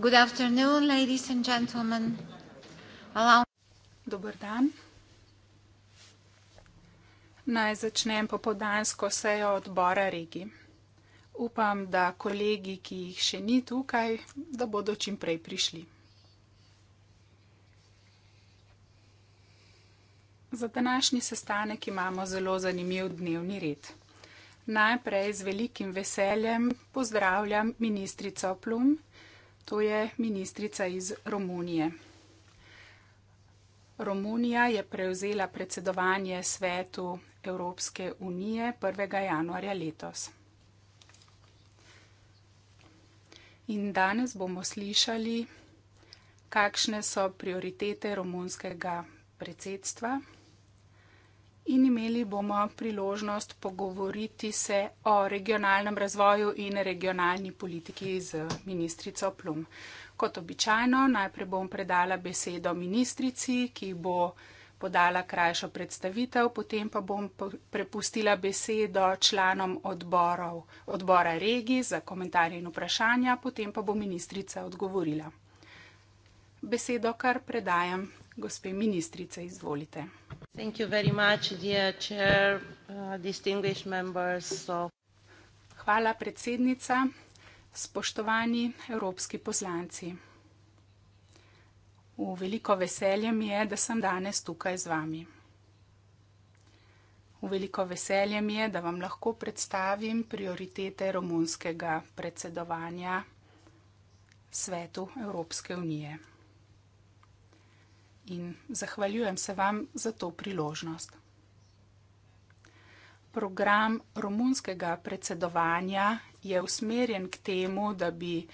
Good afternoon, ladies and gentlemen. Allow- Dober dan. Naj začnem popoldansko sejo odbora regij. Upam, da kolegi, ki jih še ni tukaj, da bodo čim prej prišli. Za današnji sestanek imamo zelo zanimiv dnevni red. Najprej z velikim veseljem pozdravljam ministrico Plum, to je ministrica iz Romunije. Romunija je prevzela predsedovanje svetu Evropske unije 1. januarja letos. In danes bomo slišali, kakšne so prioritete romunskega predsedstva in imeli bomo priložnost pogovoriti se o regionalnem razvoju in regionalni politiki z ministrico Plum. Kot običajno, najprej bom predala besedo ministrici, ki bo podala krajšo predstavitev, potem pa bom prepustila besedo članom odborov, odbora regij za komentarje in vprašanja, potem pa bo ministrica odgovorila. Besedo kar predajam Gospe ministrice, izvolite. Uh, Hvala, predsednica. Spoštovani evropski poslanci. V veliko veselje mi je, da sem danes tukaj z vami. V veliko veselje mi je, da vam lahko predstavim prioritete romunskega predsedovanja svetu Evropske unije in zahvaljujem se vam za to priložnost. Program romunskega predsedovanja je usmerjen k temu, da bi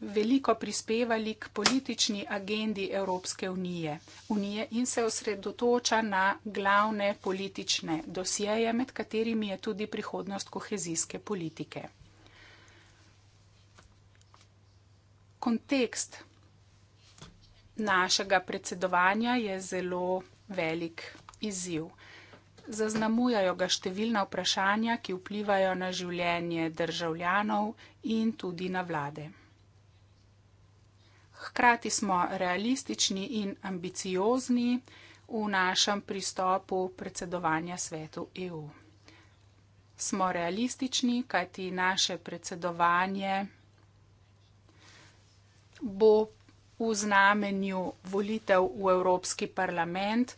veliko prispevali k politični agendi Evropske unije. unije in se osredotoča na glavne politične dosjeje, med katerimi je tudi prihodnost kohezijske politike. Kontekst našega predsedovanja je zelo velik izziv. Zaznamujajo ga številna vprašanja, ki vplivajo na življenje državljanov in tudi na vlade. Hkrati smo realistični in ambiciozni v našem pristopu predsedovanja svetu EU. Smo realistični, kajti naše predsedovanje bo v znamenju volitev v Evropski parlament,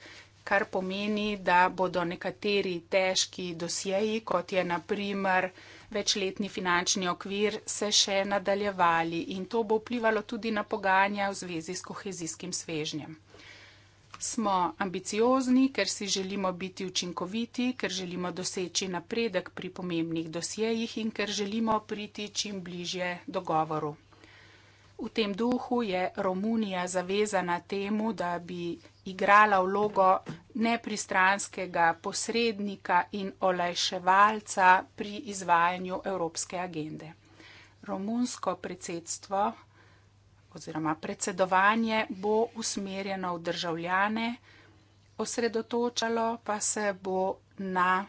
kar pomeni, da bodo nekateri težki dosjeji, kot je naprimer večletni finančni okvir, se še nadaljevali in to bo vplivalo tudi na pogajanja v zvezi s kohezijskim svežnjem. Smo ambiciozni, ker si želimo biti učinkoviti, ker želimo doseči napredek pri pomembnih dosjejih in ker želimo priti čim bližje dogovoru. V tem duhu je Romunija zavezana temu, da bi igrala vlogo nepristranskega posrednika in olajševalca pri izvajanju evropske agende. Romunsko predsedstvo oziroma predsedovanje bo usmerjeno v državljane, osredotočalo pa se bo na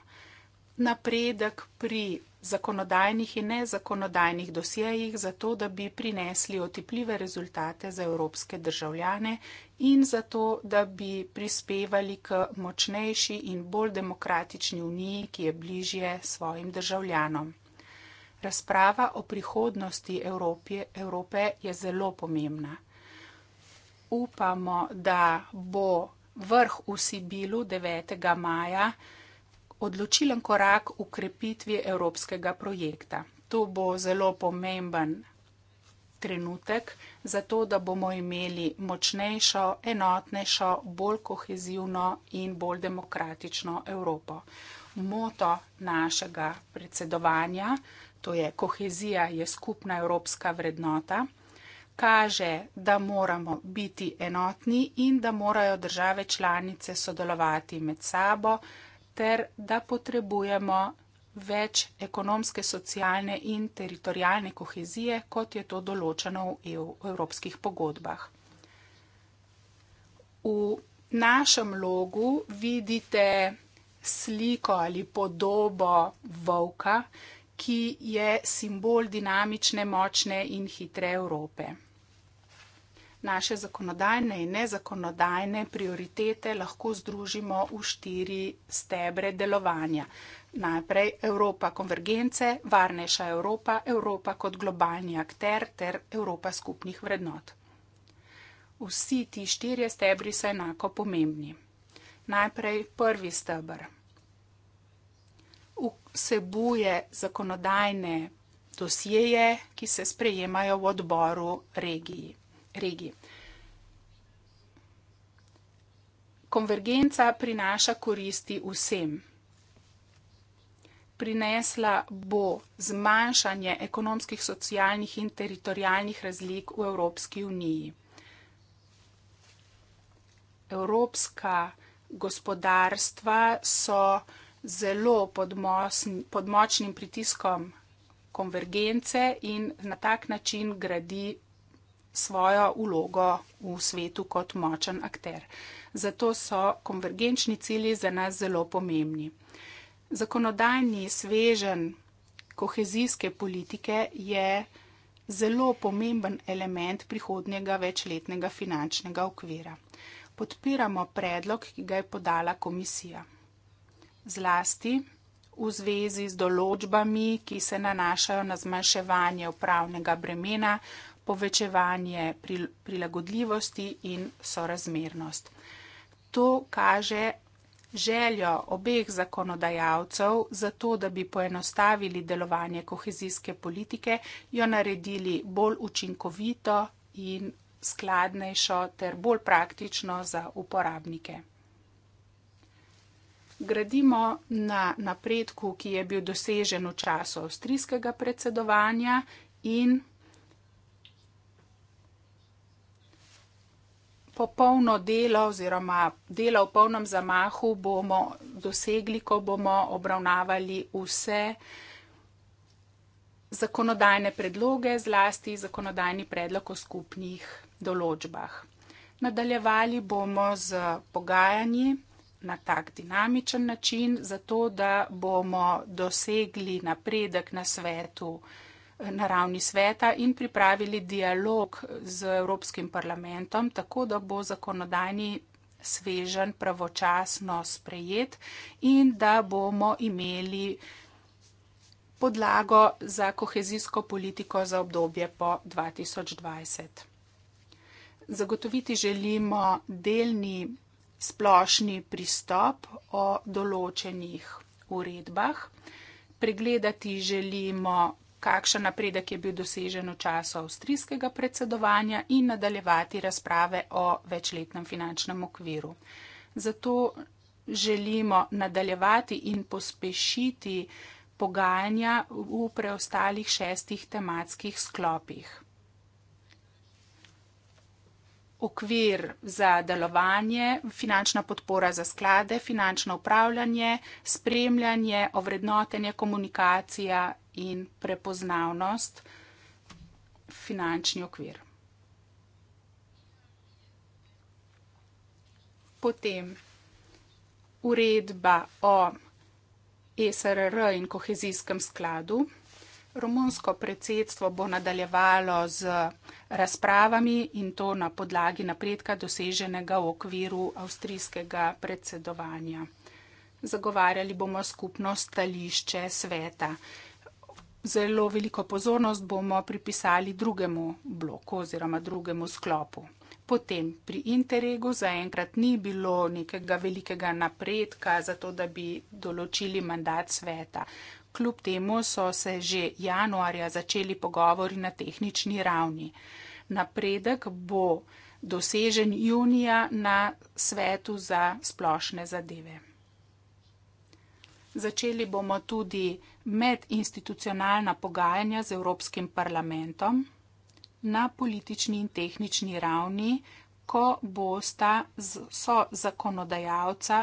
napredek pri zakonodajnih in nezakonodajnih dosjejih, zato da bi prinesli otipljive rezultate za evropske državljane in zato da bi prispevali k močnejši in bolj demokratični uniji, ki je bližje svojim državljanom. Razprava o prihodnosti Evropi, Evrope je zelo pomembna. Upamo, da bo vrh v Sibilu 9. maja odločilen korak v krepitvi evropskega projekta. To bo zelo pomemben trenutek za to, da bomo imeli močnejšo, enotnejšo, bolj kohezivno in bolj demokratično Evropo. Moto našega predsedovanja, to je kohezija je skupna evropska vrednota, kaže, da moramo biti enotni in da morajo države članice sodelovati med sabo, ter da potrebujemo več ekonomske, socialne in teritorijalne kohezije, kot je to določeno v EU, evropskih pogodbah. V našem logu vidite sliko ali podobo volka, ki je simbol dinamične, močne in hitre Evrope naše zakonodajne in nezakonodajne prioritete lahko združimo v štiri stebre delovanja. Najprej Evropa konvergence, varnejša Evropa, Evropa kot globalni akter ter Evropa skupnih vrednot. Vsi ti štirje stebri so enako pomembni. Najprej prvi stebr vsebuje zakonodajne dosjeje, ki se sprejemajo v odboru regiji regiji. Konvergenca prinaša koristi vsem. Prinesla bo zmanjšanje ekonomskih, socialnih in teritorijalnih razlik v Evropski uniji. Evropska gospodarstva so zelo pod, mosn, pod močnim pritiskom konvergence in na tak način gradi svojo vlogo v svetu kot močen akter. Zato so konvergenčni cilji za nas zelo pomembni. Zakonodajni svežen kohezijske politike je zelo pomemben element prihodnjega večletnega finančnega okvira. Podpiramo predlog, ki ga je podala komisija. Zlasti v zvezi z določbami, ki se nanašajo na zmanjševanje upravnega bremena povečevanje prilagodljivosti in sorazmernost. To kaže željo obeh zakonodajalcev za to, da bi poenostavili delovanje kohezijske politike, jo naredili bolj učinkovito in skladnejšo ter bolj praktično za uporabnike. Gradimo na napredku, ki je bil dosežen v času avstrijskega predsedovanja in popolno delo oziroma delo v polnem zamahu bomo dosegli, ko bomo obravnavali vse zakonodajne predloge, zlasti zakonodajni predlog o skupnih določbah. Nadaljevali bomo z pogajanji na tak dinamičen način, zato da bomo dosegli napredek na svetu na ravni sveta in pripravili dialog z Evropskim parlamentom, tako da bo zakonodajni svežen pravočasno sprejet in da bomo imeli podlago za kohezijsko politiko za obdobje po 2020. Zagotoviti želimo delni splošni pristop o določenih uredbah, pregledati želimo kakšen napredek je bil dosežen v času avstrijskega predsedovanja in nadaljevati razprave o večletnem finančnem okviru. Zato želimo nadaljevati in pospešiti pogajanja v preostalih šestih tematskih sklopih. Okvir za delovanje, finančna podpora za sklade, finančno upravljanje, spremljanje, ovrednotenje, komunikacija, in prepoznavnost finančni okvir. Potem uredba o ESRR in kohezijskem skladu. Romunsko predsedstvo bo nadaljevalo z razpravami in to na podlagi napredka doseženega v okviru avstrijskega predsedovanja. Zagovarjali bomo skupno stališče sveta zelo veliko pozornost bomo pripisali drugemu bloku oziroma drugemu sklopu. Potem pri Interregu zaenkrat ni bilo nekega velikega napredka za to, da bi določili mandat sveta. Kljub temu so se že januarja začeli pogovori na tehnični ravni. Napredek bo dosežen junija na svetu za splošne zadeve. Začeli bomo tudi medinstitucionalna pogajanja z Evropskim parlamentom na politični in tehnični ravni, ko bosta so zakonodajalca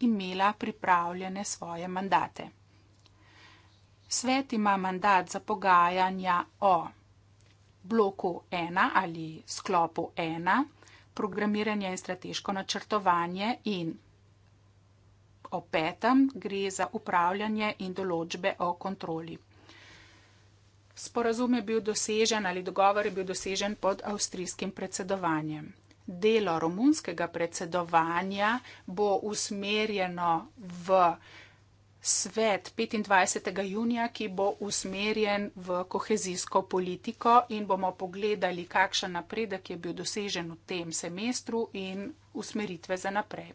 imela pripravljene svoje mandate. Svet ima mandat za pogajanja o bloku 1 ali sklopu 1, programiranje in strateško načrtovanje in o petem gre za upravljanje in določbe o kontroli. Sporazum je bil dosežen ali dogovor je bil dosežen pod avstrijskim predsedovanjem. Delo romunskega predsedovanja bo usmerjeno v svet 25. junija, ki bo usmerjen v kohezijsko politiko in bomo pogledali, kakšen napredek je bil dosežen v tem semestru in usmeritve za naprej.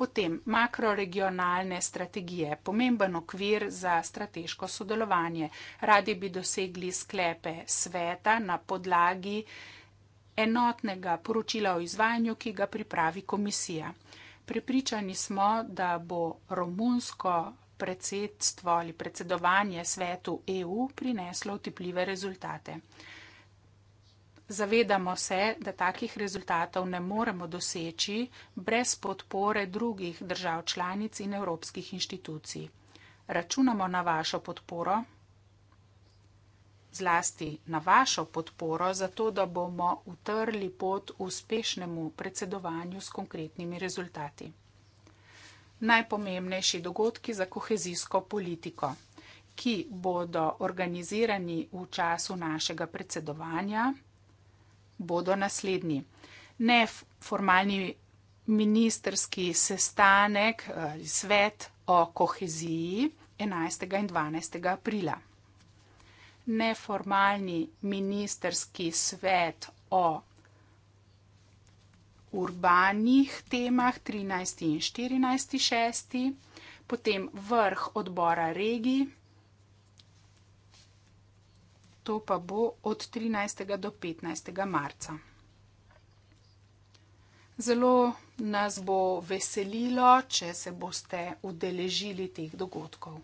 Potem makroregionalne strategije, pomemben okvir za strateško sodelovanje. Radi bi dosegli sklepe sveta na podlagi enotnega poročila o izvajanju, ki ga pripravi komisija. Pripričani smo, da bo romunsko predsedstvo ali predsedovanje svetu EU prineslo utipljive rezultate. Zavedamo se, da takih rezultatov ne moremo doseči brez podpore drugih držav članic in evropskih inštitucij. Računamo na vašo podporo, zlasti na vašo podporo, zato da bomo utrli pot uspešnemu predsedovanju s konkretnimi rezultati. Najpomembnejši dogodki za kohezijsko politiko, ki bodo organizirani v času našega predsedovanja, bodo naslednji. Ne formalni ministerski sestanek, eh, svet o koheziji 11. in 12. aprila. Neformalni ministerski svet o urbanih temah 13. in 14. 6. Potem vrh odbora regij to pa bo od 13. do 15. marca. Zelo nas bo veselilo, če se boste udeležili teh dogodkov.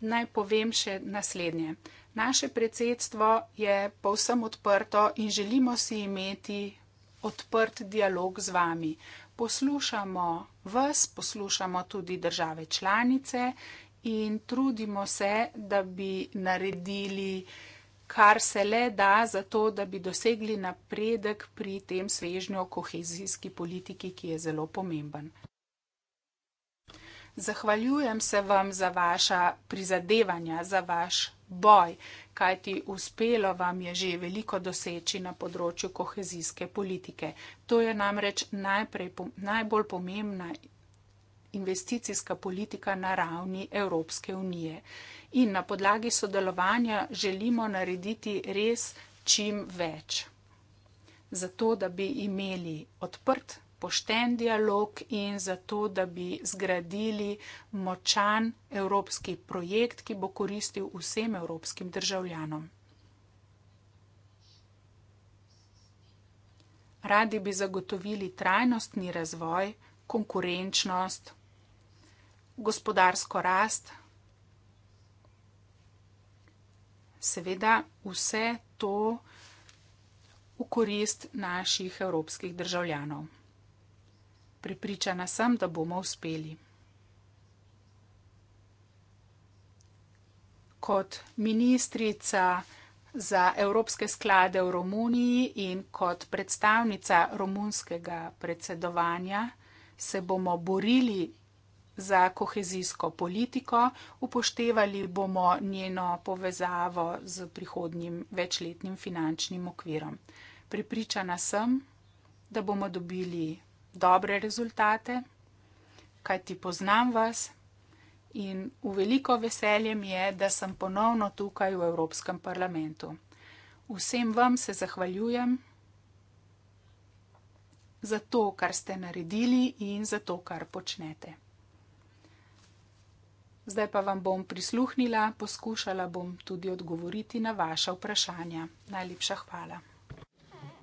Naj povem še naslednje. Naše predsedstvo je povsem odprto in želimo si imeti odprt dialog z vami. Poslušamo vas, poslušamo tudi države članice in trudimo se, da bi naredili, kar se le da, zato da bi dosegli napredek pri tem svežnju kohezijski politiki, ki je zelo pomemben. Zahvaljujem se vam za vaša prizadevanja, za vaš boj, kajti uspelo vam je že veliko doseči na področju kohezijske politike. To je namreč najprej, najbolj pomembna investicijska politika na ravni Evropske unije. In na podlagi sodelovanja želimo narediti res čim več. Zato, da bi imeli odprt, pošten dialog in zato, da bi zgradili močan evropski projekt, ki bo koristil vsem evropskim državljanom. Radi bi zagotovili trajnostni razvoj, konkurenčnost, gospodarsko rast. Seveda vse to v korist naših evropskih državljanov. Pripričana sem, da bomo uspeli. Kot ministrica za evropske sklade v Romuniji in kot predstavnica romunskega predsedovanja se bomo borili za kohezijsko politiko, upoštevali bomo njeno povezavo z prihodnjim večletnim finančnim okvirom. Pripričana sem, da bomo dobili dobre rezultate, kajti poznam vas in v veliko veselje mi je, da sem ponovno tukaj v Evropskem parlamentu. Vsem vam se zahvaljujem za to, kar ste naredili in za to, kar počnete. Zdaj pa vam bom prisluhnila, poskušala bom tudi odgovoriti na vaše vprašanja. Najlepša hvala.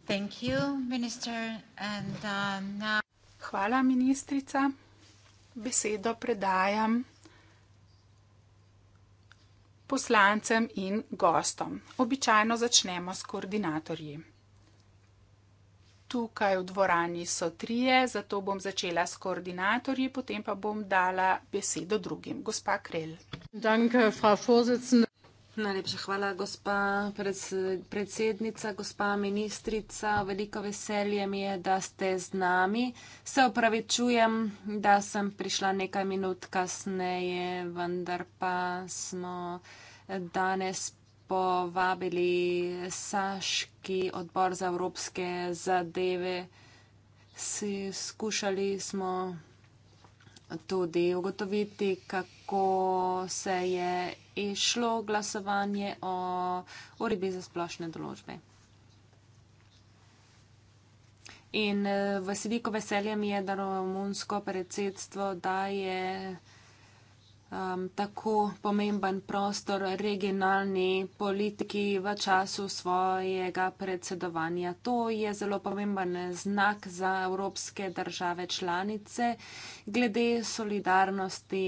You, minister. And, uh, now... Hvala, ministrica. Besedo predajam poslancem in gostom. Običajno začnemo s koordinatorji. Tukaj v dvorani so trije, zato bom začela s koordinatorji, potem pa bom dala besedo drugim. Gospa Krel. Danke, Najlepša hvala, gospa predsednica, gospa ministrica. Veliko veselje mi je, da ste z nami. Se opravičujem, da sem prišla nekaj minut kasneje, vendar pa smo danes povabili Saški odbor za evropske zadeve. Si skušali smo tudi ugotoviti, kako se je išlo glasovanje o uredbi za splošne določbe. In eh, v veliko veselje mi je, da romunsko predsedstvo daje um, tako pomemben prostor regionalni politiki v času svojega predsedovanja. To je zelo pomemben znak za evropske države članice glede solidarnosti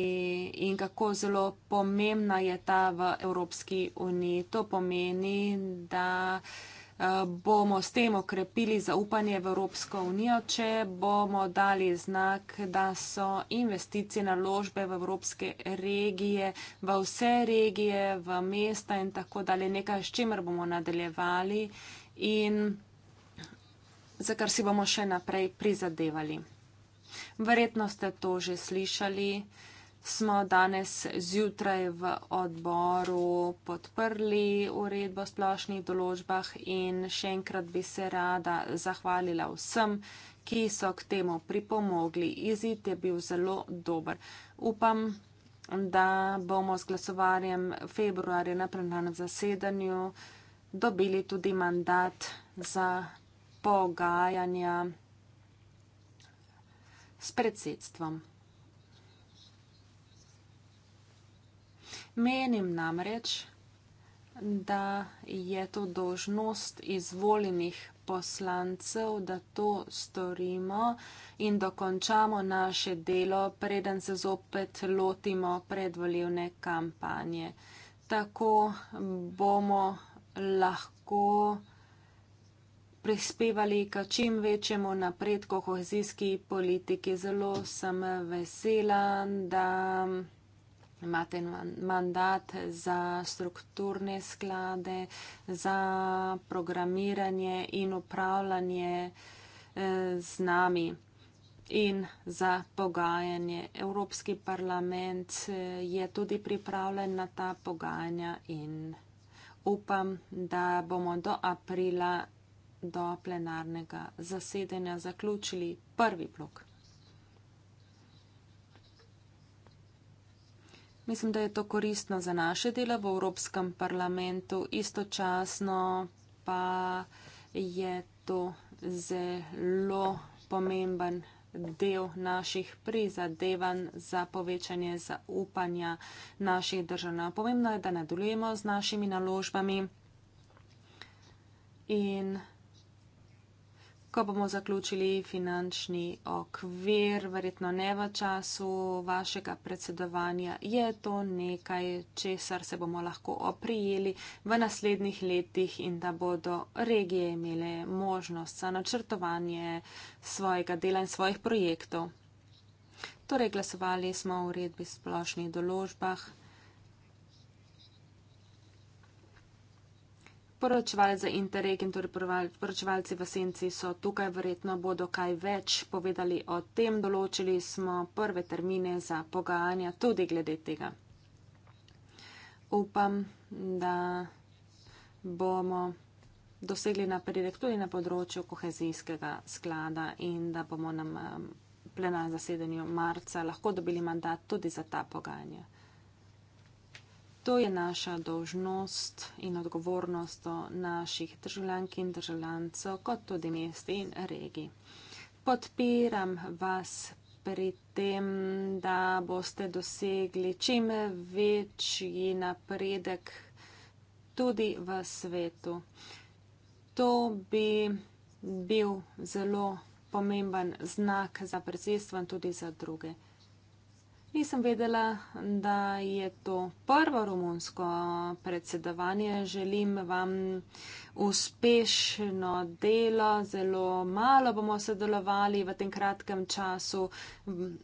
in kako zelo pomembna je ta v Evropski uniji. To pomeni, da bomo s tem okrepili zaupanje v Evropsko unijo, če bomo dali znak, da so investicije na ložbe v Evropske regije, v vse regije, v mesta in tako dalje, nekaj, s čimer bomo nadaljevali in za kar si bomo še naprej prizadevali. Verjetno ste to že slišali smo danes zjutraj v odboru podprli uredbo o splošnih določbah in še enkrat bi se rada zahvalila vsem, ki so k temu pripomogli. Izid je bil zelo dober. Upam, da bomo z glasovarjem februarja na plenarnem zasedanju dobili tudi mandat za pogajanja s predsedstvom. Menim namreč, da je to dožnost izvoljenih poslancev, da to storimo in dokončamo naše delo, preden se zopet lotimo predvoljivne kampanje. Tako bomo lahko prispevali k čim večjemu napredku kohezijski politiki. Zelo sem vesela, da imate mandat za strukturne sklade, za programiranje in upravljanje eh, z nami in za pogajanje. Evropski parlament eh, je tudi pripravljen na ta pogajanja in upam, da bomo do aprila do plenarnega zasedanja zaključili prvi blok. Mislim, da je to koristno za naše delo v Evropskem parlamentu, istočasno pa je to zelo pomemben del naših prizadevanj za povečanje zaupanja naših državljanov. Pomembno je, da nadaljujemo z našimi naložbami in ko bomo zaključili finančni okvir, verjetno ne v času vašega predsedovanja, je to nekaj, česar se bomo lahko oprijeli v naslednjih letih in da bodo regije imele možnost za načrtovanje svojega dela in svojih projektov. Torej, glasovali smo o uredbi splošnih določbah poročevalci za Interreg in torej poročevalci v Senci so tukaj, verjetno bodo kaj več povedali o tem, določili smo prve termine za pogajanja tudi glede tega. Upam, da bomo dosegli napredek tudi na področju kohezijskega sklada in da bomo na plenarnem zasedanju marca lahko dobili mandat tudi za ta pogajanja. To je naša dožnost in odgovornost do naših državljank in državljancev, kot tudi mest in regij. Podpiram vas pri tem, da boste dosegli čim večji napredek tudi v svetu. To bi bil zelo pomemben znak za predsedstvo in tudi za druge. Nisem vedela, da je to prvo romunsko predsedovanje. Želim vam uspešno delo. Zelo malo bomo sodelovali v tem kratkem času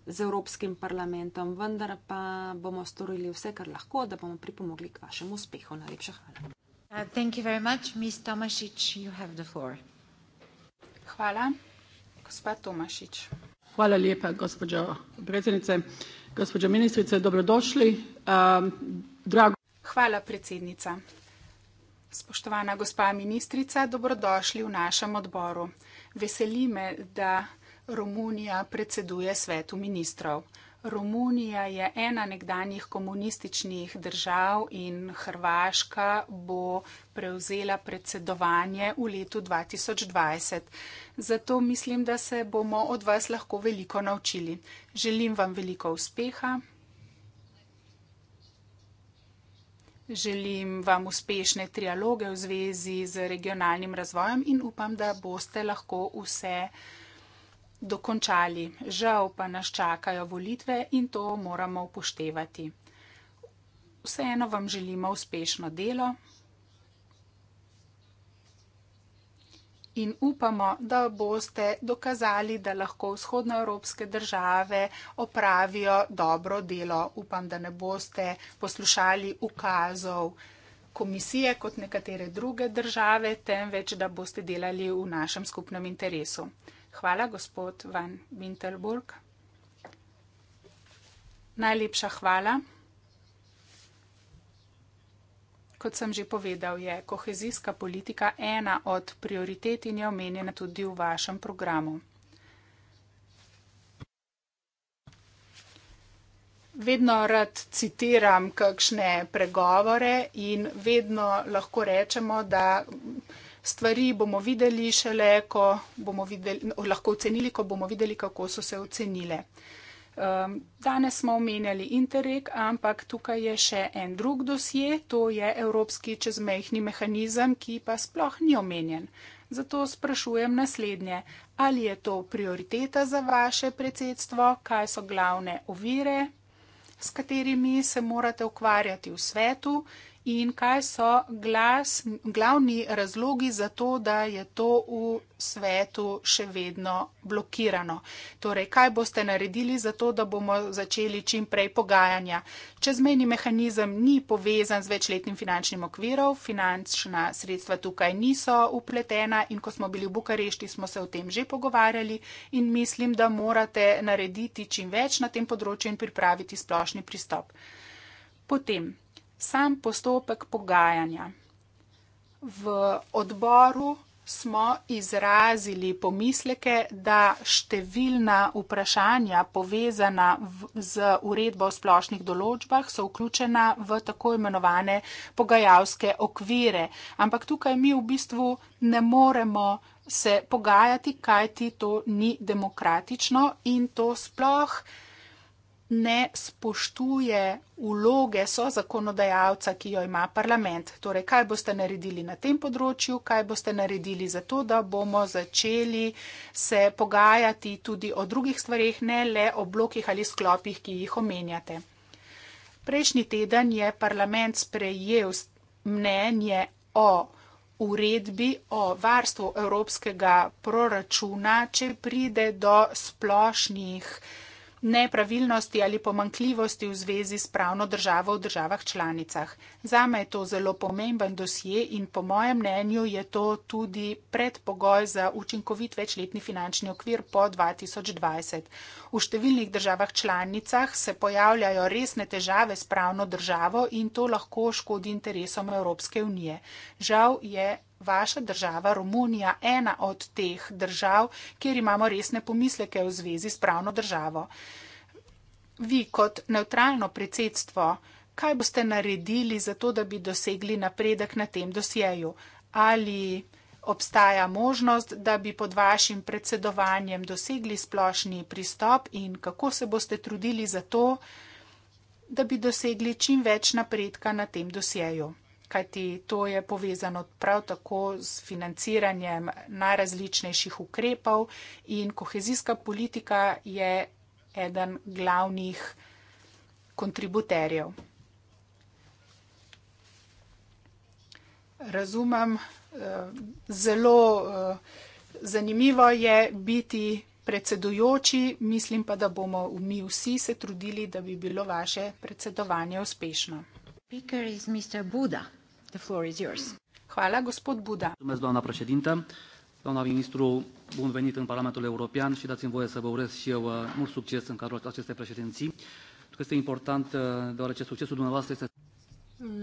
z Evropskim parlamentom, vendar pa bomo storili vse, kar lahko, da bomo pripomogli k vašemu uspehu. Najlepša hvala. Uh, hvala, gospod Tomašič. Hvala lepa, gospođo predsednice. Gospođa ministrice, dobrodošli. Ehm, Hvala, predsednica. Spoštovana gospa ministrica, dobrodošli v našem odboru. Veseli me, da Romunija predseduje svetu ministrov. Romunija je ena nekdanjih komunističnih držav in Hrvaška bo prevzela predsedovanje v letu 2020 zato mislim, da se bomo od vas lahko veliko naučili. Želim vam veliko uspeha. Želim vam uspešne trialoge v zvezi z regionalnim razvojem in upam, da boste lahko vse dokončali. Žal pa nas čakajo volitve in to moramo upoštevati. Vseeno vam želimo uspešno delo. in upamo, da boste dokazali, da lahko vzhodnoevropske države opravijo dobro delo. Upam, da ne boste poslušali ukazov komisije kot nekatere druge države, temveč da boste delali v našem skupnem interesu. Hvala, gospod Van Winterburg. Najlepša hvala. kot sem že povedal, je kohezijska politika ena od prioritet in je omenjena tudi v vašem programu. Vedno rad citiram kakšne pregovore in vedno lahko rečemo, da stvari bomo videli šele, ko bomo videli, lahko ocenili, ko bomo videli, kako so se ocenile. Um, danes smo omenjali Interreg, ampak tukaj je še en drug dosje, to je Evropski čezmejhni mehanizem, ki pa sploh ni omenjen. Zato sprašujem naslednje, ali je to prioriteta za vaše predsedstvo, kaj so glavne ovire, s katerimi se morate ukvarjati v svetu in kaj so glas, glavni razlogi za to, da je to v svetu še vedno blokirano. Torej, kaj boste naredili za to, da bomo začeli čim prej pogajanja. Čezmejni mehanizem ni povezan z večletnim finančnim okvirom, finančna sredstva tukaj niso upletena in ko smo bili v Bukarešti, smo se o tem že pogovarjali in mislim, da morate narediti čim več na tem področju in pripraviti splošni pristop. Potem sam postopek pogajanja. V odboru smo izrazili pomisleke, da številna vprašanja povezana v, z uredbo o splošnih določbah so vključena v tako imenovane pogajalske okvire. Ampak tukaj mi v bistvu ne moremo se pogajati, kajti to ni demokratično in to sploh ne ne spoštuje uloge so zakonodajalca, ki jo ima parlament. Torej, kaj boste naredili na tem področju, kaj boste naredili za to, da bomo začeli se pogajati tudi o drugih stvarih, ne le o blokih ali sklopih, ki jih omenjate. Prejšnji teden je parlament sprejel mnenje o uredbi o varstvu evropskega proračuna, če pride do splošnih nepravilnosti ali pomankljivosti v zvezi s pravno državo v državah članicah. Zame je to zelo pomemben dosje in po mojem mnenju je to tudi predpogoj za učinkovit večletni finančni okvir po 2020. V številnih državah članicah se pojavljajo resne težave s pravno državo in to lahko škodi interesom Evropske unije. Žal je vaša država Romunija ena od teh držav, kjer imamo resne pomisleke v zvezi s pravno državo. Vi kot neutralno predsedstvo, kaj boste naredili za to, da bi dosegli napredek na tem dosjeju? Ali obstaja možnost, da bi pod vašim predsedovanjem dosegli splošni pristop in kako se boste trudili za to, da bi dosegli čim več napredka na tem dosjeju? kajti to je povezano prav tako z financiranjem najrazličnejših ukrepov in kohezijska politika je eden glavnih kontributerjev. Razumem, eh, zelo eh, zanimivo je biti predsedujoči, mislim pa, da bomo mi vsi se trudili, da bi bilo vaše predsedovanje uspešno. Hvala, gospod Buda. Doamnă președintă, doamnă ministru, bun venit în Parlamentul European și dați-mi voie să vă urez și eu uh, mult succes în cadrul acestei președinții. Este important, uh, deoarece succesul dumneavoastră este...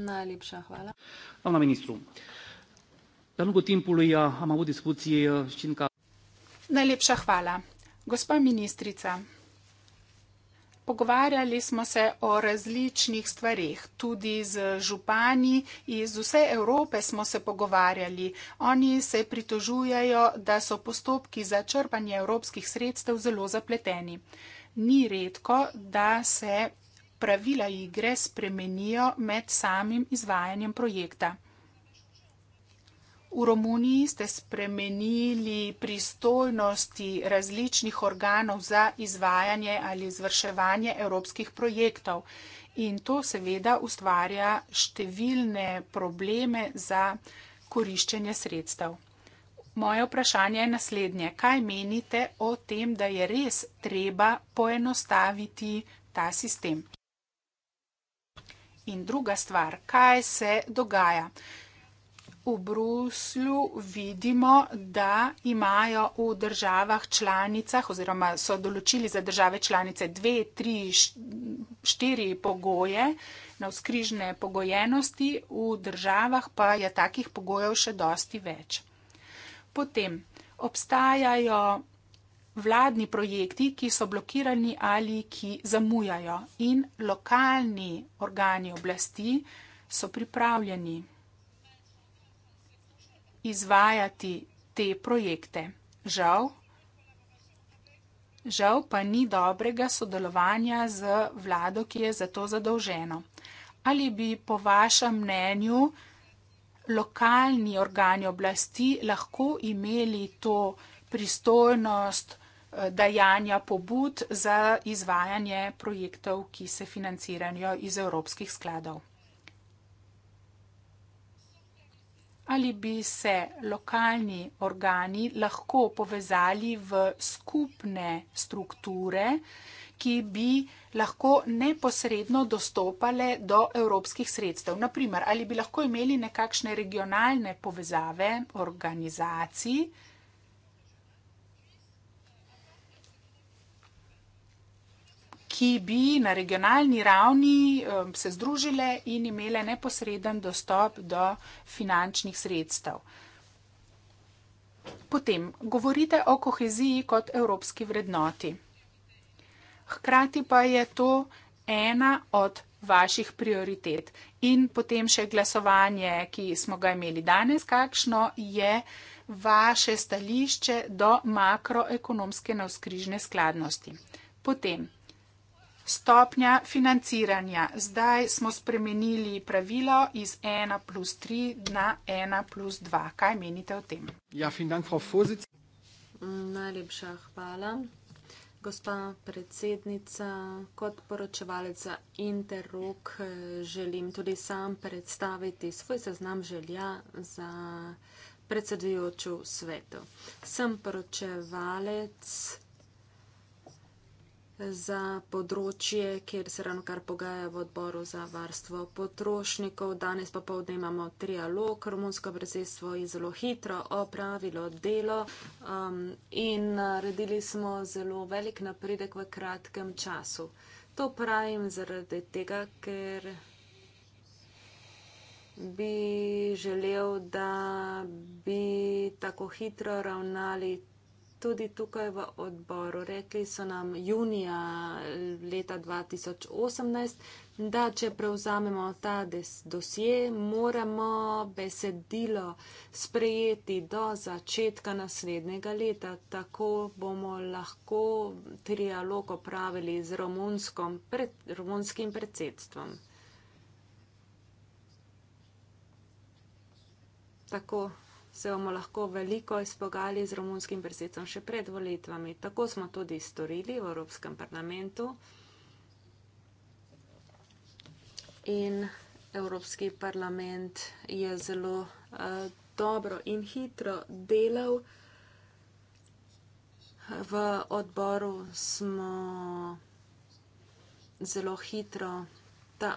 Najlepša hvala. Doamna ministru, pe lungul timpului uh, am avut discuții și în ca... Najlepša hvala. Gospa ministrița, Pogovarjali smo se o različnih stvarih, tudi z župani iz vse Evrope smo se pogovarjali. Oni se pritožujejo, da so postopki za črpanje evropskih sredstev zelo zapleteni. Ni redko, da se pravila igre spremenijo med samim izvajanjem projekta. V Romuniji ste spremenili pristojnosti različnih organov za izvajanje ali izvrševanje evropskih projektov in to seveda ustvarja številne probleme za koriščenje sredstev. Moje vprašanje je naslednje. Kaj menite o tem, da je res treba poenostaviti ta sistem? In druga stvar, kaj se dogaja? v Bruslju vidimo, da imajo v državah članicah oziroma so določili za države članice dve, tri, štiri pogoje na vzkrižne pogojenosti, v državah pa je takih pogojev še dosti več. Potem obstajajo vladni projekti, ki so blokirani ali ki zamujajo in lokalni organi oblasti so pripravljeni izvajati te projekte. Žal, žal pa ni dobrega sodelovanja z vlado, ki je za to zadolženo. Ali bi po vašem mnenju lokalni organi oblasti lahko imeli to pristojnost eh, dajanja pobud za izvajanje projektov, ki se financirajo iz evropskih skladov? ali bi se lokalni organi lahko povezali v skupne strukture, ki bi lahko neposredno dostopale do evropskih sredstev. Naprimer, ali bi lahko imeli nekakšne regionalne povezave organizacij, ki bi na regionalni ravni um, se združile in imele neposreden dostop do finančnih sredstev. Potem govorite o koheziji kot evropski vrednoti. Hkrati pa je to ena od vaših prioritet. In potem še glasovanje, ki smo ga imeli danes, kakšno je vaše stališče do makroekonomske navskrižne skladnosti. Potem Stopnja financiranja. Zdaj smo spremenili pravilo iz 1 plus 3 na 1 plus 2. Kaj menite o tem? Ja, dank, Najlepša hvala. Gospa predsednica, kot poročevalec za Interrok želim tudi sam predstaviti svoj seznam želja za predsedujočo svetu. Sem poročevalec za področje, kjer se ravno kar pogaja v odboru za varstvo potrošnikov. Danes pa povdne imamo trialog. Romunsko predsedstvo je zelo hitro opravilo delo um, in naredili smo zelo velik napredek v kratkem času. To pravim zaradi tega, ker bi želel, da bi tako hitro ravnali tudi tukaj v odboru. Rekli so nam junija eh, leta 2018, da če prevzamemo ta dosje, moramo besedilo sprejeti do začetka naslednjega leta. Tako bomo lahko trialog opravili z pred, romunskim predsedstvom. Tako se bomo lahko veliko izpogali z romunskim predsedcem še pred volitvami. Tako smo tudi storili v Evropskem parlamentu. In Evropski parlament je zelo uh, dobro in hitro delal. V odboru smo zelo hitro ta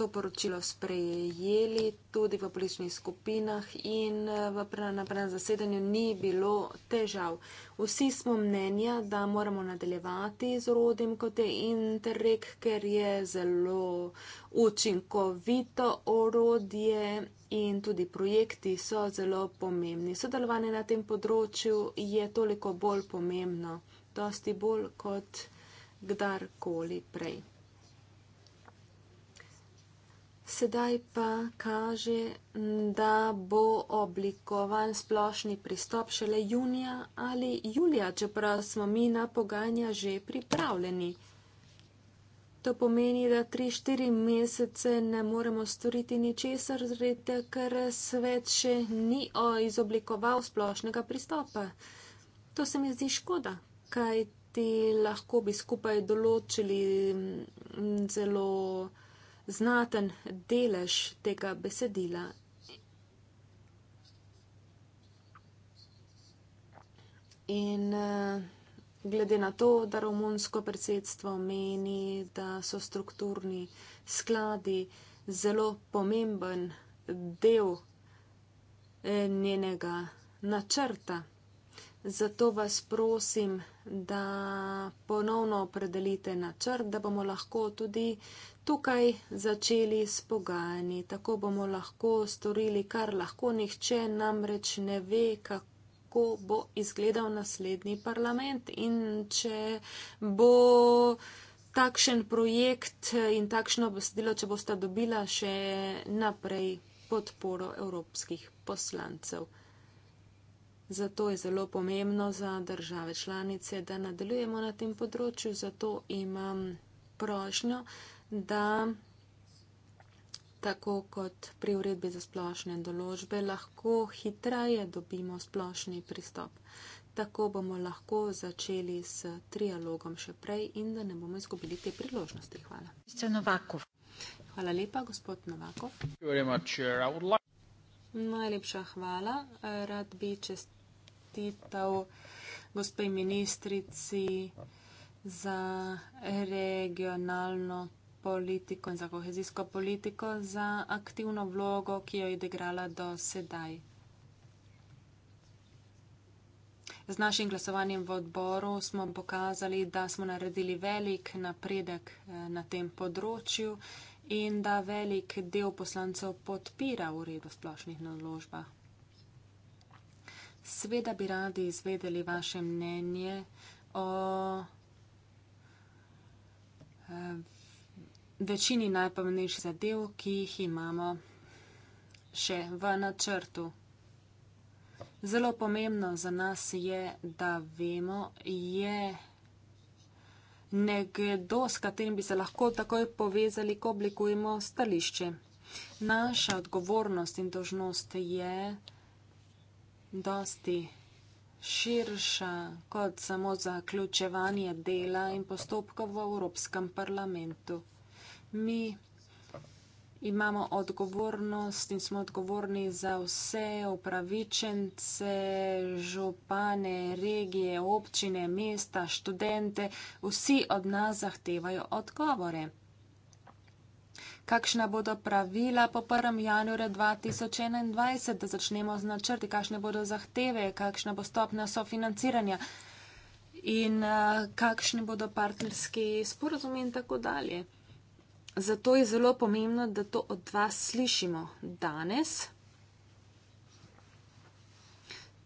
to poročilo sprejeli tudi v političnih skupinah in eh, v naprednem zasedanju ni bilo težav. Vsi smo mnenja, da moramo nadaljevati z orodjem, kot je Interreg, ker je zelo učinkovito orodje in tudi projekti so zelo pomembni. Sodelovanje na tem področju je toliko bolj pomembno, dosti bolj kot kdarkoli prej. Sedaj pa kaže, da bo oblikovan splošni pristop šele junija ali julija, čeprav smo mi na pogajanja že pripravljeni. To pomeni, da 3-4 mesece ne moremo storiti ničesar, zrejte, ker svet še ni izoblikoval splošnega pristopa. To se mi zdi škoda, kaj ti lahko bi skupaj določili mm, zelo znaten delež tega besedila. In eh, glede na to, da romunsko predsedstvo meni, da so strukturni skladi zelo pomemben del eh, njenega načrta. Zato vas prosim, da ponovno opredelite načrt, da bomo lahko tudi eh, tukaj začeli s pogajanji. Tako bomo lahko storili, kar lahko nihče namreč ne ve, kako bo izgledal naslednji parlament in če bo takšen projekt in takšno besedilo, če boste dobila še naprej podporo evropskih poslancev. Zato je zelo pomembno za države članice, da nadaljujemo na tem področju. Zato imam prošnjo da tako kot pri uredbi za splošne določbe lahko hitreje dobimo splošni pristop. Tako bomo lahko začeli s trialogom še prej in da ne bomo izgubili te priložnosti. Hvala. Hvala lepa, gospod Novakov. Uh, Najlepša hvala. Rad bi čestital gospej ministrici za regionalno politiko in za kohezijsko politiko za aktivno vlogo, ki jo je odigrala do sedaj. Z našim glasovanjem v odboru smo pokazali, da smo naredili velik napredek eh, na tem področju in da velik del poslancev podpira uredbo splošnih naložb. Sveda bi radi izvedeli vaše mnenje o eh, večini najpomembnejših zadev, ki jih imamo še v načrtu. Zelo pomembno za nas je, da vemo, je nekdo, s katerim bi se lahko takoj povezali, ko oblikujemo stališče. Naša odgovornost in dožnost je dosti širša kot samo zaključevanje dela in postopkov v Evropskem parlamentu. Mi imamo odgovornost in smo odgovorni za vse upravičence, župane, regije, občine, mesta, študente. Vsi od nas zahtevajo odgovore. Kakšna bodo pravila po 1. januarju 2021, da začnemo z načrti, kakšne bodo zahteve, kakšna bo stopna sofinanciranja in uh, kakšni bodo partnerski sporozumi in tako dalje. Zato je zelo pomembno, da to od vas slišimo danes.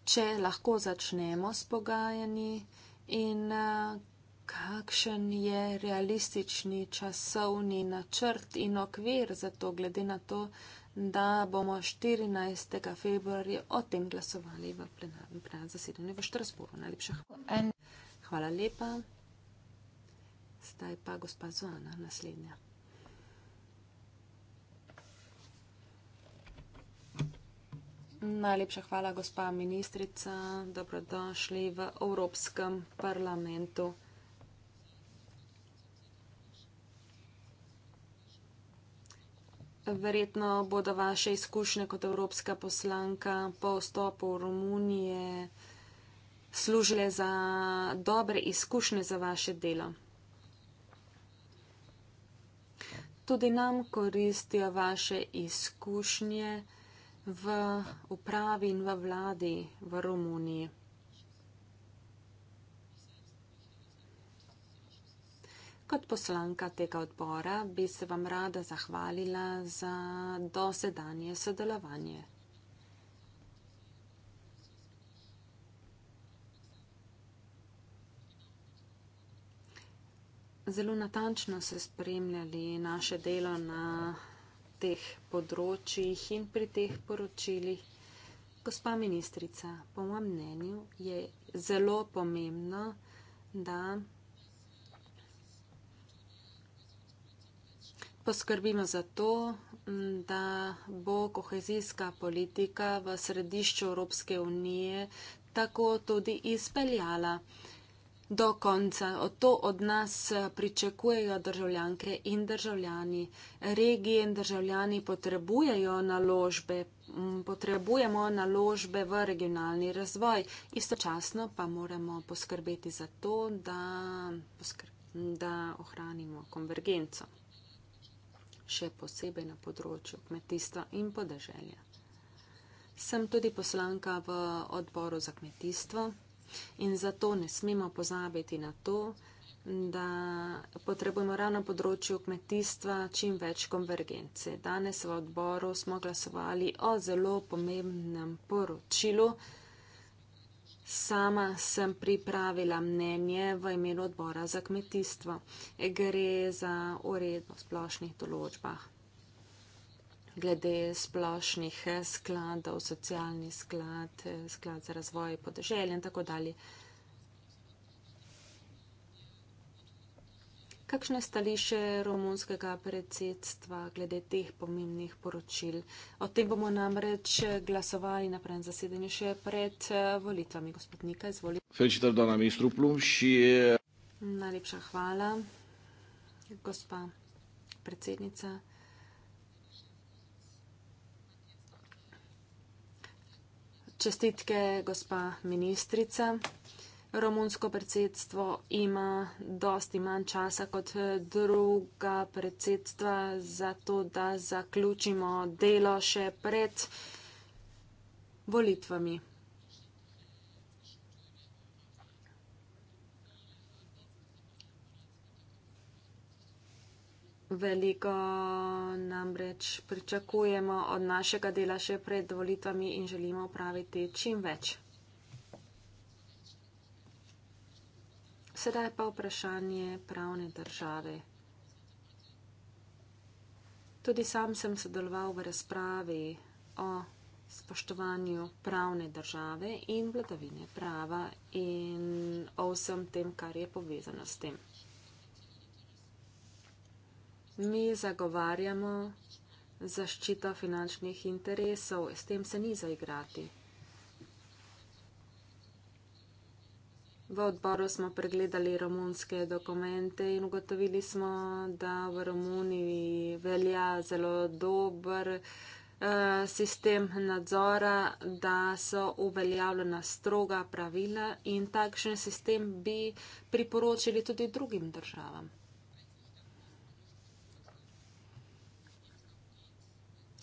Če lahko začnemo s pogajanji in eh, kakšen je realistični časovni načrt in okvir za to, glede na to, da bomo 14. februarja o tem glasovali v plenarnem plenarnem zasedanju v Štrasburu. Najlepša hvala. Hvala lepa. Zdaj pa gospa Zona, naslednja. Najlepša hvala, gospa ministrica. Dobrodošli v Evropskem parlamentu. Verjetno bodo vaše izkušnje kot evropska poslanka po vstopu v Romunije služile za dobre izkušnje za vaše delo. Tudi nam koristijo vaše izkušnje v upravi in v vladi v Romuniji. Kot poslanka tega odbora bi se vam rada zahvalila za dosedanje sodelovanje. Zelo natančno se spremljali naše delo na teh področjih in pri teh poročilih. Gospa ministrica, po mojem mnenju je zelo pomembno, da poskrbimo za to, da bo kohezijska politika v središču Evropske unije tako tudi izpeljala do konca. To od nas eh, pričakujejo državljanke in državljani. Regije in državljani potrebujejo naložbe, potrebujemo naložbe v regionalni razvoj. Istočasno pa moramo poskrbeti za to, da, poskr da ohranimo konvergenco. Še posebej na področju kmetijstva in podeželja. Sem tudi poslanka v odboru za kmetijstvo. In zato ne smemo pozabiti na to, da potrebujemo ravno področju kmetijstva čim več konvergence. Danes v odboru smo glasovali o zelo pomembnem poročilu. Sama sem pripravila mnenje v imenu odbora za kmetijstvo. Gre za uredbo v splošnih določbah glede splošnih eh, skladov, socialni sklad, eh, sklad za razvoj podeželja in tako dalje. Kakšne stališe romunskega predsedstva glede teh pomembnih poročil? O tem bomo namreč eh, glasovali na prvem zasedanju še pred volitvami. Gospod Nika, izvolite. Najlepša hvala, gospa predsednica. čestitke, gospa ministrica. Romunsko predsedstvo ima dosti manj časa kot druga predsedstva, zato da zaključimo delo še pred volitvami. veliko namreč pričakujemo od našega dela še pred volitvami in želimo upraviti čim več. Sedaj pa vprašanje pravne države. Tudi sam sem sodeloval v razpravi o spoštovanju pravne države in vladavine prava in o vsem tem, kar je povezano s tem mi zagovarjamo zaščito finančnih interesov, s tem se ni zaigrati. V odboru smo pregledali romunske dokumente in ugotovili smo, da v Romuniji velja zelo dober eh, sistem nadzora, da so uveljavljena stroga pravila in takšen sistem bi priporočili tudi drugim državam.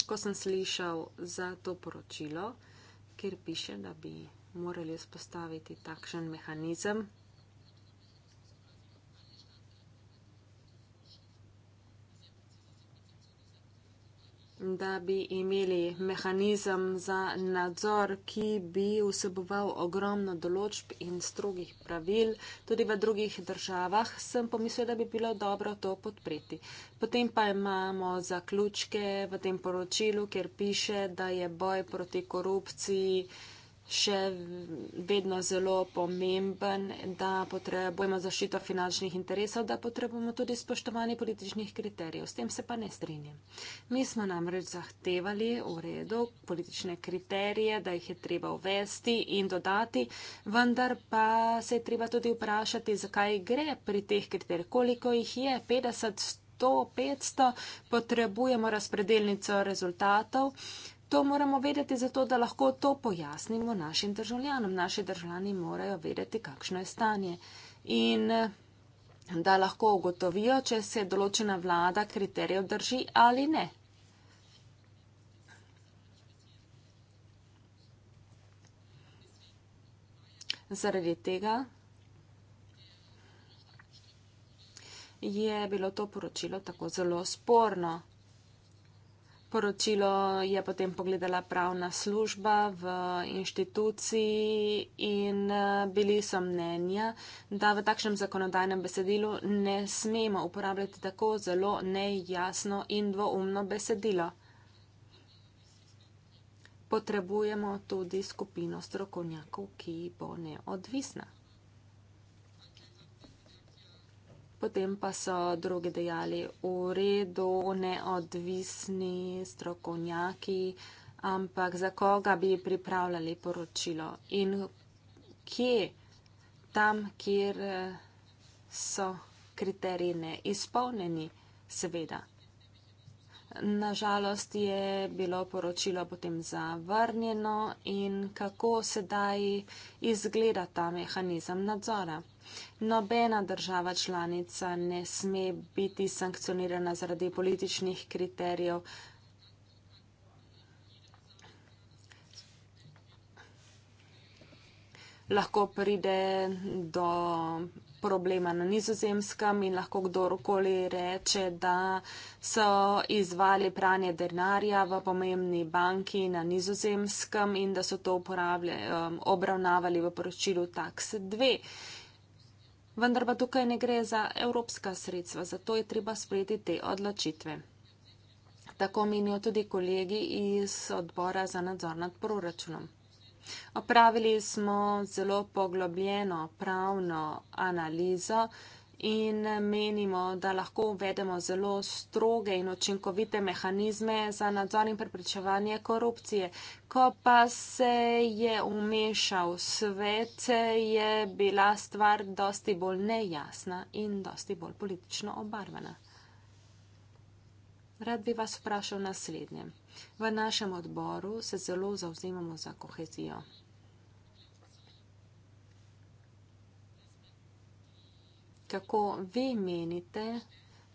ko sem slišal za to poročilo, kjer piše, da bi morali vzpostaviti takšen mehanizem, da bi imeli mehanizem za nadzor, ki bi vseboval ogromno določb in strogih pravil. Tudi v drugih državah sem pomislil, da bi bilo dobro to podpreti. Potem pa imamo zaključke v tem poročilu, kjer piše, da je boj proti korupciji še vedno zelo pomemben, da potrebujemo zaščito finančnih interesov, da potrebujemo tudi spoštovanje političnih kriterijev. S tem se pa ne strinjam. Mi smo namreč zahtevali v redu politične kriterije, da jih je treba uvesti in dodati, vendar pa se je treba tudi vprašati, zakaj gre pri teh kriterijih, koliko jih je, 50, 100, 500, potrebujemo razpredelnico rezultatov. To moramo vedeti zato, da lahko to pojasnimo našim državljanom. Naši državljani morajo vedeti, kakšno je stanje in eh, da lahko ugotovijo, če se določena vlada kriterijev drži ali ne. Zaradi tega je bilo to poročilo tako zelo sporno poročilo je potem pogledala pravna služba v inštituciji in eh, bili so mnenja, da v takšnem zakonodajnem besedilu ne smemo uporabljati tako zelo nejasno in dvoumno besedilo. Potrebujemo tudi skupino strokovnjakov, ki bo neodvisna. potem pa so drugi dejali, v redu, neodvisni strokovnjaki, ampak za koga bi pripravljali poročilo in kje, tam, kjer so kriteriji ne izpolneni, seveda. Nažalost je bilo poročilo potem zavrnjeno in kako sedaj izgleda ta mehanizem nadzora. Nobena država članica ne sme biti sankcionirana zaradi političnih kriterijev. Lahko pride do problema na nizozemskem in lahko kdorkoli reče, da so izvali pranje denarja v pomembni banki na nizozemskem in da so to um, obravnavali v poročilu Tax 2. Vendar pa tukaj ne gre za evropska sredstva, zato je treba sprejeti te odločitve. Tako menijo tudi kolegi iz odbora za nadzor nad proračunom. Opravili smo zelo poglobljeno pravno analizo, in menimo, da lahko uvedemo zelo stroge in očinkovite mehanizme za nadzor in preprečevanje korupcije. Ko pa se je umešal svet, je bila stvar dosti bolj nejasna in dosti bolj politično obarvana. Rad bi vas vprašal naslednje. V našem odboru se zelo zauzemamo za kohezijo. kako vi menite,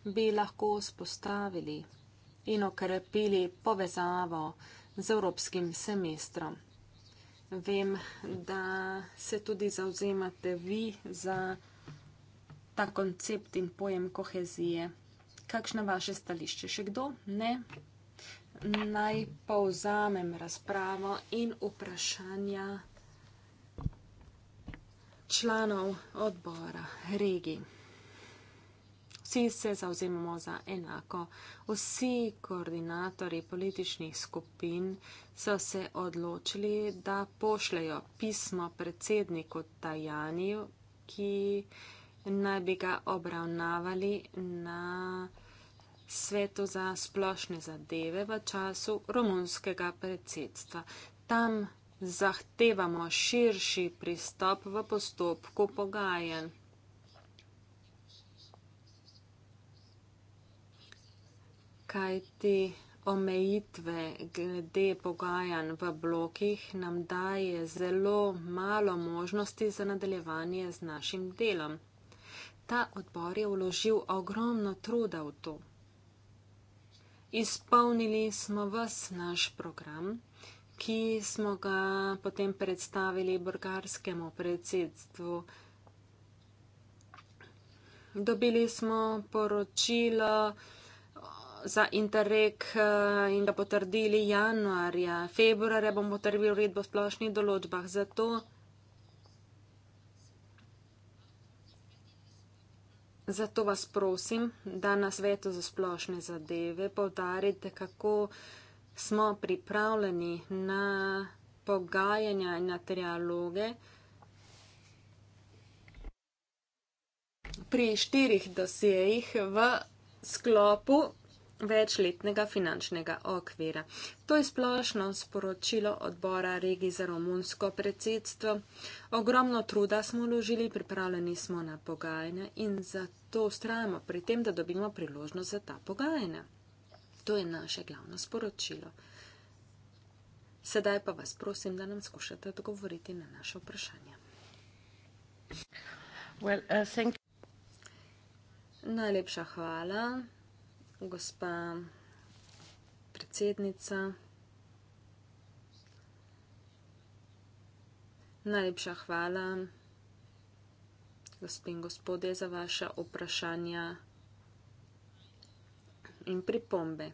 bi lahko spostavili in okrepili povezavo z evropskim semestrom. Vem, da se tudi zauzemate vi za ta koncept in pojem kohezije. Kakšno vaše stališče? Še kdo? Ne? Naj povzamem razpravo in vprašanja članov odbora regij. Vsi se zauzemamo za enako. Vsi koordinatori političnih skupin so se odločili, da pošljajo pismo predsedniku Tajaniju, ki naj bi ga obravnavali na svetu za splošne zadeve v času romunskega predsedstva. Tam zahtevamo širši pristop v postopku pogajen. Kaj ti omejitve glede pogajanj v blokih nam daje zelo malo možnosti za nadaljevanje z našim delom. Ta odbor je vložil ogromno truda v to. Izpolnili smo vas naš program ki smo ga potem predstavili bolgarskemu predsedstvu. Dobili smo poročilo za interreg eh, in ga potrdili januarja. Februarja bomo potrdili uredbo v splošnih določbah. Zato Zato vas prosim, da na svetu za splošne zadeve povdarite, kako smo pripravljeni na pogajanja in na trialoge. Pri štirih dosjejih v sklopu večletnega finančnega okvira. To je splošno sporočilo odbora regij za romunsko predsedstvo. Ogromno truda smo vložili, pripravljeni smo na pogajanja in zato ustrajamo pri tem, da dobimo priložnost za ta pogajanja. To je naše glavno sporočilo. Sedaj pa vas prosim, da nam skušate odgovoriti na naše vprašanje. Well, uh, Najlepša hvala, gospa predsednica. Najlepša hvala, gospod in gospodje, za vaše vprašanje in pripombe.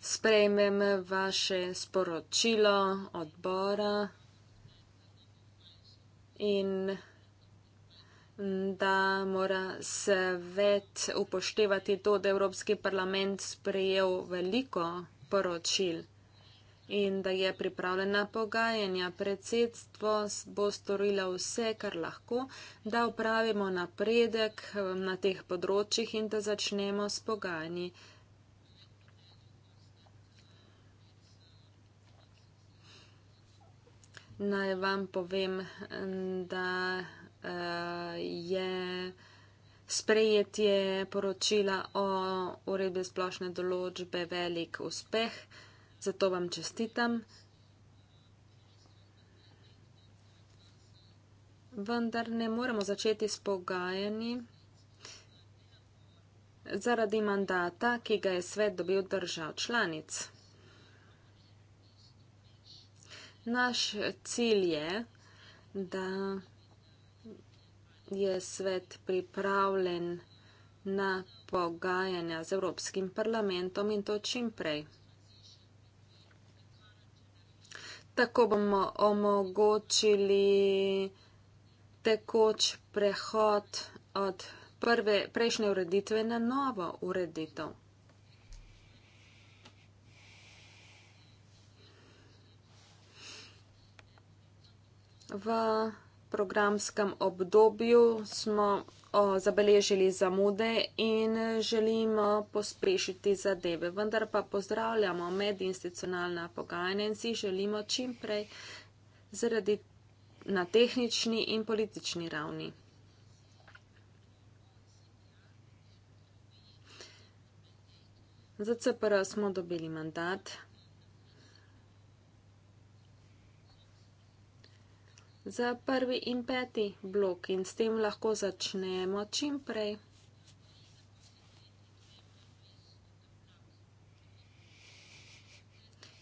Sprejmem vaše sporočilo odbora in da mora svet upoštevati to, da je Evropski parlament sprejel veliko poročil in da je pripravljena pogajanja. Predsedstvo bo storilo vse, kar lahko, da upravimo napredek um, na teh področjih in da začnemo s pogajanji. Naj vam povem, da eh, je sprejetje poročila o uredbi splošne določbe velik uspeh. Zato vam čestitam, vendar ne moremo začeti s pogajanji zaradi mandata, ki ga je svet dobil držav članic. Naš cilj je, da je svet pripravljen na pogajanja z Evropskim parlamentom in to čim prej. Tako bomo omogočili tekoč prehod od prve, prejšnje ureditve na novo ureditev. V programskem obdobju smo zabeležili zamude in želim pospešiti zadeve. Vendar pa pozdravljamo medinstitucionalna pogajanja in si želimo čim prej zaradi na tehnični in politični ravni. Za CPR smo dobili mandat. za prvi in peti blok in s tem lahko začnemo čim prej.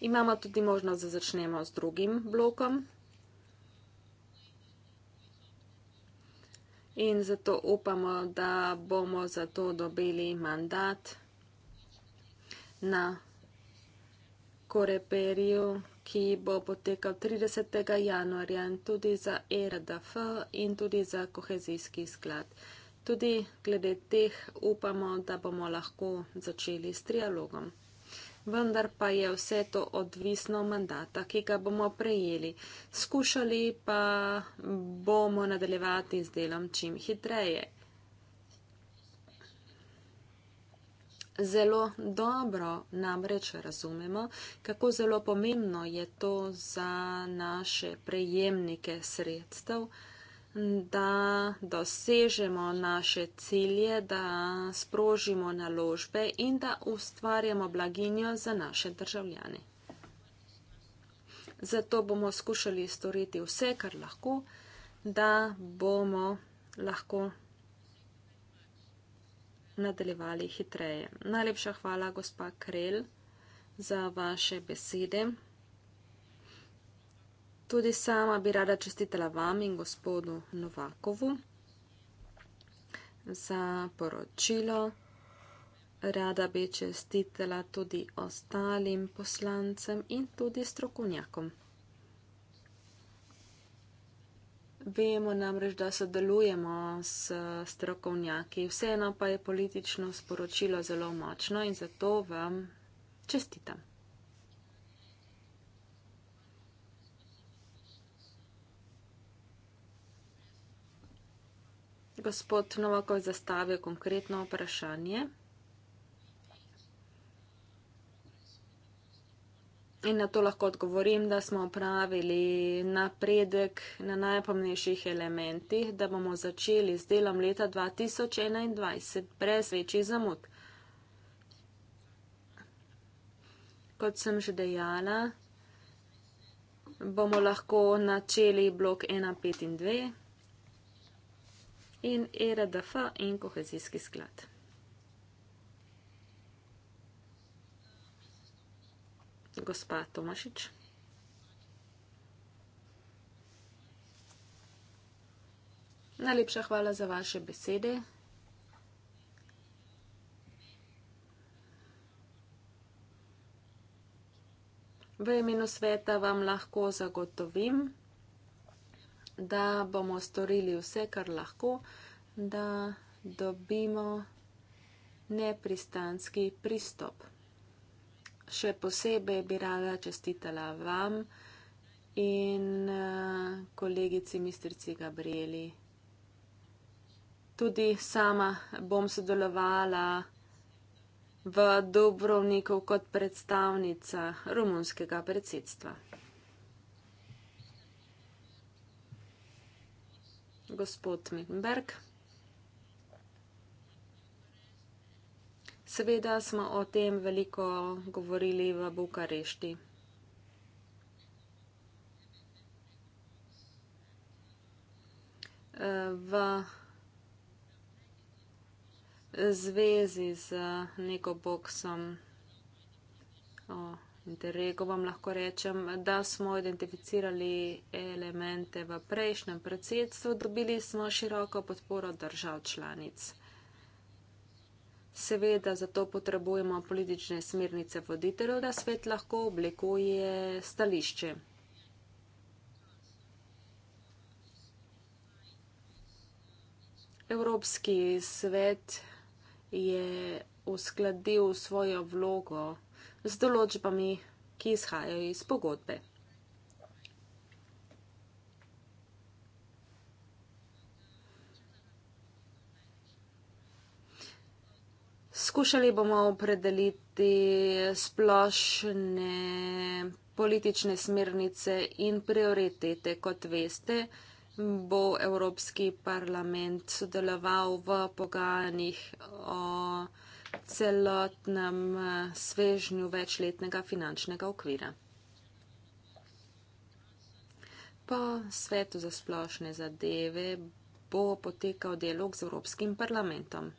Imamo tudi možnost, da začnemo s drugim blokom. In zato upamo, da bomo zato dobili mandat na koreperju ki bo potekal 30. januarja in tudi za ERDF in tudi za kohezijski sklad. Tudi glede teh upamo, da bomo lahko začeli s trialogom. Vendar pa je vse to odvisno mandata, ki ga bomo prejeli. Skušali pa bomo nadaljevati z delom čim hitreje. zelo dobro namreč razumemo, kako zelo pomembno je to za naše prejemnike sredstev, da dosežemo naše cilje, da sprožimo naložbe in da ustvarjamo blaginjo za naše državljane. Zato bomo skušali storiti vse, kar lahko, da bomo lahko nadaljevali hitreje. Najlepša hvala, gospa Krel, za vaše besede. Tudi sama bi rada čestitela vam in gospodu Novakovu za poročilo. Rada bi čestitela tudi ostalim poslancem in tudi strokovnjakom. Vemo namreč, da sodelujemo s strokovnjaki, vseeno pa je politično sporočilo zelo močno in zato vam čestitam. Gospod Novakov zastavil konkretno vprašanje. In na to lahko odgovorim, da smo opravili napredek na najpomnejših elementih, da bomo začeli z delom leta 2021 brez večjih zamud. Kot sem že dejala, bomo lahko načeli blok 1, 5 in 2 in e RDF in kohezijski sklad. gospa Tomašič. Najlepša hvala za vaše besede. V imenu sveta vam lahko zagotovim, da bomo storili vse, kar lahko, da dobimo nepristanski pristop še posebej bi rada čestitala vam in eh, kolegici ministrici Gabrieli. Tudi sama bom sodelovala v Dubrovniku kot predstavnica rumunskega predsedstva. Gospod Mittenberg. Seveda smo o tem veliko govorili v Bukarešti. V zvezi z neko boksom o interregu vam lahko rečem, da smo identificirali elemente v prejšnjem predsedstvu, dobili smo široko podporo držav članic. Seveda zato potrebujemo politične smernice voditeljev, da svet lahko oblikuje stališče. Evropski svet je uskladil svojo vlogo z določbami, ki izhajajo iz pogodbe. skušali bomo opredeliti splošne politične smernice in prioritete. Kot veste, bo Evropski parlament sodeloval v pogajanjih o celotnem eh, svežnju večletnega finančnega okvira. Po svetu za splošne zadeve bo potekal dialog z Evropskim parlamentom.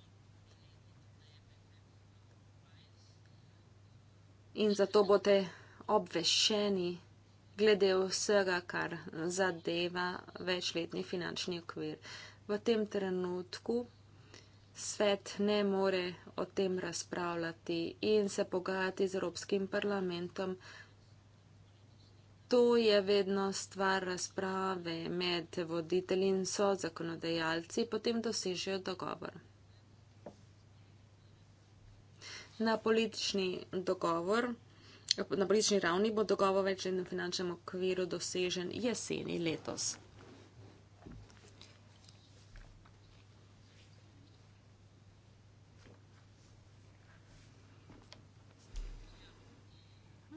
in zato boste obveščeni glede vsega, kar zadeva večletni finančni okvir. V tem trenutku svet ne more o tem razpravljati in se pogajati z Evropskim parlamentom. To je vedno stvar razprave med voditelji in so zakonodajalci, potem dosežejo dogovor na politični dogovor. Na politični ravni bo dogovor več in na finančnem okviru dosežen jeseni letos.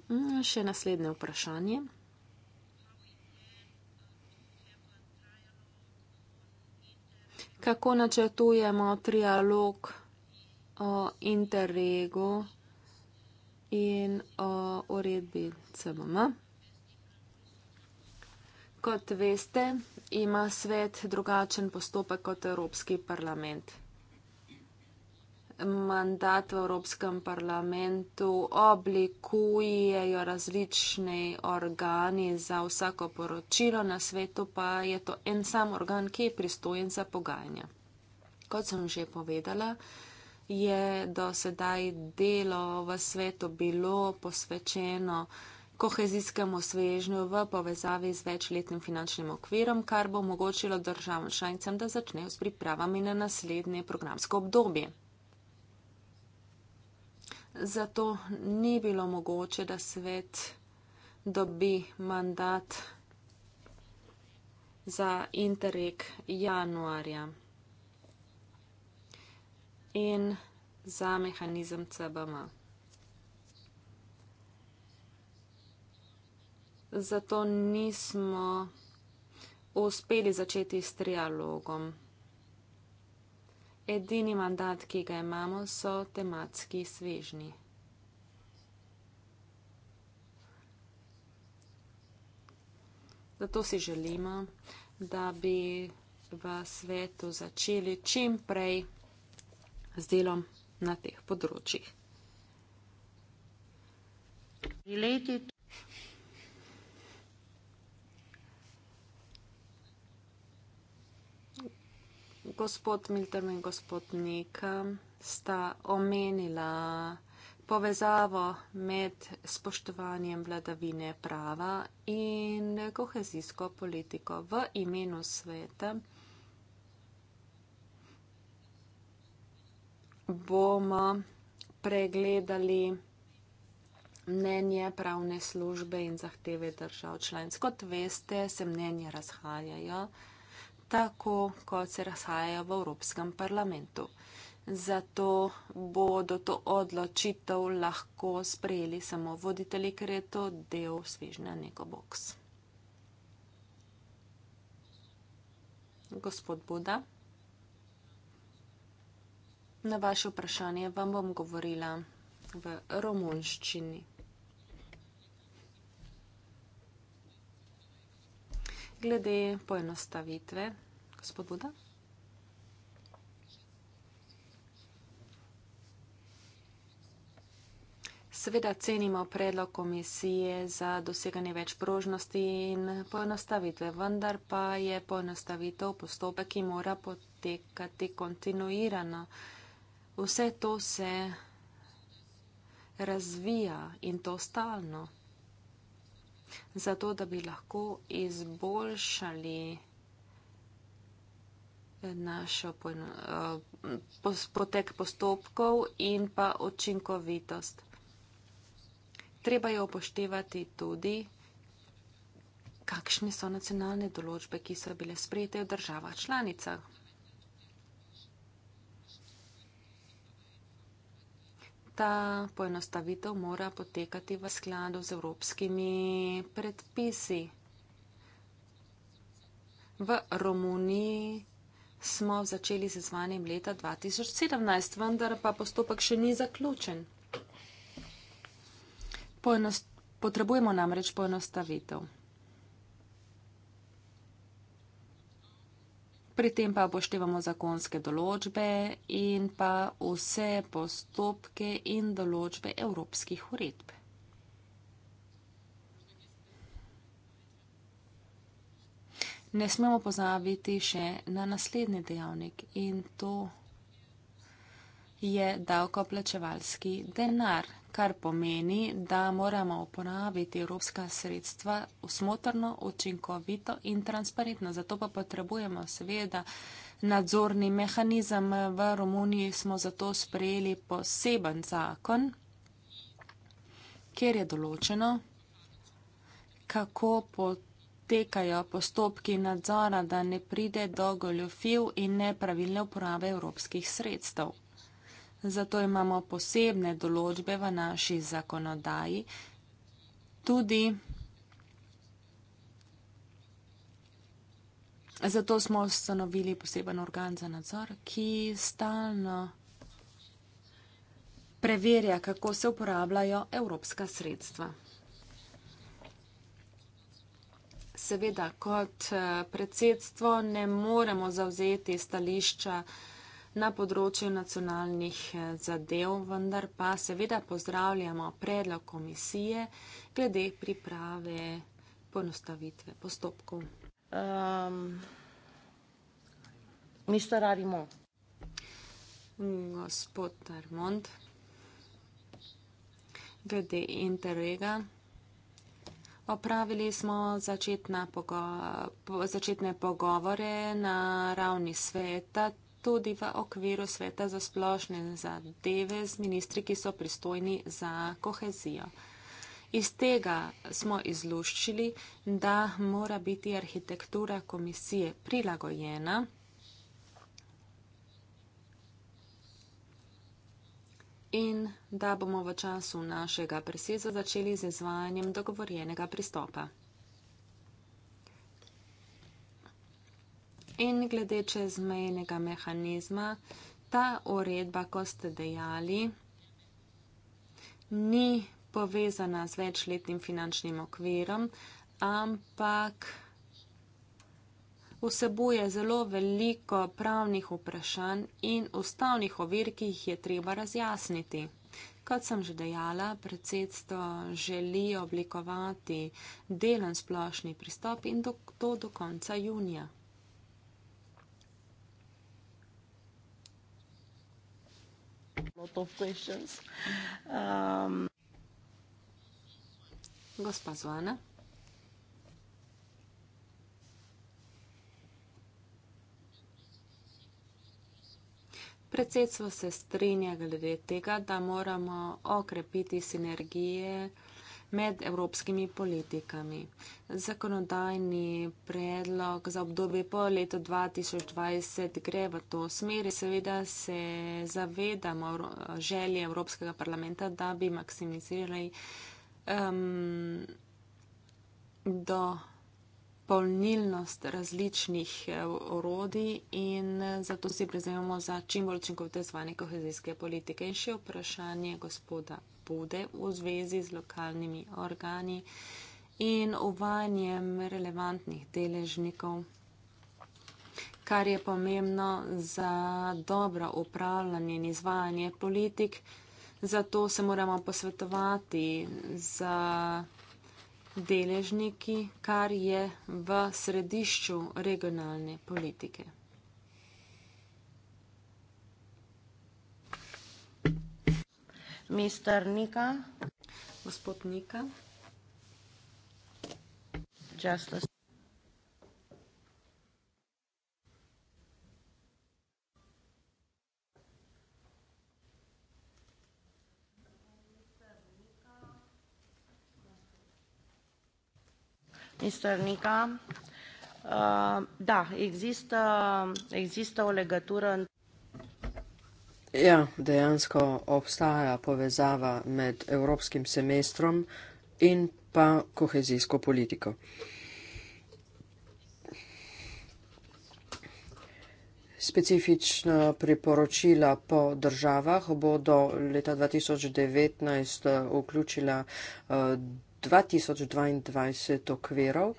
Mm, še naslednje vprašanje. Kako načrtujemo trialog? uh, interregu in uh, uredbi CBM. Kot veste, ima svet drugačen postopek kot Evropski parlament. Mandat v Evropskem parlamentu oblikujejo različni organi za vsako poročilo, na svetu pa je to en sam organ, ki je pristojen za pogajanja. Kot sem že povedala, uh, je do sedaj delo v svetu bilo posvečeno kohezijskemu svežnju v povezavi z večletnim finančnim okvirom, kar bo omogočilo državam članicam, da začnejo s pripravami na naslednje programsko obdobje. Zato ni bilo mogoče, da svet dobi mandat za interreg januarja in za mehanizem CBM. Zato nismo uspeli začeti s trialogom. Edini mandat, ki ga imamo, so tematski svežni. Zato si želimo, da bi v svetu začeli čim prej z delom na teh področjih. Gospod Milter in gospod Nik um, sta omenila povezavo med spoštovanjem vladavine prava in kohezijsko politiko v imenu sveta. bomo pregledali mnenje pravne službe in zahteve držav članic. Kot veste, se mnenje razhajajo, tako kot se razhajajo v Evropskem parlamentu. Zato bodo to odločitev lahko sprejeli samo voditelji, ker je to del svežnja Nego Boks. Gospod Buda. Na vaše vprašanje vam bom govorila v romunščini. Glede poenostavitve, gospod Buda. Seveda cenimo predlog komisije za doseganje več prožnosti in poenostavitve, vendar pa je poenostavitev postopek, ki mora potekati kontinuirano. Vse to se razvija in to stalno. Zato, da bi lahko izboljšali eh, našo eh, eh, potek postopkov in pa očinkovitost. Treba je upoštevati tudi, kakšne so nacionalne določbe, ki so bile sprejete v državah članicah. ta poenostavitev mora potekati v skladu z evropskimi predpisi. V Romuniji smo začeli z izvanjem leta 2017, vendar pa postopek še ni zaključen. Poenost, potrebujemo namreč poenostavitev. pri tem pa upoštevamo zakonske določbe in pa vse postopke in določbe evropskih uredb. Ne smemo pozabiti še na naslednji dejavnik in to je davkoplačevalski denar, kar pomeni, da moramo uporabiti evropska sredstva usmotrno, učinkovito in transparentno. Zato pa potrebujemo seveda nadzorni mehanizem. V Romuniji smo zato sprejeli poseben zakon, kjer je določeno, kako potekajo postopki nadzora, da ne pride do goljofil in nepravilne uporabe evropskih sredstev zato imamo posebne določbe v naši zakonodaji, tudi zato smo ustanovili poseben organ za nadzor, ki stalno preverja, kako se uporabljajo evropska sredstva. Seveda kot eh, predsedstvo ne moremo zavzeti stališča, na področju nacionalnih eh, zadev, vendar pa seveda pozdravljamo predlog komisije glede priprave ponostavitve postopkov. Um, Mister Arimo. Gospod Armond, glede interrega. Opravili smo začetna pogo po začetne pogovore na ravni sveta, tudi v okviru sveta za splošne zadeve z ministri, ki so pristojni za kohezijo. Iz tega smo izluščili, da mora biti arhitektura komisije prilagojena in da bomo v času našega presiza začeli z izvajanjem dogovorjenega pristopa. In glede čezmejnega mehanizma, ta uredba, ko ste dejali, ni povezana z večletnim finančnim okvirom, ampak vsebuje zelo veliko pravnih vprašanj in ustavnih ovir, ki jih je treba razjasniti. Kot sem že dejala, predsedstvo želi oblikovati delen splošni pristop in do, to do konca junija. lot of questions. Um... Gospa Zvana. Predsedstvo se strinja glede tega, da moramo okrepiti sinergije med evropskimi politikami zakonodajni predlog za obdobje po letu 2020 gre v to smer. Seveda se zavedamo želje Evropskega parlamenta, da bi maksimizirali um, do polnilnost različnih e, orodij in zato si prezemamo za čim bolj učinkovite zvanje kohezijske politike. In še vprašanje gospoda Bude v zvezi z lokalnimi organi in uvajanjem relevantnih deležnikov, kar je pomembno za dobro upravljanje in izvajanje politik. Zato se moramo posvetovati z deležniki, kar je v središču regionalne politike. Mister Nika. Gospod Nika justice. Mister Nica, uh, da, există, există o legătură. Ja, dejansko obstaja povezava med evropskim semestrom in pa kohezijsko politiko. Specifična priporočila po državah bodo leta 2019 eh, vključila 2022 eh, okvirov,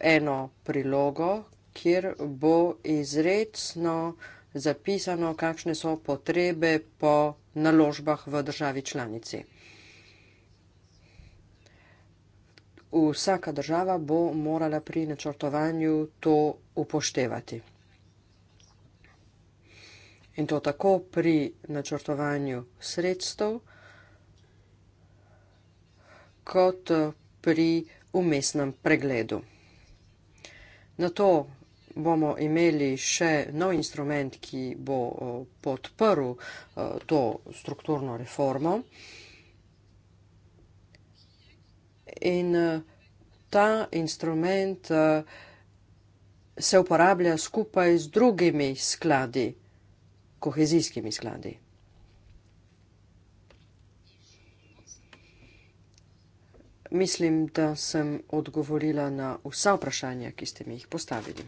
eno prilogo, kjer bo izredno zapisano, kakšne so potrebe po naložbah v državi članici. vsaka država bo morala pri načrtovanju to upoštevati. In to tako pri načrtovanju sredstev, kot pri umestnem pregledu. Na to bomo imeli še nov instrument, ki bo eh, podprl eh, to strukturno reformo. In eh, ta instrument eh, se uporablja skupaj z drugimi skladi, kohezijskimi skladi. Mislim, da sem odgovorila na vsa vprašanja, ki ste mi jih postavili.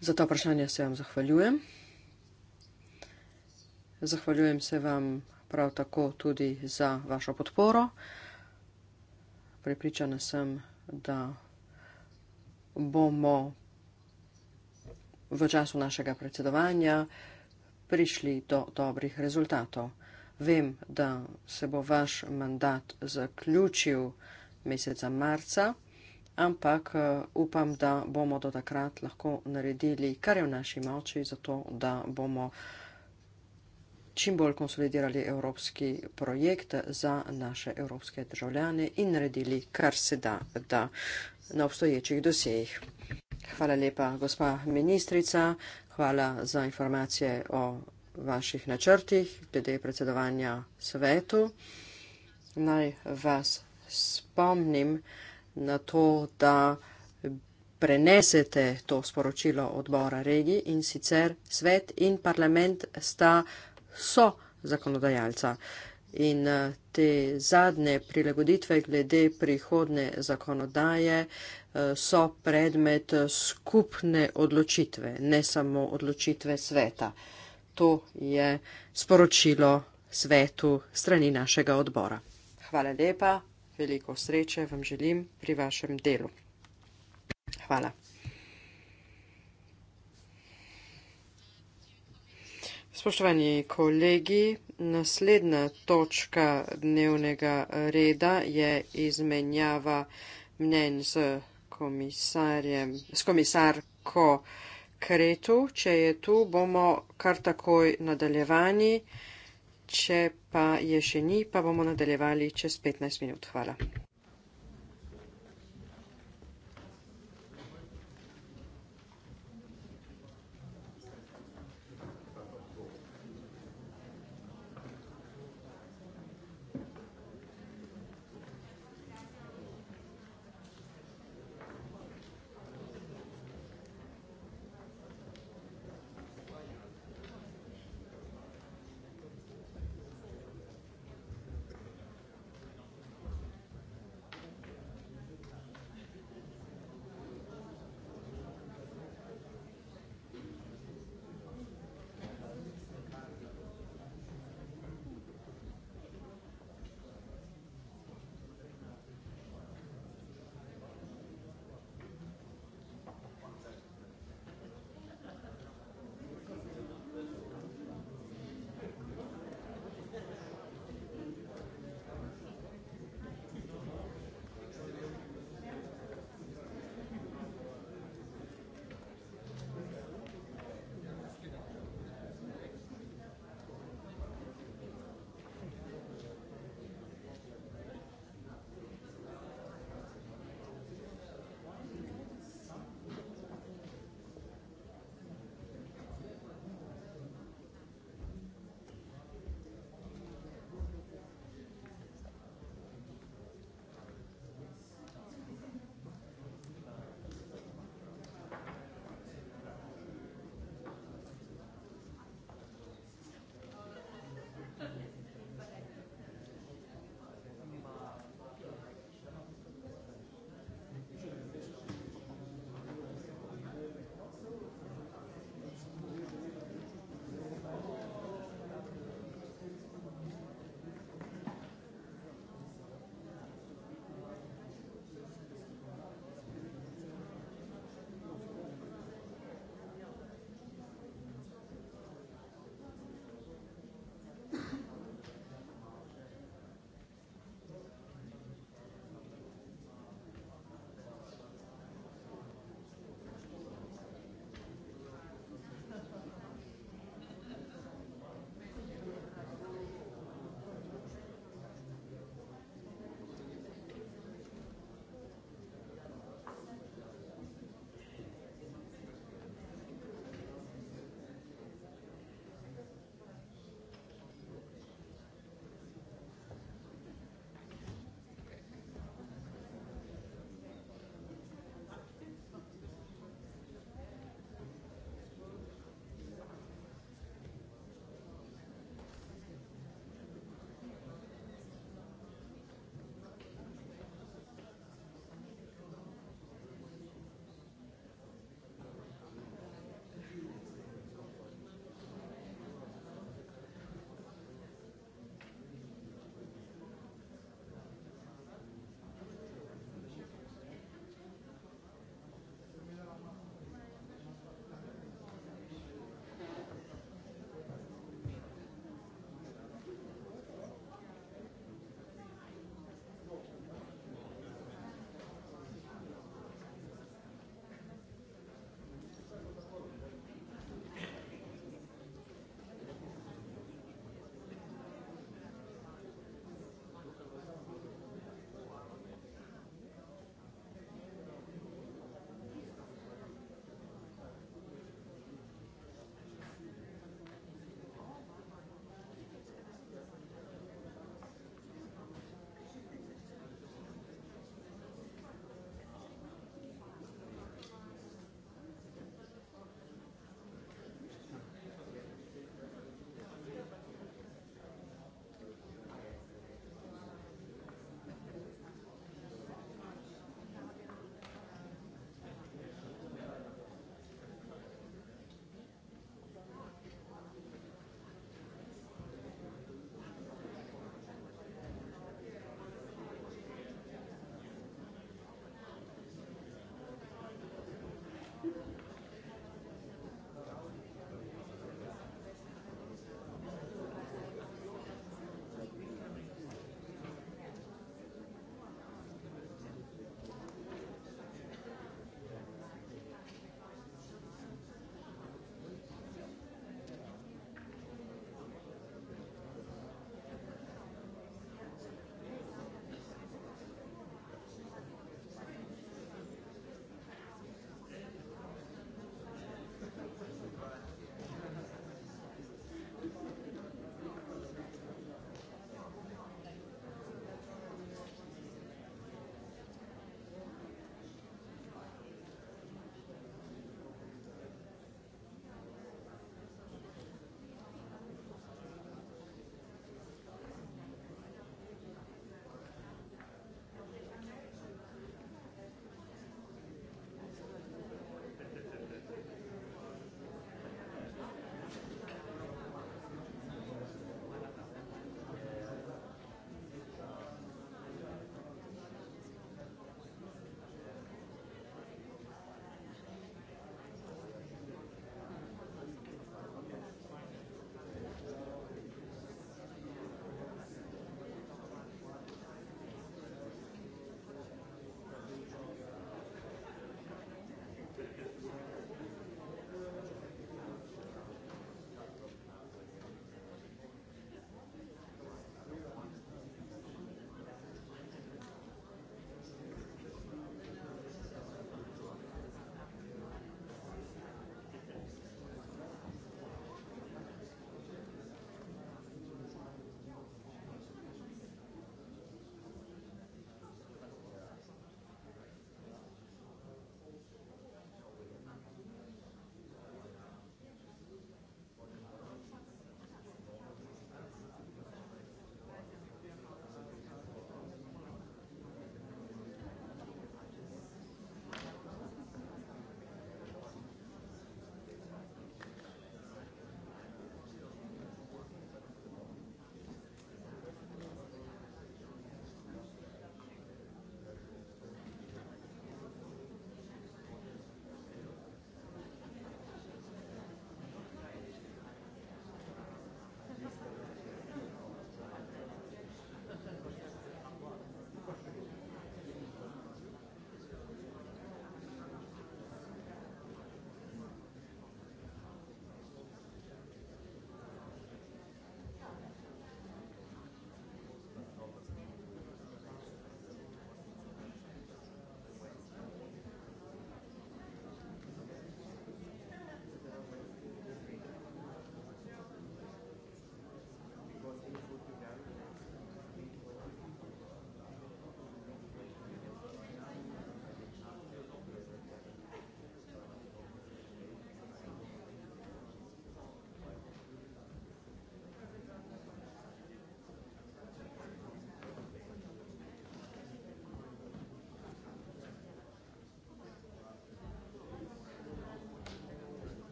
Za ta vprašanja se vam zahvaljujem. Zahvaljujem se vam prav tako tudi za vašo podporo. Prepričana sem, da bomo v času našega predsedovanja prišli do dobrih rezultatov. Vem, da se bo vaš mandat zaključil meseca marca, ampak eh, upam, da bomo do takrat lahko naredili, kar je v naši moči, zato da bomo čim bolj konsolidirali evropski projekt za naše evropske državljane in naredili, kar se da, da na obstoječih dosejih. Hvala lepa, gospa ministrica. Hvala za informacije o vaših načrtih glede predsedovanja svetu. Naj vas spomnim na to, da prenesete to sporočilo odbora regij in sicer svet in parlament sta so zakonodajalca. In eh, te zadnje prilagoditve glede prihodne zakonodaje eh, so predmet eh, skupne odločitve, ne samo odločitve sveta. To je sporočilo svetu strani našega odbora. Hvala lepa, veliko sreče vam želim pri vašem delu. Hvala. Spoštovani kolegi, naslednja točka dnevnega reda je izmenjava mnenj z, z komisarko Kretu. Če je tu, bomo kar takoj nadaljevali. Če pa je še ni, pa bomo nadaljevali čez 15 minut. Hvala.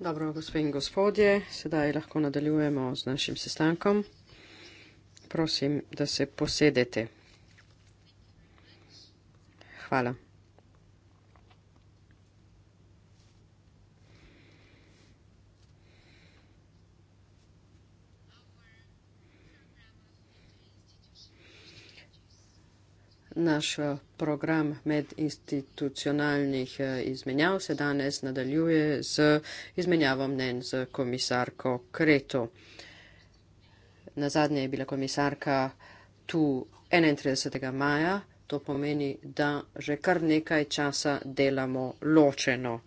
Dobro, gospe in gospodje, sedaj lahko nadaljujemo z našim sestankom. Prosim, da se posedete. Hvala. Naš program medinstitucionalnih eh, izmenjav se danes nadaljuje z izmenjavo mnen z komisarko Kreto. Na zadnje je bila komisarka tu 31. maja, to pomeni, da že kar nekaj časa delamo ločeno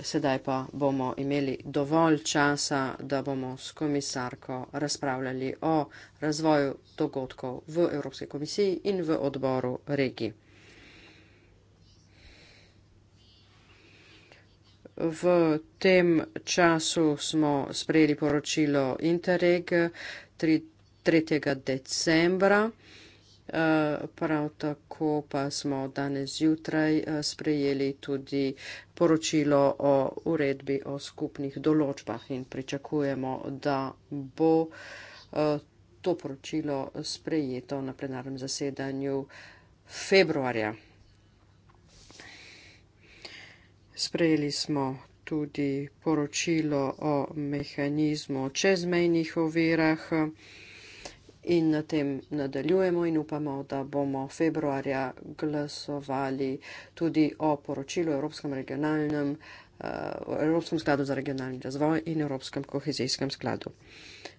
sedaj pa bomo imeli dovolj časa, da bomo s komisarko razpravljali o razvoju dogodkov v Evropski komisiji in v odboru regij. V tem času smo sprejeli poročilo Interreg 3. decembra prav tako pa smo danes zjutraj eh, sprejeli tudi poročilo o uredbi o skupnih določbah in pričakujemo, da bo eh, to poročilo sprejeto na plenarnem zasedanju februarja. Sprejeli smo tudi poročilo o mehanizmu čezmejnih ovirah in na tem nadaljujemo in upamo, da bomo februarja glasovali tudi o poročilu Evropskem regionalnem, eh, Evropskem skladu za regionalni razvoj in Evropskem kohezijskem skladu.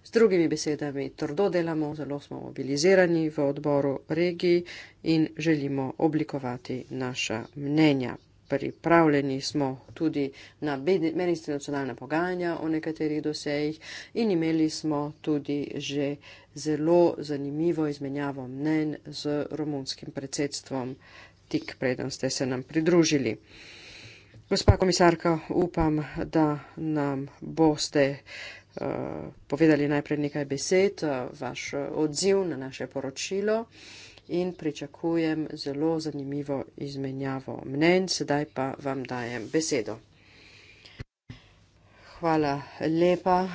Z drugimi besedami, trdo delamo, zelo smo mobilizirani v odboru regij in želimo oblikovati naša mnenja pripravljeni smo tudi na medinstitucionalna pogajanja o nekaterih dosejih in imeli smo tudi že zelo zanimivo izmenjavo mnen z romunskim predsedstvom, tik preden ste se nam pridružili. Gospa komisarka, upam, da nam boste uh, povedali najprej nekaj besed, uh, vaš odziv na naše poročilo. Uh, in pričakujem zelo zanimivo izmenjavo mnen, sedaj pa vam dajem besedo. Hvala lepa,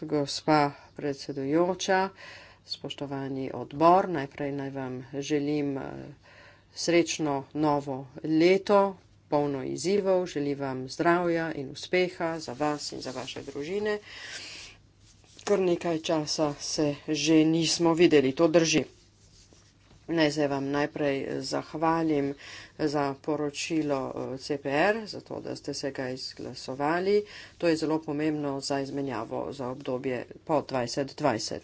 gospa predsedujoča, spoštovani odbor. Najprej naj vam želim eh, srečno novo leto, polno izzivov, želim vam zdravja in uspeha za vas in za vaše družine. Kar nekaj časa se že nismo videli, to drži. Naj se vam najprej eh, zahvalim eh, za poročilo eh, CPR, za to, da ste se ga izglasovali. To je zelo pomembno za izmenjavo za obdobje po 2020.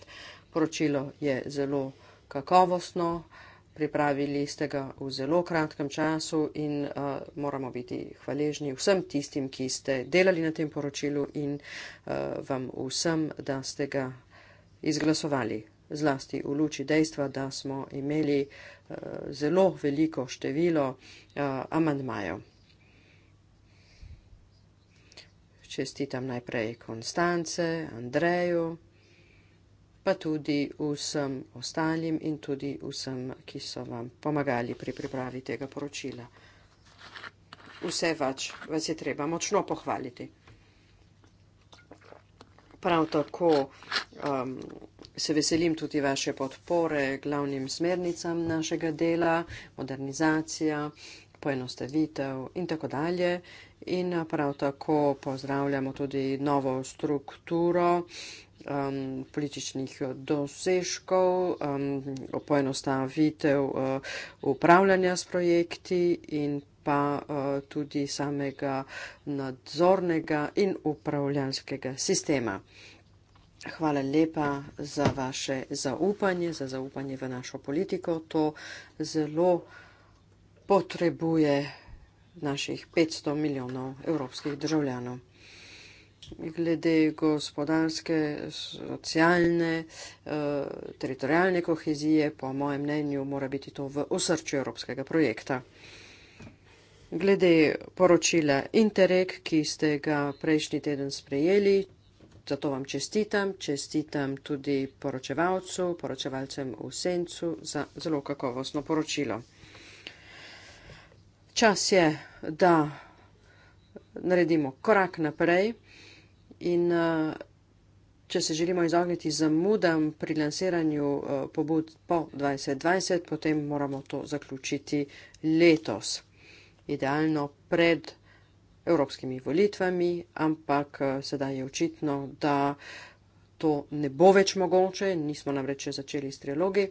Poročilo je zelo kakovostno, pripravili ste ga v zelo kratkem času in uh, moramo biti hvaležni vsem tistim, ki ste delali na tem poročilu in uh, vam vsem, da ste ga izglasovali zlasti v luči dejstva, da smo imeli eh, zelo veliko število eh, amandmajev. Čestitam najprej Konstance, Andreju, pa tudi vsem ostalim in tudi vsem, ki so vam pomagali pri pripravi tega poročila. Vse vač, vas je treba močno pohvaliti. Prav tako um, se veselim tudi vaše podpore glavnim smernicam našega dela, modernizacija, poenostavitev in tako dalje. In uh, prav tako pozdravljamo tudi novo strukturo um, političnih dosežkov, um, poenostavitev uh, upravljanja s projekti in pa eh, tudi samega nadzornega in upravljalskega sistema. Hvala lepa za vaše zaupanje, za zaupanje v našo politiko. To zelo potrebuje naših 500 milijonov evropskih državljanov. Glede gospodarske, socialne, eh, teritorijalne kohezije, po mojem mnenju, mora biti to v osrčju evropskega projekta glede poročila Interreg, ki ste ga prejšnji teden sprejeli. Zato vam čestitam, čestitam tudi poročevalcu, poročevalcem v Sencu za zelo kakovostno poročilo. Čas je, da naredimo korak naprej in eh, če se želimo izogniti zamudam pri lansiranju eh, pobud po 2020, potem moramo to zaključiti letos idealno pred evropskimi volitvami, ampak eh, sedaj je očitno, da to ne bo več mogoče, nismo namreč začeli s trilogi,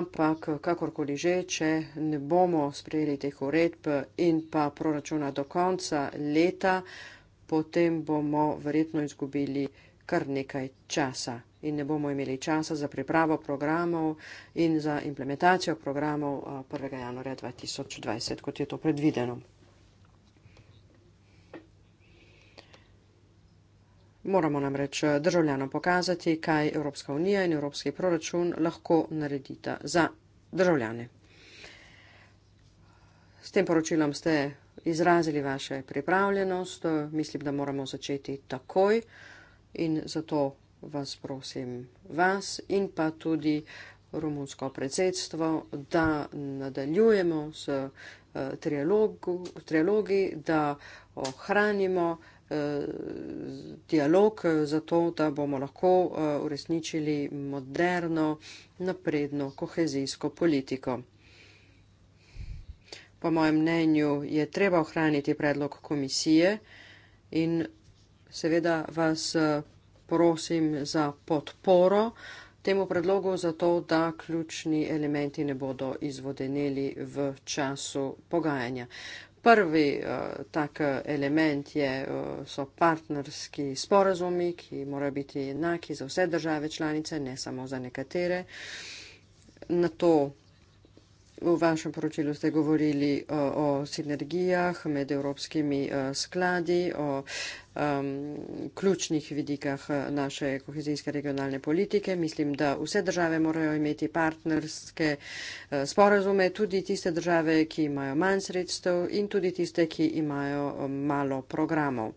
ampak eh, kakorkoli že, če ne bomo sprejeli teh uredb in pa proračuna do konca leta, potem bomo verjetno izgubili kar nekaj časa in ne bomo imeli časa za pripravo programov in za implementacijo programov 1. januarja 2020, kot je to predvideno. Moramo nam reč državljanom pokazati, kaj Evropska unija in Evropski proračun lahko naredita za državljane. S tem poročilom ste izrazili vaše pripravljenost. Mislim, da moramo začeti takoj in zato vas prosim, vas in pa tudi romunsko predsedstvo, da nadaljujemo s eh, trialogi, da ohranimo eh, dialog za to, da bomo lahko eh, uresničili moderno, napredno kohezijsko politiko. Po mojem mnenju je treba ohraniti predlog komisije in seveda vas prosim za podporo temu predlogu, zato da ključni elementi ne bodo izvodeneli v času pogajanja. Prvi uh, tak element je, uh, so partnerski sporazumi, ki morajo biti enaki za vse države članice, ne samo za nekatere. Na to V vašem poročilu ste govorili o, eh, o sinergijah med evropskimi eh, skladi, o um, ključnih vidikah eh, naše kohezijske regionalne politike. Mislim, da vse države morajo imeti partnerske sporazume, tudi tiste države, ki imajo manj sredstev in tudi tiste, ki imajo malo programov.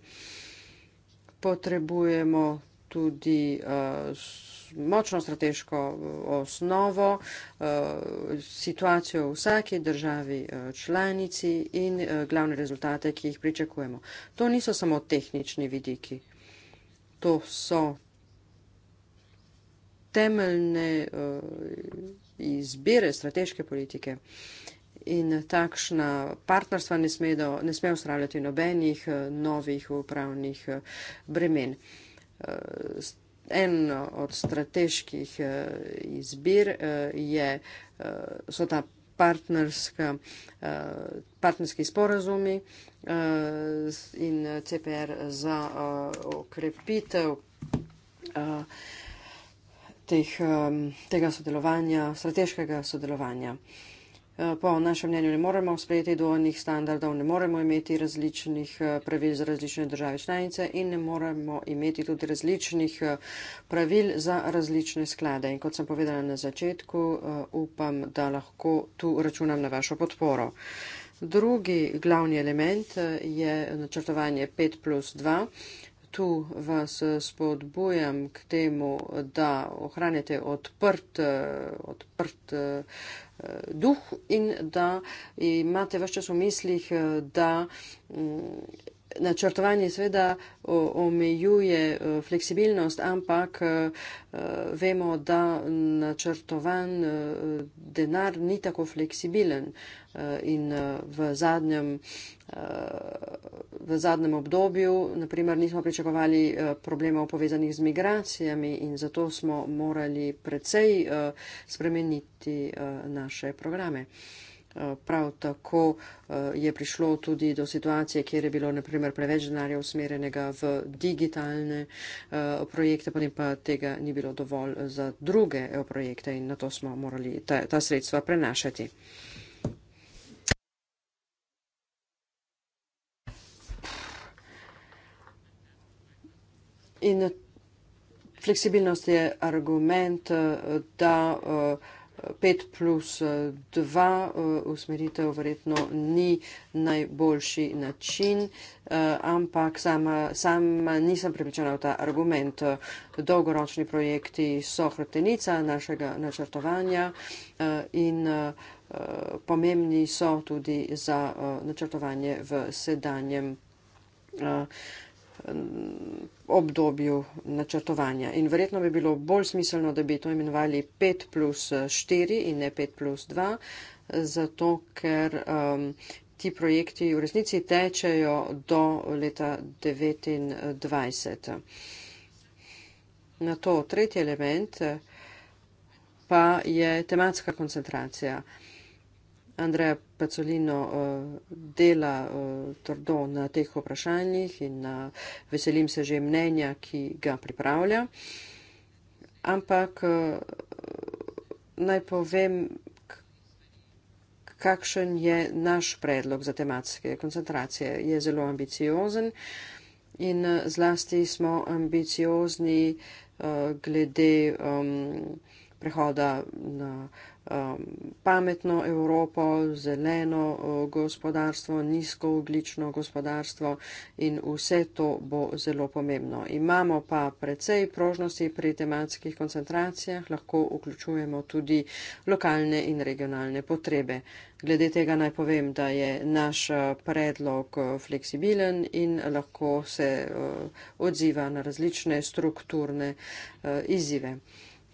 Potrebujemo tudi. Uh, močno strateško eh, osnovo, eh, situacijo v vsaki državi eh, članici in glavne rezultate, ki jih pričakujemo. To niso samo tehnični vidiki, to so temeljne izbire strateške politike. In takšna partnerstva ne smejo, ne smejo ustravljati nobenih novih upravnih bremen. En od strateških eh, izbir eh, je, eh, so ta partnerska, eh, partnerski sporazumi eh, in CPR za eh, okrepitev eh, teh, eh, tega sodelovanja, strateškega sodelovanja. Eh, Eh, po našem mnenju ne moremo sprejeti dvojnih standardov, ne moremo imeti različnih eh, pravil za različne države članice in ne moremo imeti tudi različnih eh, pravil za različne sklade. In kot sem povedala na začetku, upam, da lahko tu računam na vašo podporo. Drugi glavni element je načrtovanje 5 plus 2. Tu vas spodbujam k temu, da ohranjate odprt, odprt duh in da imate vse čas v mislih, eh, da mm, načrtovanje seveda omejuje e, fleksibilnost, ampak e, vemo, da načrtovan e, denar ni tako fleksibilen in v zadnjem, v zadnjem obdobju, naprimer, nismo pričakovali problemov povezanih z migracijami in zato smo morali precej spremeniti naše programe. Eh, prav tako eh, je prišlo tudi do situacije, kjer je bilo naprimer preveč denarja usmerjenega v digitalne eh, projekte, potem pa tega ni bilo dovolj za druge projekte in na to smo morali ta, ta sredstva prenašati. In fleksibilnost je argument, da uh, 5 plus 2 eh, eh, usmeritev verjetno ni najboljši način, eh, ampak sama, sama nisem pripričana v ta argument. Dolgoročni projekti so hrtenica našega načrtovanja in pomembni so tudi za načrtovanje v sedanjem obdobju načrtovanja. In verjetno bi bilo bolj smiselno, da bi to imenovali 5 plus 4 in ne 5 plus 2, zato ker um, ti projekti v resnici tečejo do leta 2029. Na to tretji element pa je tematska koncentracija. Andreja Pacolino eh, dela eh, trdo na teh vprašanjih in na, veselim se že mnenja, ki ga pripravlja. Ampak eh, naj povem, kakšen je naš predlog za tematske koncentracije. Je zelo ambiciozen in zlasti smo ambiciozni glede ehm, prehoda na. Um, pametno Evropo, zeleno uh, gospodarstvo, nizkooglično gospodarstvo in vse to bo zelo pomembno. Imamo pa precej prožnosti pri tematskih koncentracijah, lahko vključujemo tudi lokalne in regionalne potrebe. Glede tega naj povem, da je naš uh, predlog uh, fleksibilen in lahko se odziva na različne strukturne izzive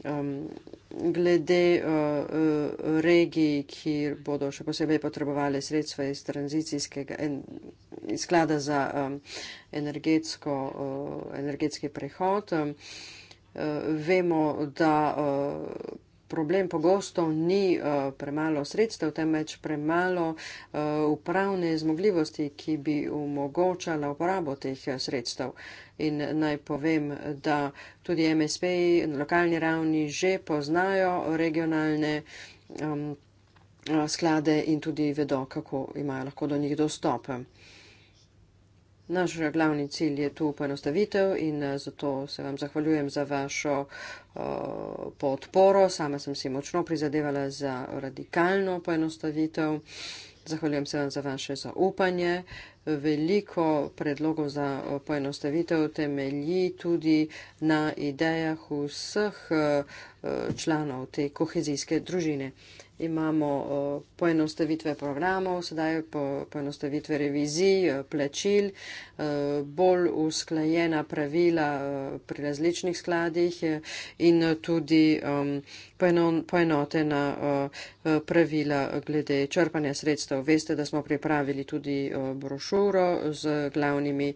um, glede uh, uh, regij, ki bodo še posebej potrebovali sredstva iz tranzicijskega in sklada za um, energetsko, uh, energetski prehod. Um, uh, vemo, da uh, problem pogosto ni uh, premalo sredstev, temveč premalo uh, upravne zmogljivosti, ki bi omogočala uporabo teh eh, sredstev. In naj povem, da tudi MSP na lokalni ravni že poznajo regionalne um, sklade in tudi vedo, kako imajo lahko do njih dostop. Naš glavni cilj je tu poenostavitev in eh, zato se vam zahvaljujem za vašo eh, podporo. Sama sem si močno prizadevala za radikalno poenostavitev. Zahvaljujem se vam za vaše zaupanje. Veliko predlogov za eh, poenostavitev temelji tudi na idejah vseh članov te kohezijske družine imamo poenostavitve programov, sedaj po, poenostavitve revizij, plačil, bolj usklajena pravila pri različnih skladih e, in tudi um, poenotena pravila glede črpanja sredstev. Veste, da smo pripravili tudi brošuro z glavnimi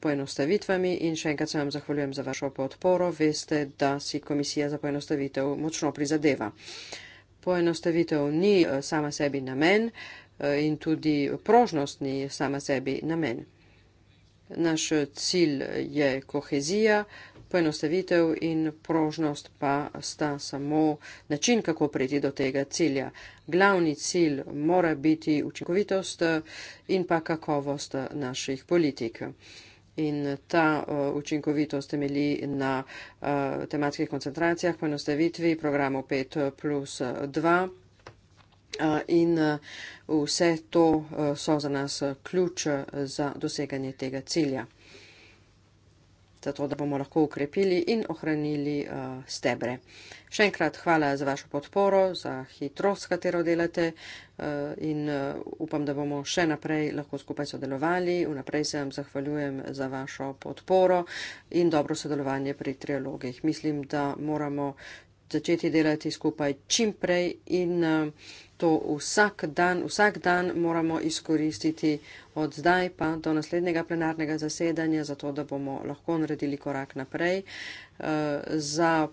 poenostavitvami in še enkrat se vam zahvaljujem za vašo podporo. Veste, da si Komisija za poenostavitev močno prizadeva poenostavitev ni eh, sama sebi namen eh, in tudi prožnost ni sama sebi namen. Naš cilj je kohezija, poenostavitev in prožnost pa sta samo način, kako priti do tega cilja. Glavni cilj mora biti učinkovitost in pa kakovost naših politik. In ta uh, učinkovitost temelji na uh, tematskih koncentracijah, poenostavitvi programov 5 plus 2. Uh, in uh, vse to uh, so za nas ključ za doseganje tega cilja zato da bomo lahko ukrepili in ohranili uh, stebre. Še enkrat hvala za vašo podporo, za hitrost, katero delate uh, in uh, upam, da bomo še naprej lahko skupaj sodelovali. Vnaprej se vam zahvaljujem za vašo podporo in dobro sodelovanje pri trialogih. Mislim, da moramo začeti delati skupaj čim prej in uh, to vsak dan, vsak dan moramo izkoristiti od zdaj pa do naslednjega plenarnega zasedanja, zato da bomo lahko naredili korak naprej eh, za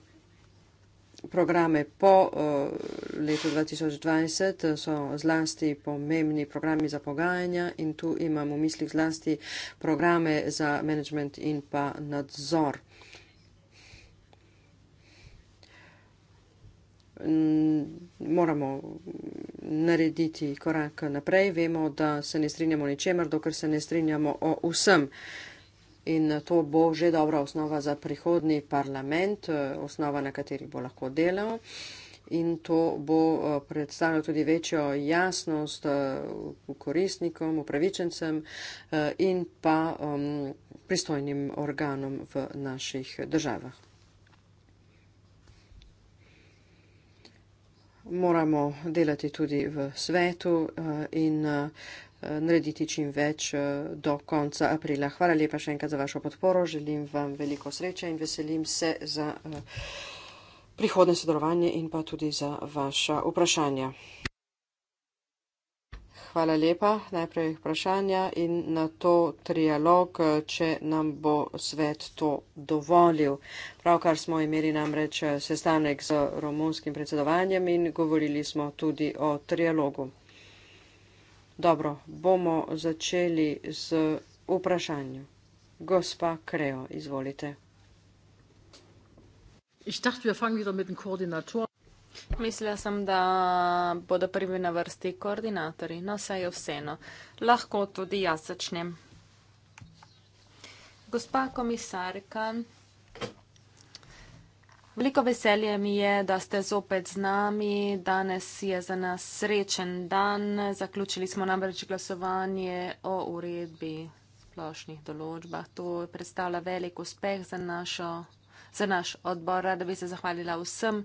programe po eh, letu 2020 eh, so zlasti pomembni programi za pogajanja in tu imamo v mislih zlasti programe za management in pa nadzor. Mm, moramo narediti korak naprej. Vemo, da se ne strinjamo ničemer, dokler se ne strinjamo o vsem. In to bo že dobra osnova za prihodni parlament, osnova, na kateri bo lahko delal. In to bo eh, predstavljalo tudi večjo jasnost eh, koristnikom, upravičencem eh, in pa pristojnim organom v naših državah. moramo delati tudi v svetu eh, in eh, narediti čim več eh, do konca aprila. Hvala lepa še enkrat za vašo podporo, želim vam veliko sreče in veselim se za prihodne sodelovanje in pa tudi za vaša vprašanja hvala lepa. Najprej vprašanja in na to trialog, če nam bo svet to dovolil. Pravkar smo imeli namreč sestanek z romunskim predsedovanjem in govorili smo tudi o trialogu. Dobro, bomo začeli z vprašanjem. Gospa Kreo, izvolite. Ich dachte, wir fangen wieder mit dem Koordinator. Mislila sem, da bodo prvi na vrsti koordinatori. No, saj vseeno. Lahko tudi jaz začnem. Gospa komisarka, veliko veselje mi je, da ste zopet z nami. Danes je za nas srečen dan. Zaključili smo namreč glasovanje o uredbi splošnih določbah. To predstavlja velik uspeh za našo za naš odbor. Rada bi se zahvalila vsem,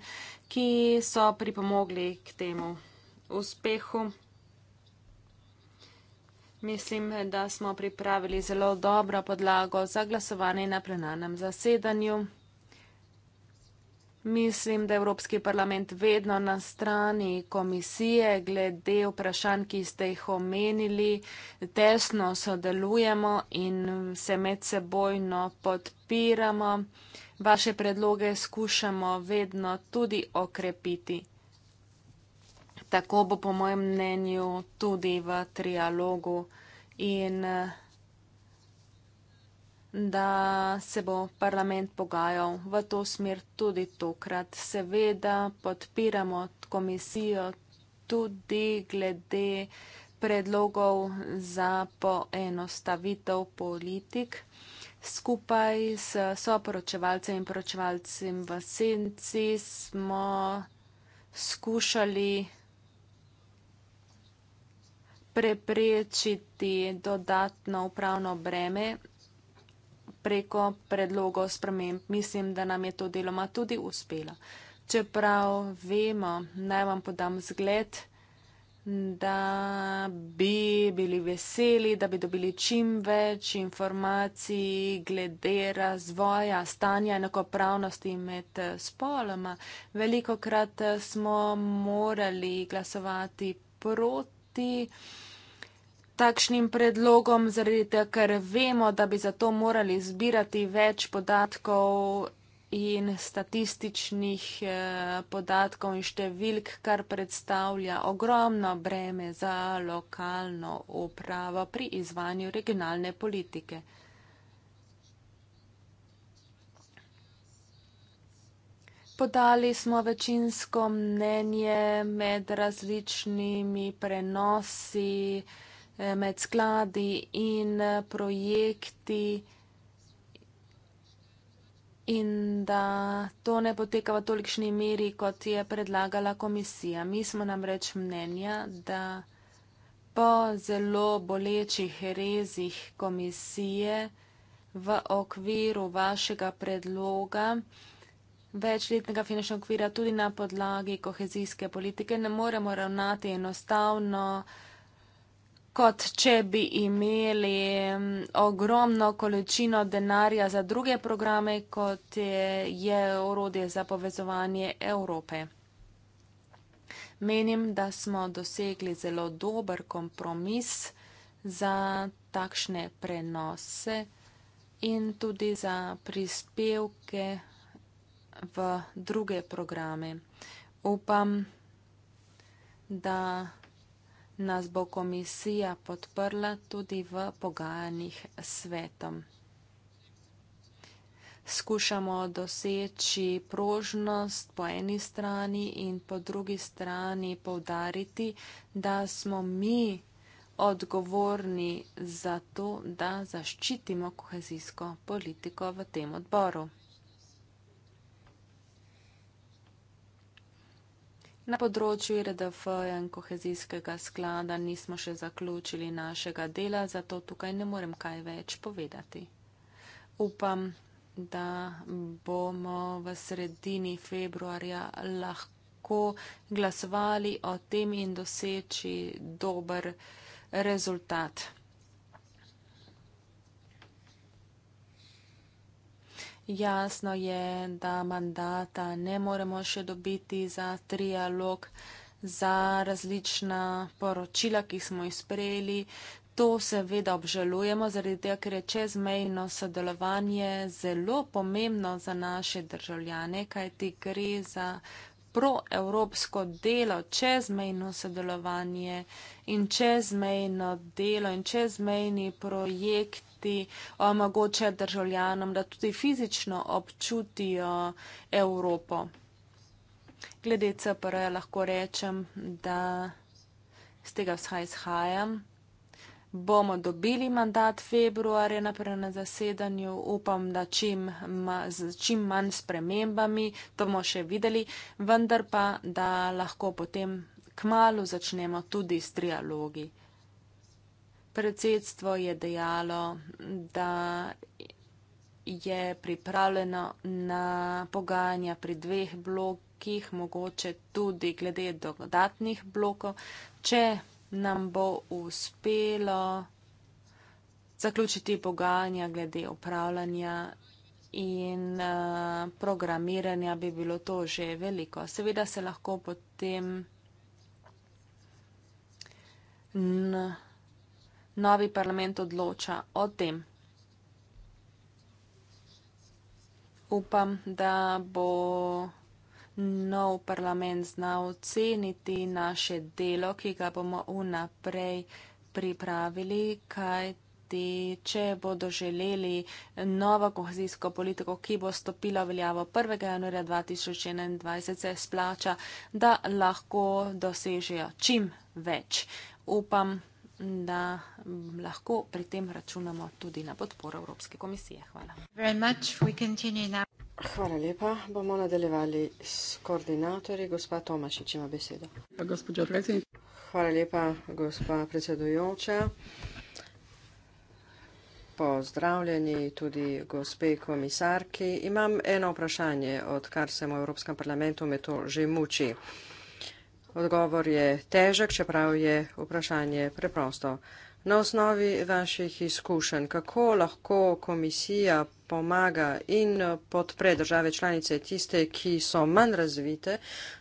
ki so pripomogli k temu uspehu. Mislim, da smo pripravili zelo dobro podlago za glasovanje na plenarnem zasedanju. Mislim, da je Evropski parlament vedno na strani komisije glede vprašanj, ki ste jih omenili. Tesno sodelujemo in se med sebojno podpiramo vaše predloge skušamo vedno tudi okrepiti. Tako bo po mojem mnenju tudi v trialogu in da se bo parlament pogajal v to smer tudi tokrat. Seveda podpiramo komisijo tudi glede predlogov za poenostavitev politik. Skupaj s soporočevalcem in poročevalcem v senci smo skušali preprečiti dodatno upravno breme preko predlogov sprememb. Mislim, da nam je to deloma tudi uspelo. Čeprav vemo, naj vam podam zgled, da bi bili veseli, da bi dobili čim več informacij glede razvoja stanja enakopravnosti med eh, spoloma. Veliko krat eh, smo morali glasovati proti takšnim predlogom, zaradi tega, ker vemo, da bi zato morali zbirati več podatkov in statističnih eh, podatkov in številk, kar predstavlja ogromno breme za lokalno upravo pri izvanju regionalne politike. Podali smo večinsko mnenje med različnimi prenosi, eh, med skladi in eh, projekti in da to ne poteka v tolikšni meri, kot je predlagala komisija. Mi smo namreč mnenja, da po zelo bolečih rezih komisije v okviru vašega predloga večletnega finančnega okvira tudi na podlagi kohezijske politike ne moremo ravnati enostavno, kot če bi imeli mm, ogromno količino denarja za druge programe, kot je orodje za povezovanje Evrope. Menim, da smo dosegli zelo dober kompromis za takšne prenose in tudi za prispevke v druge programe. Upam, da nas bo komisija podprla tudi v pogajanjih s svetom. Skušamo doseči prožnost po eni strani in po drugi strani povdariti, da smo mi odgovorni za to, da zaščitimo kohezijsko politiko v tem odboru. Na področju RDF in kohezijskega sklada nismo še zaključili našega dela, zato tukaj ne morem kaj več povedati. Upam, da bomo v sredini februarja lahko glasovali o tem in doseči dober rezultat. Jasno je, da mandata ne moremo še dobiti za trialog, za različna poročila, ki smo jih sprejeli. To seveda obžalujemo, zaradi tega, ker je čezmejno sodelovanje zelo pomembno za naše državljane, kajti gre za proevropsko delo, čezmejno sodelovanje in čezmejno delo in čezmejni projekti tudi omogoča eh, državljanom, da tudi fizično občutijo Evropo. Glede CPR-ja lahko rečem, da z tega vsaj izhajam. Bomo dobili mandat februarja naprej na zasedanju, upam, da čim, z čim manj spremembami, to bomo še videli, vendar pa, da lahko potem k malu začnemo tudi s trialogi. Predsedstvo je dejalo, da je pripravljeno na pogajanja pri dveh blokih, mogoče tudi glede dodatnih blokov, če nam bo uspelo zaključiti pogajanja glede upravljanja in eh, programiranja, bi bilo to že veliko. Seveda se lahko potem novi parlament odloča o tem. Upam, da bo nov parlament znal ceniti naše delo, ki ga bomo vnaprej pripravili, kajti če bodo želeli novo kohezijsko politiko, ki bo stopila v veljavo 1. januarja 2021, se splača, da lahko dosežejo čim več. Upam, da mm, lahko pri tem računamo tudi na podporo Evropske komisije. Hvala. Hvala lepa. Bomo nadaljevali s koordinatorji. Gospa Tomašič ima besedo. Hvala lepa, gospa predsedujoča. Pozdravljeni tudi gospe komisarki. Imam eno vprašanje, odkar sem v Evropskem parlamentu, me to že muči. Odgovor je težek, čeprav je vprašanje preprosto. Na osnovi vaših izkušenj, kako lahko komisija pomaga in podpre države članice tiste, ki so manj razvite,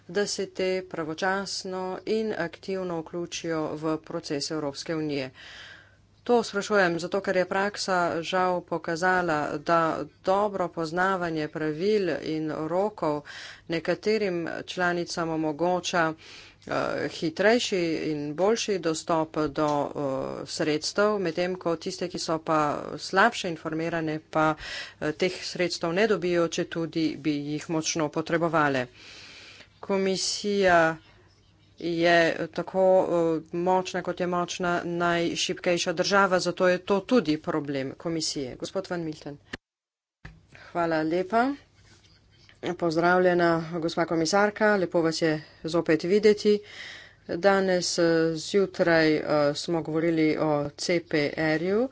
da se te pravočasno in aktivno vključijo v proces Evropske unije? To sprašujem, zato ker je praksa žal pokazala, da dobro poznavanje pravil in rokov nekaterim članicam omogoča eh, hitrejši in boljši dostop do eh, sredstev, medtem ko tiste, ki so pa slabše informirane, pa eh, teh sredstev ne dobijo, če tudi bi jih močno potrebovali. Komisija je tako eh, močna, kot je močna najšipkejša država, zato je to tudi problem komisije. Gospod Van Milten. Hvala lepa. Pozdravljena gospa komisarka, lepo vas je zopet videti. Danes eh, zjutraj eh, smo govorili o CPR-ju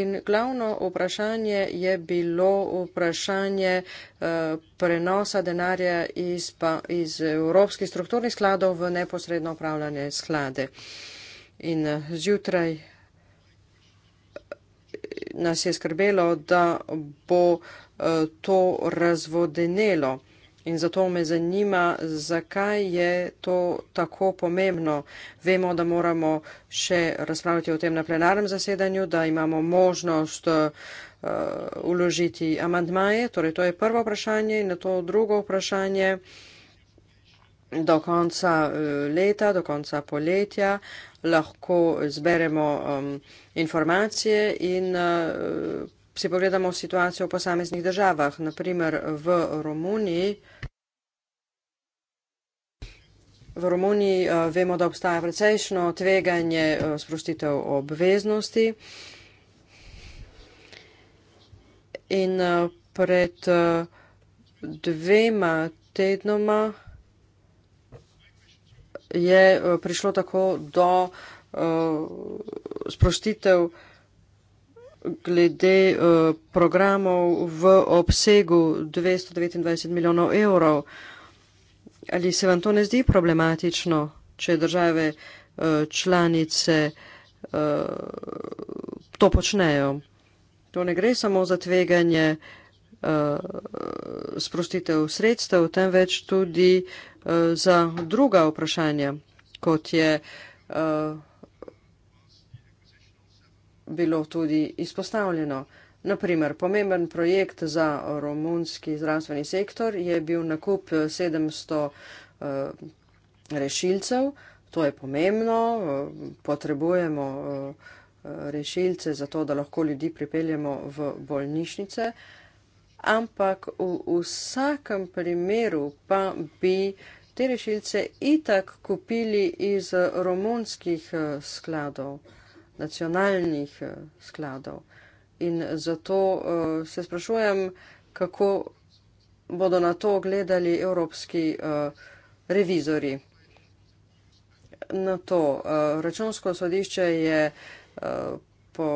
In glavno vprašanje je bilo vprašanje eh, prenosa denarja iz, pa, iz evropskih strukturnih skladov v neposredno upravljanje sklade. In eh, zjutraj eh, nas je skrbelo, da bo to razvodenelo. In zato me zanima, zakaj je to tako pomembno. Vemo, da moramo še razpravljati o tem na plenarnem zasedanju, da imamo možnost uh, uložiti uh, amantmaje. Torej, to je prvo vprašanje in na to drugo vprašanje. Do konca uh, leta, do konca poletja lahko zberemo um, informacije in uh, si pogledamo situacijo v posameznih državah, naprimer v Romuniji, V Romuniji eh, vemo, da obstaja precejšno tveganje eh, sprostitev obveznosti in eh, pred dvema tednoma je prišlo tako do sprostitev obveznosti glede eh, programov v obsegu 229 milijonov evrov. Ali se vam to ne zdi problematično, če države eh, članice eh, to počnejo? To ne gre samo za tveganje sprostitev sredstev, temveč tudi za druga vprašanja, kot je bilo tudi izpostavljeno. Naprimer, pomemben projekt za romunski zdravstveni sektor je bil nakup 700 uh, eh, rešilcev. To je pomembno, eh, potrebujemo eh, rešilce za to, da lahko ljudi pripeljemo v bolnišnice, ampak v vsakem primeru pa bi te rešilce itak kupili iz romunskih skladov nacionalnih eh, skladov. In zato uh, se sprašujem, kako bodo na to gledali evropski uh, revizori. Na to uh, računsko sodišče je uh, po,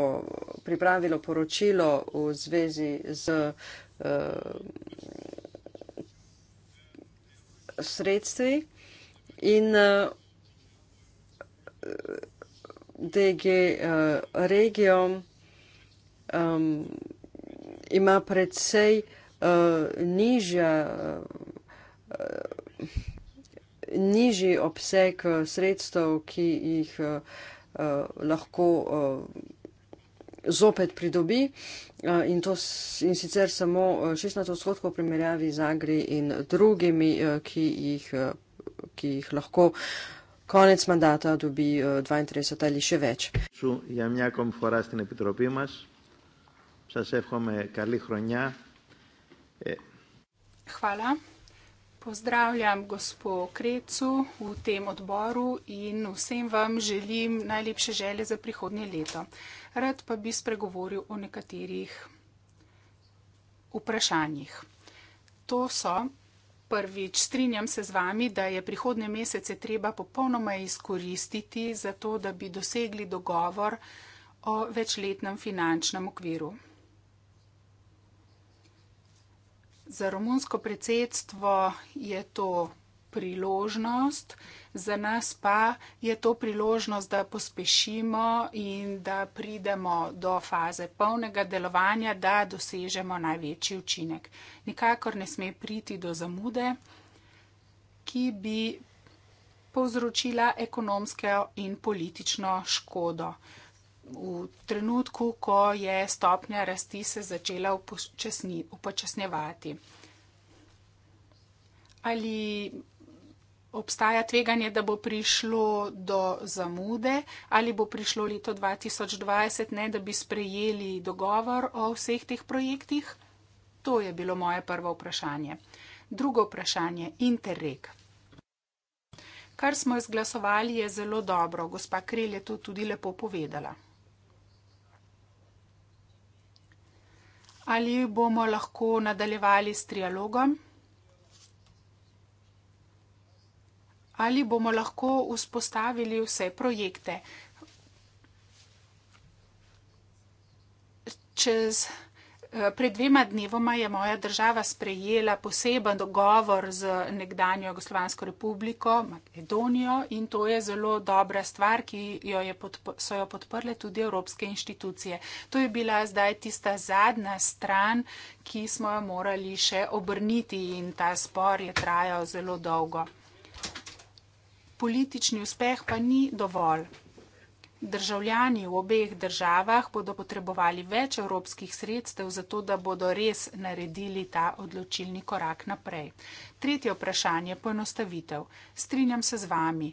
pripravilo poročilo v zvezi z. Uh, sredstvi in uh, DG eh, regijo ima predvsej eh, eh, nižji obseg sredstev, ki jih lahko zopet pridobi in, to, in sicer samo 16 odstotkov primerjavi z Agri in drugimi, ki jih, ki jih lahko uh, konec mandata dobi 32 eh, ali še več. Ja, eh. Hvala. Pozdravljam gospo Krecu v tem odboru in vsem vam želim najlepše želje za prihodnje leto. Rad pa bi spregovoril o nekaterih vprašanjih. To so Prvič, strinjam se z vami, da je prihodne mesece treba popolnoma izkoristiti za to, da bi dosegli dogovor o večletnem finančnem okviru. Za romunsko predsedstvo je to priložnost, za nas pa je to priložnost, da pospešimo in da pridemo do faze polnega delovanja, da dosežemo največji učinek. Nikakor ne sme priti do zamude, ki bi povzročila ekonomsko in politično škodo. V trenutku, ko je stopnja rasti se začela upočasni, upočasnjevati. Ali obstaja tveganje, da bo prišlo do zamude ali bo prišlo leto 2020, ne da bi sprejeli dogovor o vseh teh projektih? To je bilo moje prvo vprašanje. Drugo vprašanje, interreg. Kar smo izglasovali, je zelo dobro. Gospa Krelj je to tudi lepo povedala. Ali bomo lahko nadaljevali s trialogom? ali bomo lahko vzpostavili vse projekte. Čez, eh, pred dvema dnevoma je moja država sprejela poseben dogovor z nekdanjo Jugoslovansko republiko Makedonijo in to je zelo dobra stvar, ki jo je podpo, so jo podprle tudi evropske inštitucije. To je bila zdaj tista zadnja stran, ki smo jo morali še obrniti in ta spor je trajal zelo dolgo. Politični uspeh pa ni dovolj. Državljani v obeh državah bodo potrebovali več evropskih sredstev, zato da bodo res naredili ta odločilni korak naprej. Tretje vprašanje je poenostavitev. Strinjam se z vami.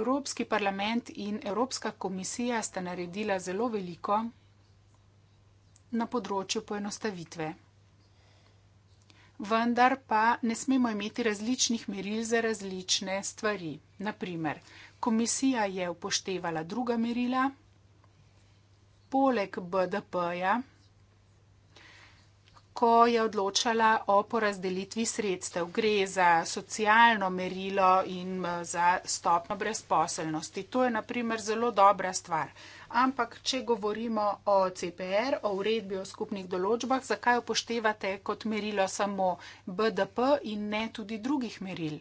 Evropski parlament in Evropska komisija sta naredila zelo veliko na področju poenostavitve vendar pa ne smemo imeti različnih meril za različne stvari. Naprimer, komisija je upoštevala druga merila, poleg BDP-ja, ko je odločala o porazdelitvi sredstev. Gre za socialno merilo in eh, za stopno brezposelnosti. To je naprimer zelo dobra stvar ampak če govorimo o CPR, o uredbi o skupnih določbah, zakaj upoštevate kot merilo samo BDP in ne tudi drugih meril?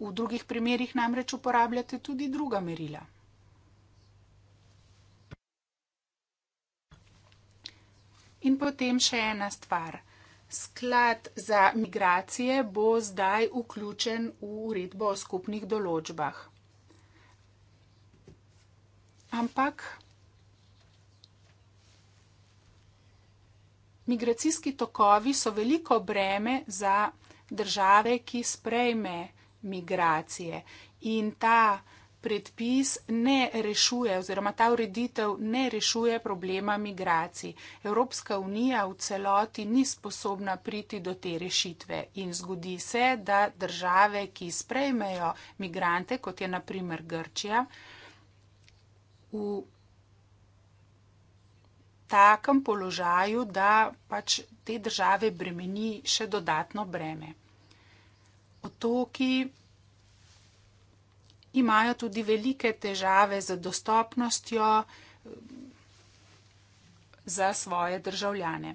V drugih primerjih namreč uporabljate tudi druga merila. In potem še ena stvar. Sklad za migracije bo zdaj vključen v uredbo o skupnih določbah ampak migracijski tokovi so veliko breme za države, ki sprejme migracije in ta predpis ne rešuje oziroma ta ureditev ne rešuje problema migracij. Evropska unija v celoti ni sposobna priti do te rešitve in zgodi se, da države, ki sprejmejo migrante, kot je naprimer Grčija, v takem položaju, da pač te države bremeni še dodatno breme. Otoki imajo tudi velike težave z dostopnostjo eh, za svoje državljane.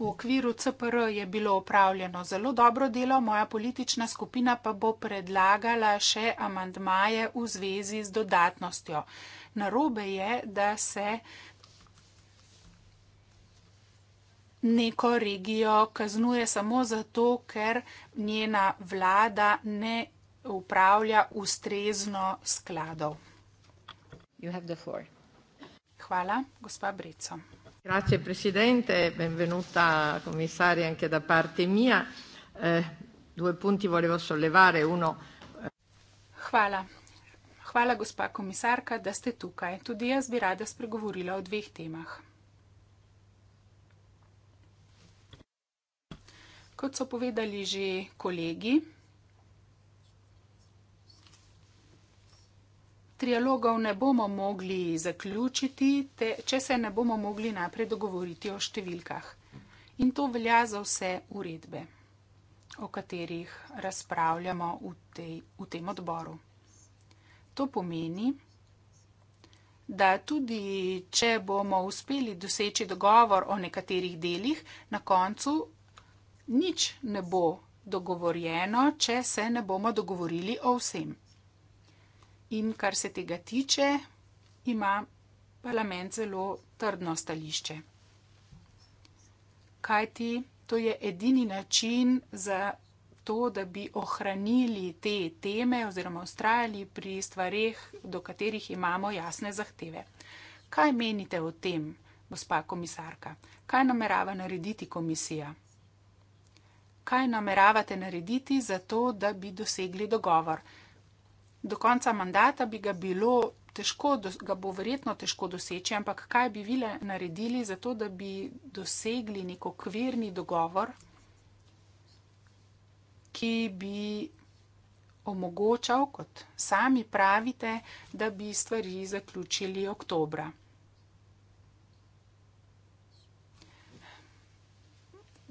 V okviru CPR je bilo upravljeno zelo dobro delo, moja politična skupina pa bo predlagala še amandmaje v zvezi z dodatnostjo. Narobe je, da se neko regijo kaznuje samo zato, ker njena vlada ne upravlja ustrezno skladov. Hvala, gospa Breco. Grazie Presidente, benvenuta Commissaria anche da parte mia. Eh, due punti volevo sollevare. Uno... Eh, Hvala. Hvala, gospa komisarka, da ste tukaj. Tudi jaz bi rada spregovorila o dveh temah. Kot so povedali že kolegi, trialogov ne bomo mogli zaključiti, te, če se ne bomo mogli najprej dogovoriti o številkah. In to velja za vse uredbe, o katerih razpravljamo v, tej, v tem odboru. To pomeni, da tudi če bomo uspeli doseči dogovor o nekaterih delih, na koncu nič ne bo dogovorjeno, če se ne bomo dogovorili o vsem in kar se tega tiče, ima parlament zelo trdno stališče. Kaj ti, to je edini način za to, da bi ohranili te teme oziroma ustrajali pri stvarih, do katerih imamo jasne zahteve. Kaj menite o tem, gospa komisarka? Kaj namerava narediti komisija? Kaj nameravate narediti za to, da bi dosegli dogovor? do konca mandata bi ga bilo težko, ga bo verjetno težko doseči, ampak kaj bi vile naredili za to, da bi dosegli nek okvirni dogovor, ki bi omogočal, kot sami pravite, da bi stvari zaključili oktobra.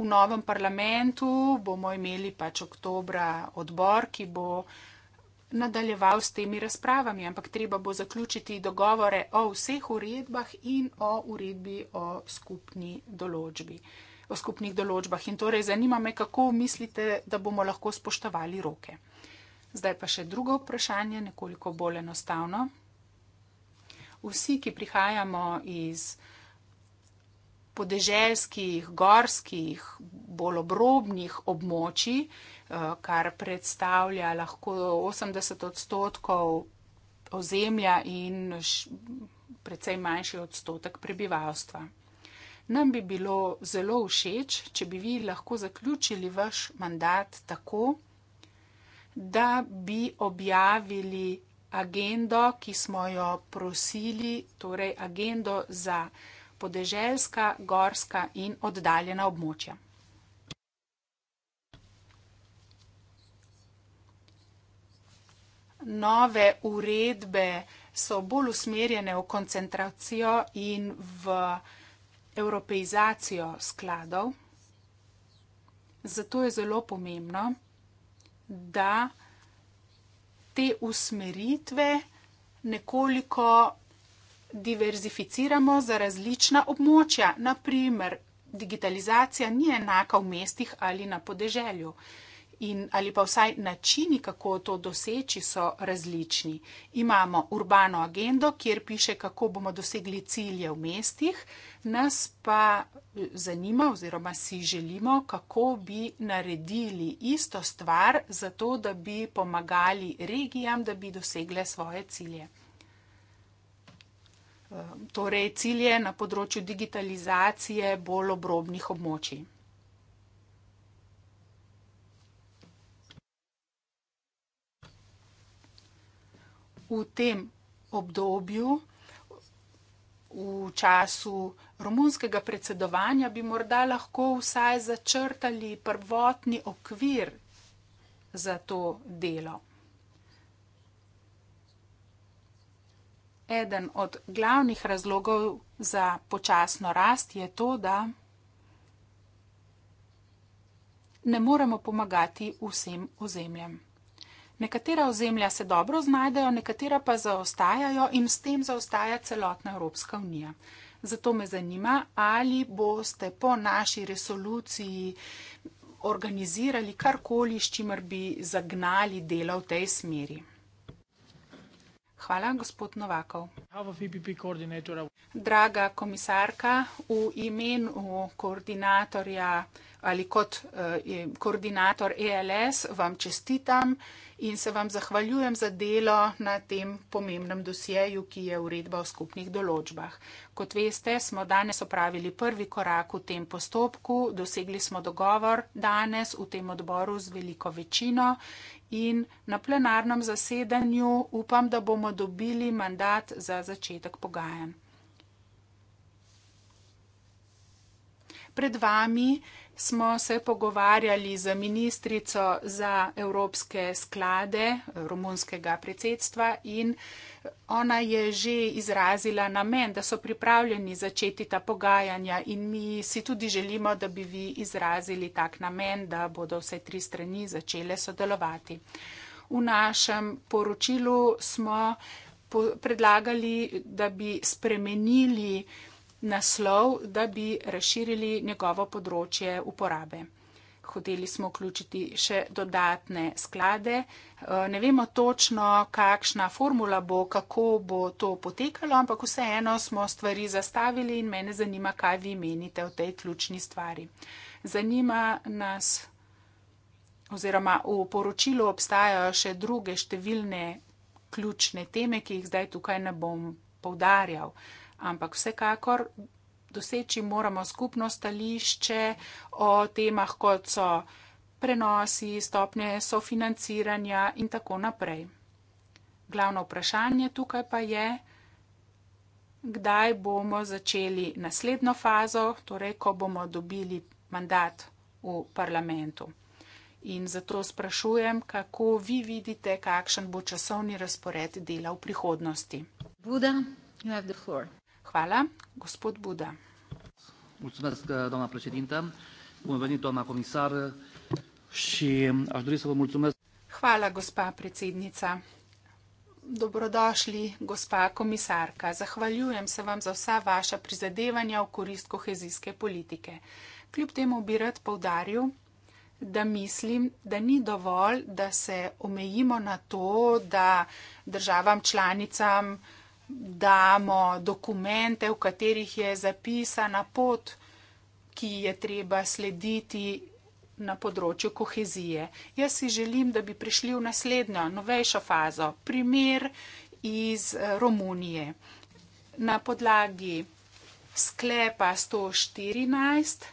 V novem parlamentu bomo imeli pač oktobra odbor, ki bo uh, nadaljeval s temi razpravami, ampak treba bo zaključiti dogovore o vseh uredbah in o uredbi o skupni določbi. O skupnih določbah. In torej zanima me, kako mislite, da bomo lahko spoštovali roke. Zdaj pa še drugo vprašanje, nekoliko bolj enostavno. Vsi, ki prihajamo iz podeželskih, gorskih, bolj obrobnih območij, Eh, kar predstavlja lahko 80 odstotkov ozemlja in precej manjši odstotek prebivalstva. Nam bi bilo zelo všeč, če bi vi lahko zaključili vaš mandat tako, da bi objavili agendo, ki smo jo prosili, torej agendo za podeželska, gorska in oddaljena območja. nove uredbe so bolj usmerjene v koncentracijo in v evropeizacijo skladov. Zato je zelo pomembno, da te usmeritve nekoliko diverzificiramo za različna območja. Naprimer, digitalizacija ni enaka v mestih ali na podeželju in ali pa vsaj načini, kako to doseči, so različni. Imamo urbano agendo, kjer piše, kako bomo dosegli cilje v mestih, nas pa eh, zanima oziroma si želimo, kako bi naredili isto stvar, zato da bi pomagali regijam, da bi dosegle svoje cilje. Eh, torej, cilje na področju digitalizacije bolj obrobnih območij. v tem obdobju, v času romunskega predsedovanja, bi morda lahko vsaj začrtali prvotni okvir za to delo. Eden od glavnih razlogov za počasno rast je to, da ne moremo pomagati vsem ozemljem. Nekatera ozemlja se dobro znajdejo, nekatera pa zaostajajo in s tem zaostaja celotna Evropska unija. Zato me zanima, ali boste po naši resoluciji organizirali karkoli, s čimer bi zagnali delo v tej smeri. Hvala, gospod Novakov. E Draga komisarka, v imenu koordinatorja ali kot eh, koordinator ELS vam čestitam in se vam zahvaljujem za delo na tem pomembnem dosjeju, ki je uredba o skupnih določbah. Kot veste, smo danes opravili prvi korak v tem postopku, dosegli smo dogovor danes v tem odboru z veliko večino in na plenarnem zasedanju upam, da bomo dobili mandat za začetek pogajanj. Pred vami smo se pogovarjali z ministrico za evropske sklade romunskega predsedstva in ona je že izrazila namen, da so pripravljeni začeti ta pogajanja in mi si tudi želimo, da bi vi izrazili tak namen, da bodo vse tri strani začele sodelovati. V našem poročilu smo predlagali, da bi spremenili naslov, da bi razširili njegovo področje uporabe. Hoteli smo vključiti še dodatne sklade. Eh, ne vemo točno, kakšna formula bo, kako bo to potekalo, ampak vseeno smo stvari zastavili in mene zanima, kaj vi menite o tej ključni stvari. Zanima nas, oziroma v poročilu obstajajo še druge številne ključne teme, ki jih zdaj tukaj ne bom poudarjal ampak vsekakor doseči moramo skupno stališče o temah, kot so prenosi, stopnje sofinanciranja in tako naprej. Glavno vprašanje tukaj pa je, kdaj bomo začeli naslednjo fazo, torej ko bomo dobili mandat v parlamentu. In zato sprašujem, kako vi vidite, kakšen bo časovni razpored dela v prihodnosti. Buda, you have the floor. Hvala. Gospod Buda. Mulțumesc, doamna președintă. Bun venit, doamna comisar. Și aș dori să vă mulțumesc. Hvala, gospa predsednica. Dobrodošli, gospa komisarka. Zahvaljujem se vam za vsa vaša prizadevanja v korist kohezijske politike. Kljub temu bi rad povdaril, da mislim, da ni dovolj, da se omejimo na to, da državam članicam damo dokumente, v katerih je zapisana pot, ki je treba slediti na področju kohezije. Jaz si želim, da bi prišli v naslednjo, novejšo fazo. Primer iz eh, Romunije. Na podlagi sklepa 114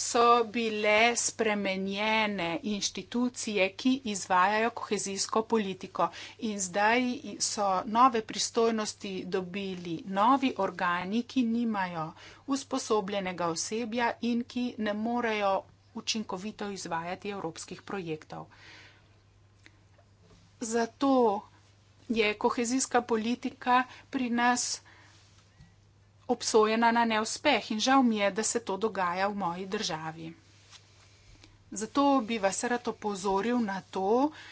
so bile spremenjene inštitucije, ki izvajajo kohezijsko politiko. In zdaj so nove pristojnosti dobili novi organi, ki nimajo usposobljenega osebja in ki ne morejo učinkovito izvajati evropskih projektov. Zato je kohezijska politika pri nas obsojena na neuspeh in žal mi je, da se to dogaja v moji državi. Zato bi vas rad opozoril na to,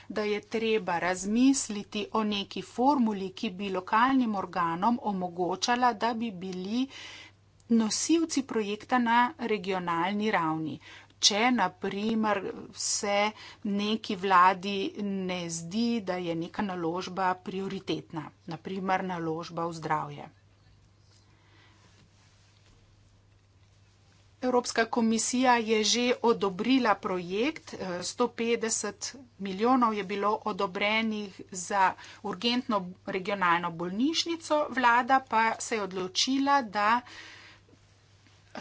da je treba razmisliti o neki formuli, ki bi lokalnim organom omogočala, da bi bili nosilci projekta na regionalni ravni. Če, na primer, se neki vladi ne zdi, da je neka naložba prioritetna, naprimer naložba v zdravje. Evropska komisija je že odobrila projekt, 150 eh, milijonov je bilo odobrenih za urgentno regionalno bolnišnico, vlada pa se je odločila, da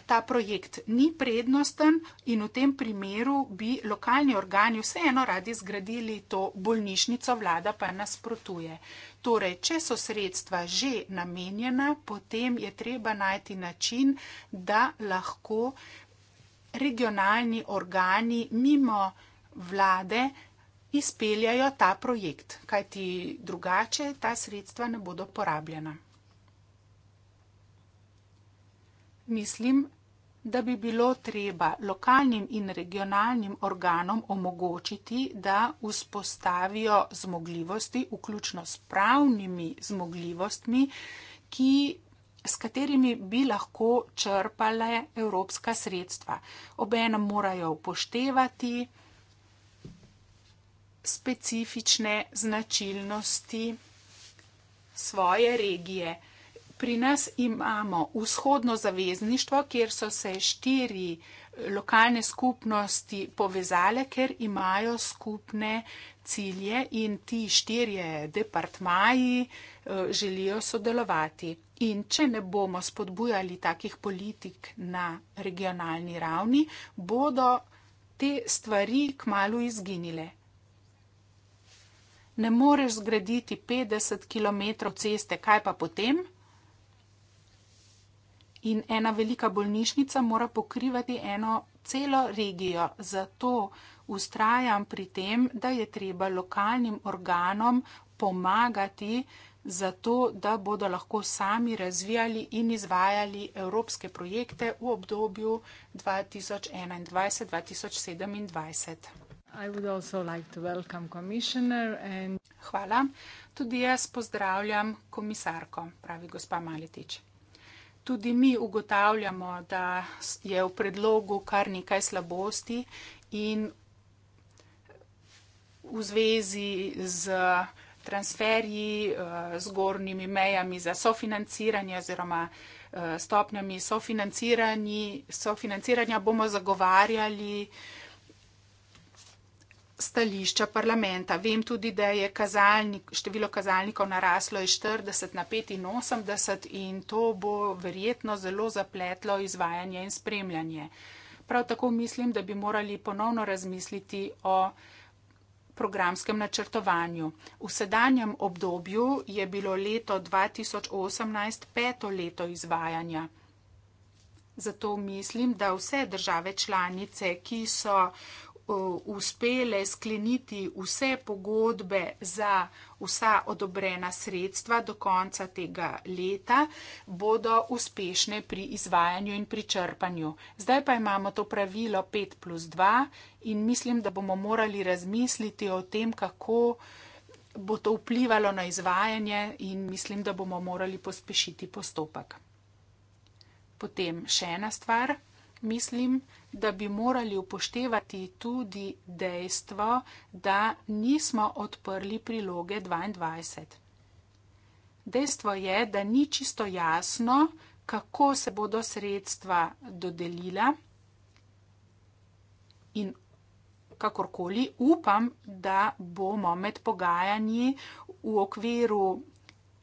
ta projekt ni prednosten in v tem primeru bi lokalni organi vseeno radi zgradili to bolnišnico, vlada pa nasprotuje. Torej, če so sredstva že namenjena, potem je treba najti način, da lahko regionalni organi mimo vlade izpeljajo ta projekt, kajti drugače ta sredstva ne bodo porabljena. Mislim, da bi bilo treba lokalnim in regionalnim organom omogočiti, da vzpostavijo zmogljivosti, vključno s pravnimi zmogljivostmi, ki, s katerimi bi lahko črpale evropska sredstva. Obenem morajo upoštevati specifične značilnosti svoje regije pri nas imamo vzhodno zavezništvo, kjer so se štiri eh, lokalne skupnosti povezale, ker imajo skupne cilje in ti štirje departmaji eh, želijo sodelovati. In če ne bomo spodbujali takih politik na regionalni ravni, bodo te stvari kmalo izginile. Ne moreš zgraditi 50 km ceste, kaj pa potem? in ena velika bolnišnica mora pokrivati eno celo regijo. Zato ustrajam pri tem, da je treba lokalnim organom pomagati, zato da bodo lahko sami razvijali in izvajali evropske projekte v obdobju 2021-2027. Like and... Hvala. Tudi jaz pozdravljam komisarko, pravi gospa Maletič tudi mi ugotavljamo, da je v predlogu kar nekaj slabosti in v zvezi z transferji, eh, zgornjimi mejami za sofinanciranje oziroma eh, stopnjami sofinanciranja bomo zagovarjali, stališča parlamenta. Vem tudi, da je kazalnik, število kazalnikov naraslo iz 40 na 85 in to bo verjetno zelo zapletlo izvajanje in spremljanje. Prav tako mislim, da bi morali ponovno razmisliti o programskem načrtovanju. V sedanjem obdobju je bilo leto 2018 peto leto izvajanja. Zato mislim, da vse države članice, ki so Eh, uspele skleniti vse pogodbe za vsa odobrena sredstva do konca tega leta, bodo uspešne pri izvajanju in pri črpanju. Zdaj pa imamo to pravilo 5 plus 2 in mislim, da bomo morali razmisliti o tem, kako bo to vplivalo na izvajanje in mislim, da bomo morali pospešiti postopek. Potem še ena stvar mislim, da bi morali upoštevati tudi dejstvo, da nismo odprli priloge 22. Dejstvo je, da ni čisto jasno, kako se bodo sredstva dodelila in kakorkoli upam, da bomo med pogajanji v okviru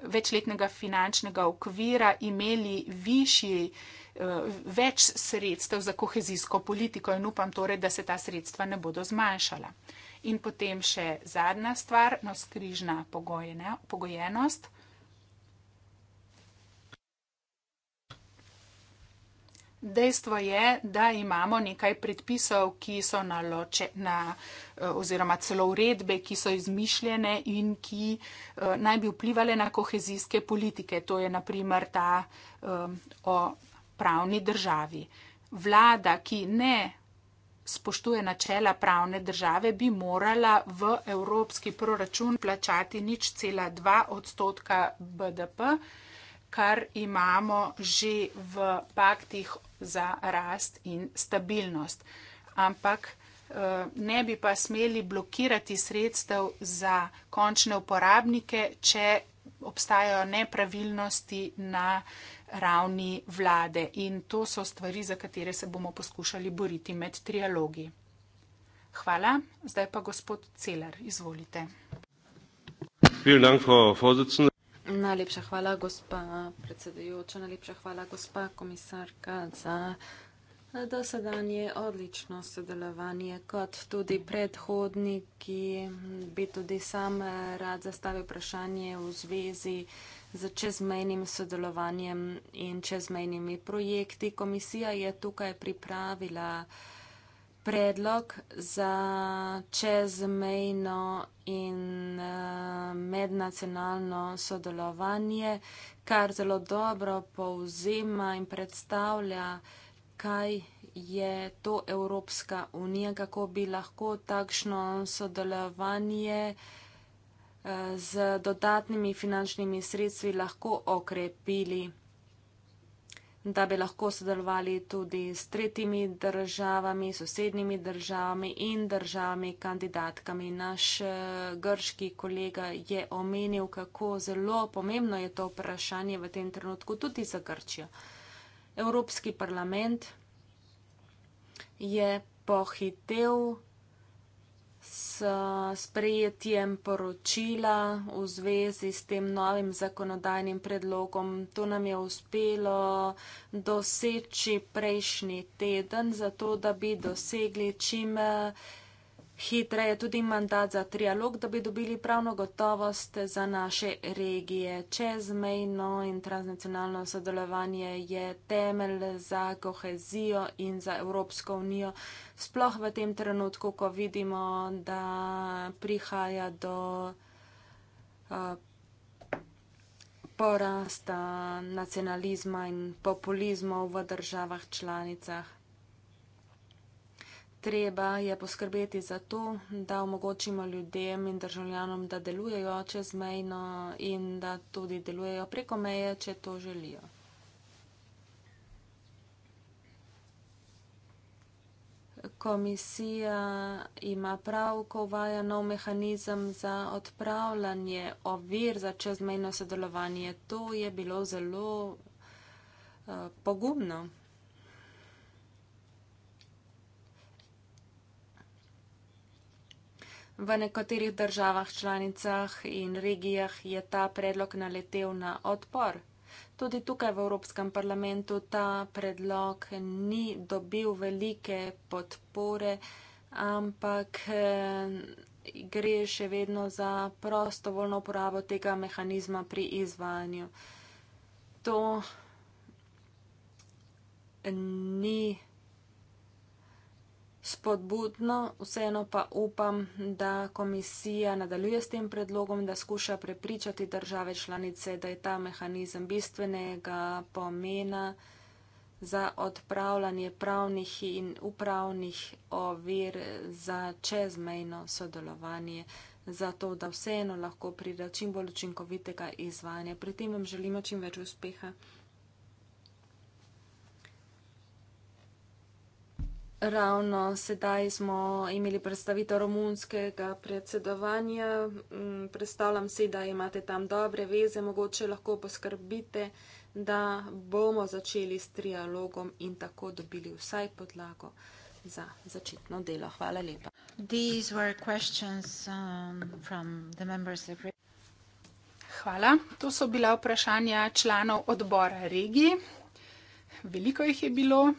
večletnega finančnega okvira imeli višji Eh, več sredstev za kohezijsko politiko in upam torej, da se ta sredstva ne bodo zmanjšala. In potem še zadnja stvar, noskrižna pogojenost. Dejstvo je, da imamo nekaj predpisov, ki so na loče, eh, na, oziroma celo uredbe, ki so izmišljene in ki eh, naj bi vplivali na kohezijske politike. To je naprimer ta o pravni državi. Vlada, ki ne spoštuje načela pravne države, bi morala v evropski proračun plačati nič cela dva odstotka BDP, kar imamo že v paktih za rast in stabilnost. Ampak eh, ne bi pa smeli blokirati sredstev za končne uporabnike, če obstajajo nepravilnosti na ravni vlade in to so stvari, za katere se bomo poskušali boriti med trialogi. Hvala, zdaj pa gospod Celer, izvolite. Najlepša hvala, gospa predsedujoča, najlepša hvala, gospa komisarka, za dosedanje odlično sodelovanje, kot tudi predhodniki. Bi tudi sam rad zastavil vprašanje v zvezi z čezmejnim sodelovanjem in čezmejnimi projekti. Komisija je tukaj pripravila predlog za čezmejno in eh, mednacionalno sodelovanje, kar zelo dobro povzema in predstavlja, kaj je to Evropska unija, kako bi lahko takšno sodelovanje uh, z dodatnimi finančnimi sredstvi lahko okrepili, da bi lahko sodelovali tudi s tretjimi državami, sosednjimi državami in državami kandidatkami. Naš eh, grški kolega je omenil, kako zelo pomembno je to vprašanje v tem trenutku tudi za Grčijo. Evropski parlament je pohitev s eh, sprejetjem poročila v zvezi s tem novim zakonodajnim predlogom. To nam je uspelo doseči prejšnji teden, zato da bi dosegli čim. Uh, hitreje tudi mandat za trialog, da bi dobili pravno gotovost za naše regije. Čezmejno in transnacionalno sodelovanje je temelj za kohezijo in za Evropsko unijo, sploh v tem trenutku, ko vidimo, da prihaja do uh, porasta nacionalizma in populizmov v državah članicah. Treba je poskrbeti za to, da omogočimo ljudem in državljanom, da delujejo čezmejno in da tudi delujejo preko meje, če to želijo. Komisija ima prav, ko uvaja nov mehanizem za odpravljanje ovir za čezmejno sodelovanje. To je bilo zelo uh, pogumno. V nekaterih državah članicah in regijah je ta predlog naletel na odpor. Tudi tukaj v Evropskem parlamentu ta predlog ni dobil velike podpore, ampak eh, gre še vedno za prostovoljno uporabo tega mehanizma pri izvajanju. To ni spodbudno, vseeno pa upam, da komisija nadaljuje s tem predlogom, da skuša prepričati države članice, da je ta mehanizem bistvenega pomena za odpravljanje pravnih in upravnih ovir za čezmejno sodelovanje, zato da vseeno lahko pride čim bolj učinkovitega izvajanja. Pri tem vam želimo čim več uspeha. Ravno sedaj smo imeli predstavitev romunskega predsedovanja. Mm, predstavljam si, da imate tam dobre veze, mogoče lahko poskrbite, da bomo začeli s trialogom in tako dobili vsaj podlago za začetno delo. Hvala lepa. Um, Hvala. To so bila vprašanja članov odbora regiji. Veliko jih je bilo,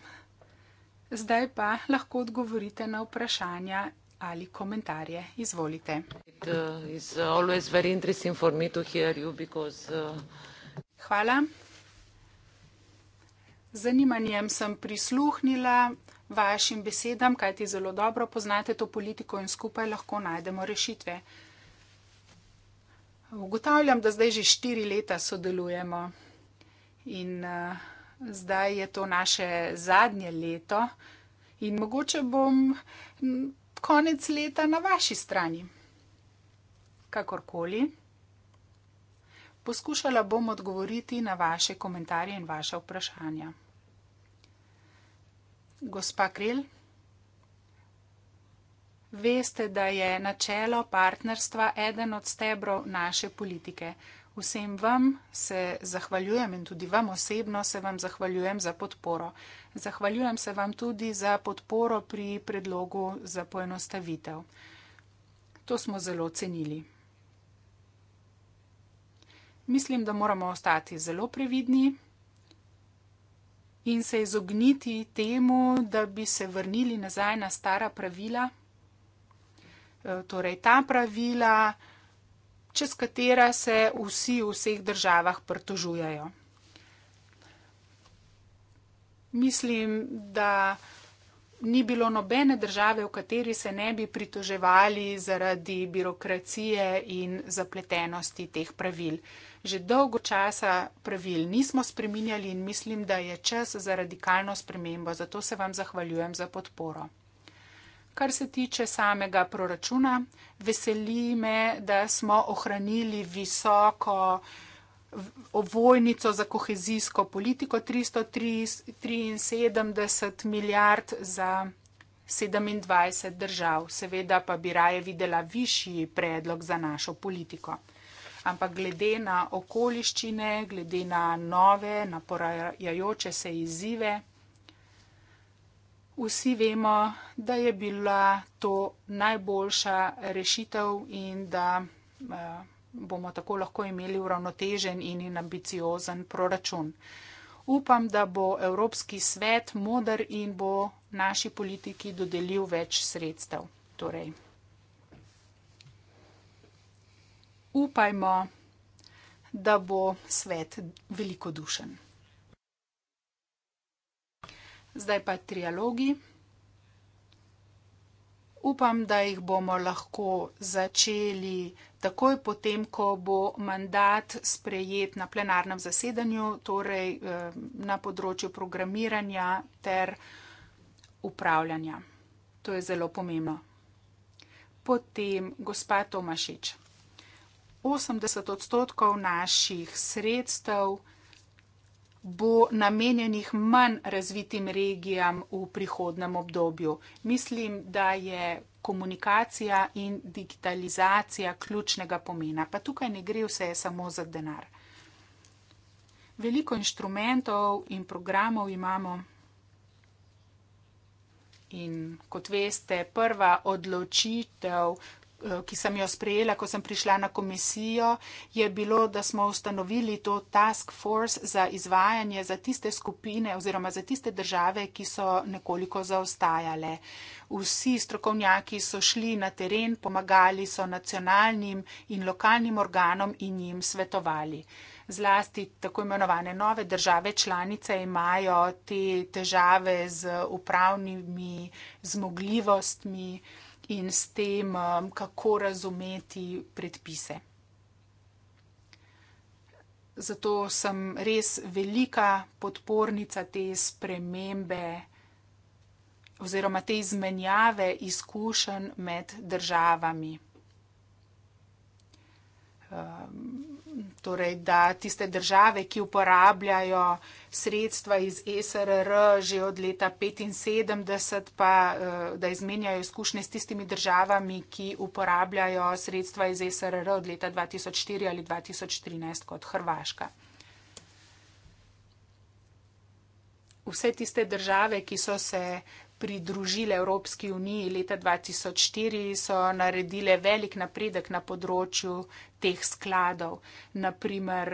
Zdaj pa lahko odgovorite na vprašanja ali komentarje. Izvolite. Uh, uh, Hvala. Zanimanjem sem prisluhnila vašim besedam, kajti zelo dobro poznate to politiko in skupaj lahko najdemo rešitve. Ugotavljam, da zdaj že štiri leta sodelujemo in uh, zdaj je to naše zadnje leto in mogoče bom konec leta na vaši strani. Kakorkoli, poskušala bom odgovoriti na vaše komentarje in vaše vprašanja. Gospa Krel, veste, da je načelo partnerstva eden od stebrov naše politike. Vsem vam se zahvaljujem in tudi vam osebno se vam zahvaljujem za podporo. Zahvaljujem se vam tudi za podporo pri predlogu za poenostavitev. To smo zelo cenili. Mislim, da moramo ostati zelo previdni in se izogniti temu, da bi se vrnili nazaj na stara pravila. E, torej, ta pravila čez katera se vsi v vseh državah pritožujajo. Mislim, da ni bilo nobene države, v kateri se ne bi pritoževali zaradi birokracije in zapletenosti teh pravil. Že dolgo časa pravil nismo spreminjali in mislim, da je čas za radikalno spremembo, zato se vam zahvaljujem za podporo. Kar se tiče samega proračuna, veseli me, da smo ohranili visoko ovojnico za kohezijsko politiko 373 milijard za 27 držav. Seveda pa bi raje videla višji predlog za našo politiko. Ampak glede na okoliščine, glede na nove, naporajajoče se izzive, Vsi vemo, da je bila to najboljša rešitev in da eh, bomo tako lahko imeli uravnotežen in ambiciozen proračun. Upam, da bo Evropski svet modr in bo naši politiki dodelil več sredstev. Torej, upajmo, da bo svet velikodušen. Zdaj pa trialogi. Upam, da jih bomo lahko začeli takoj potem, ko bo mandat sprejet na plenarnem zasedanju, torej eh, na področju programiranja ter upravljanja. To je zelo pomembno. Potem gospa Tomašič. 80 odstotkov naših sredstev, bo namenjenih manj razvitim regijam v prihodnem obdobju. Mislim, da je komunikacija in digitalizacija ključnega pomena, pa tukaj ne gre vse samo za denar. Veliko inštrumentov in programov imamo. In kot veste, prva odločitev Eh, ki sem jo sprejela, ko sem prišla na komisijo, je bilo, da smo ustanovili to task force za izvajanje za tiste skupine oziroma za tiste države, ki so nekoliko zaostajale. Vsi strokovnjaki so šli na teren, pomagali so nacionalnim in lokalnim organom in jim svetovali. Zlasti tako imenovane nove države članice imajo te težave z upravnimi zmogljivostmi, in s tem, um, kako razumeti predpise. Zato sem res velika podpornica te spremembe oziroma te izmenjave izkušenj med državami. Um, torej da tiste države, ki uporabljajo sredstva iz e SRR že od leta 75, pa eh, da izmenjajo izkušnje s tistimi državami, ki uporabljajo sredstva iz e SRR od leta 2004 ali 2013 kot Hrvaška. Vse tiste države, ki so se pridružile Evropski uniji leta 2004, so naredile velik napredek na področju teh skladov. Naprimer,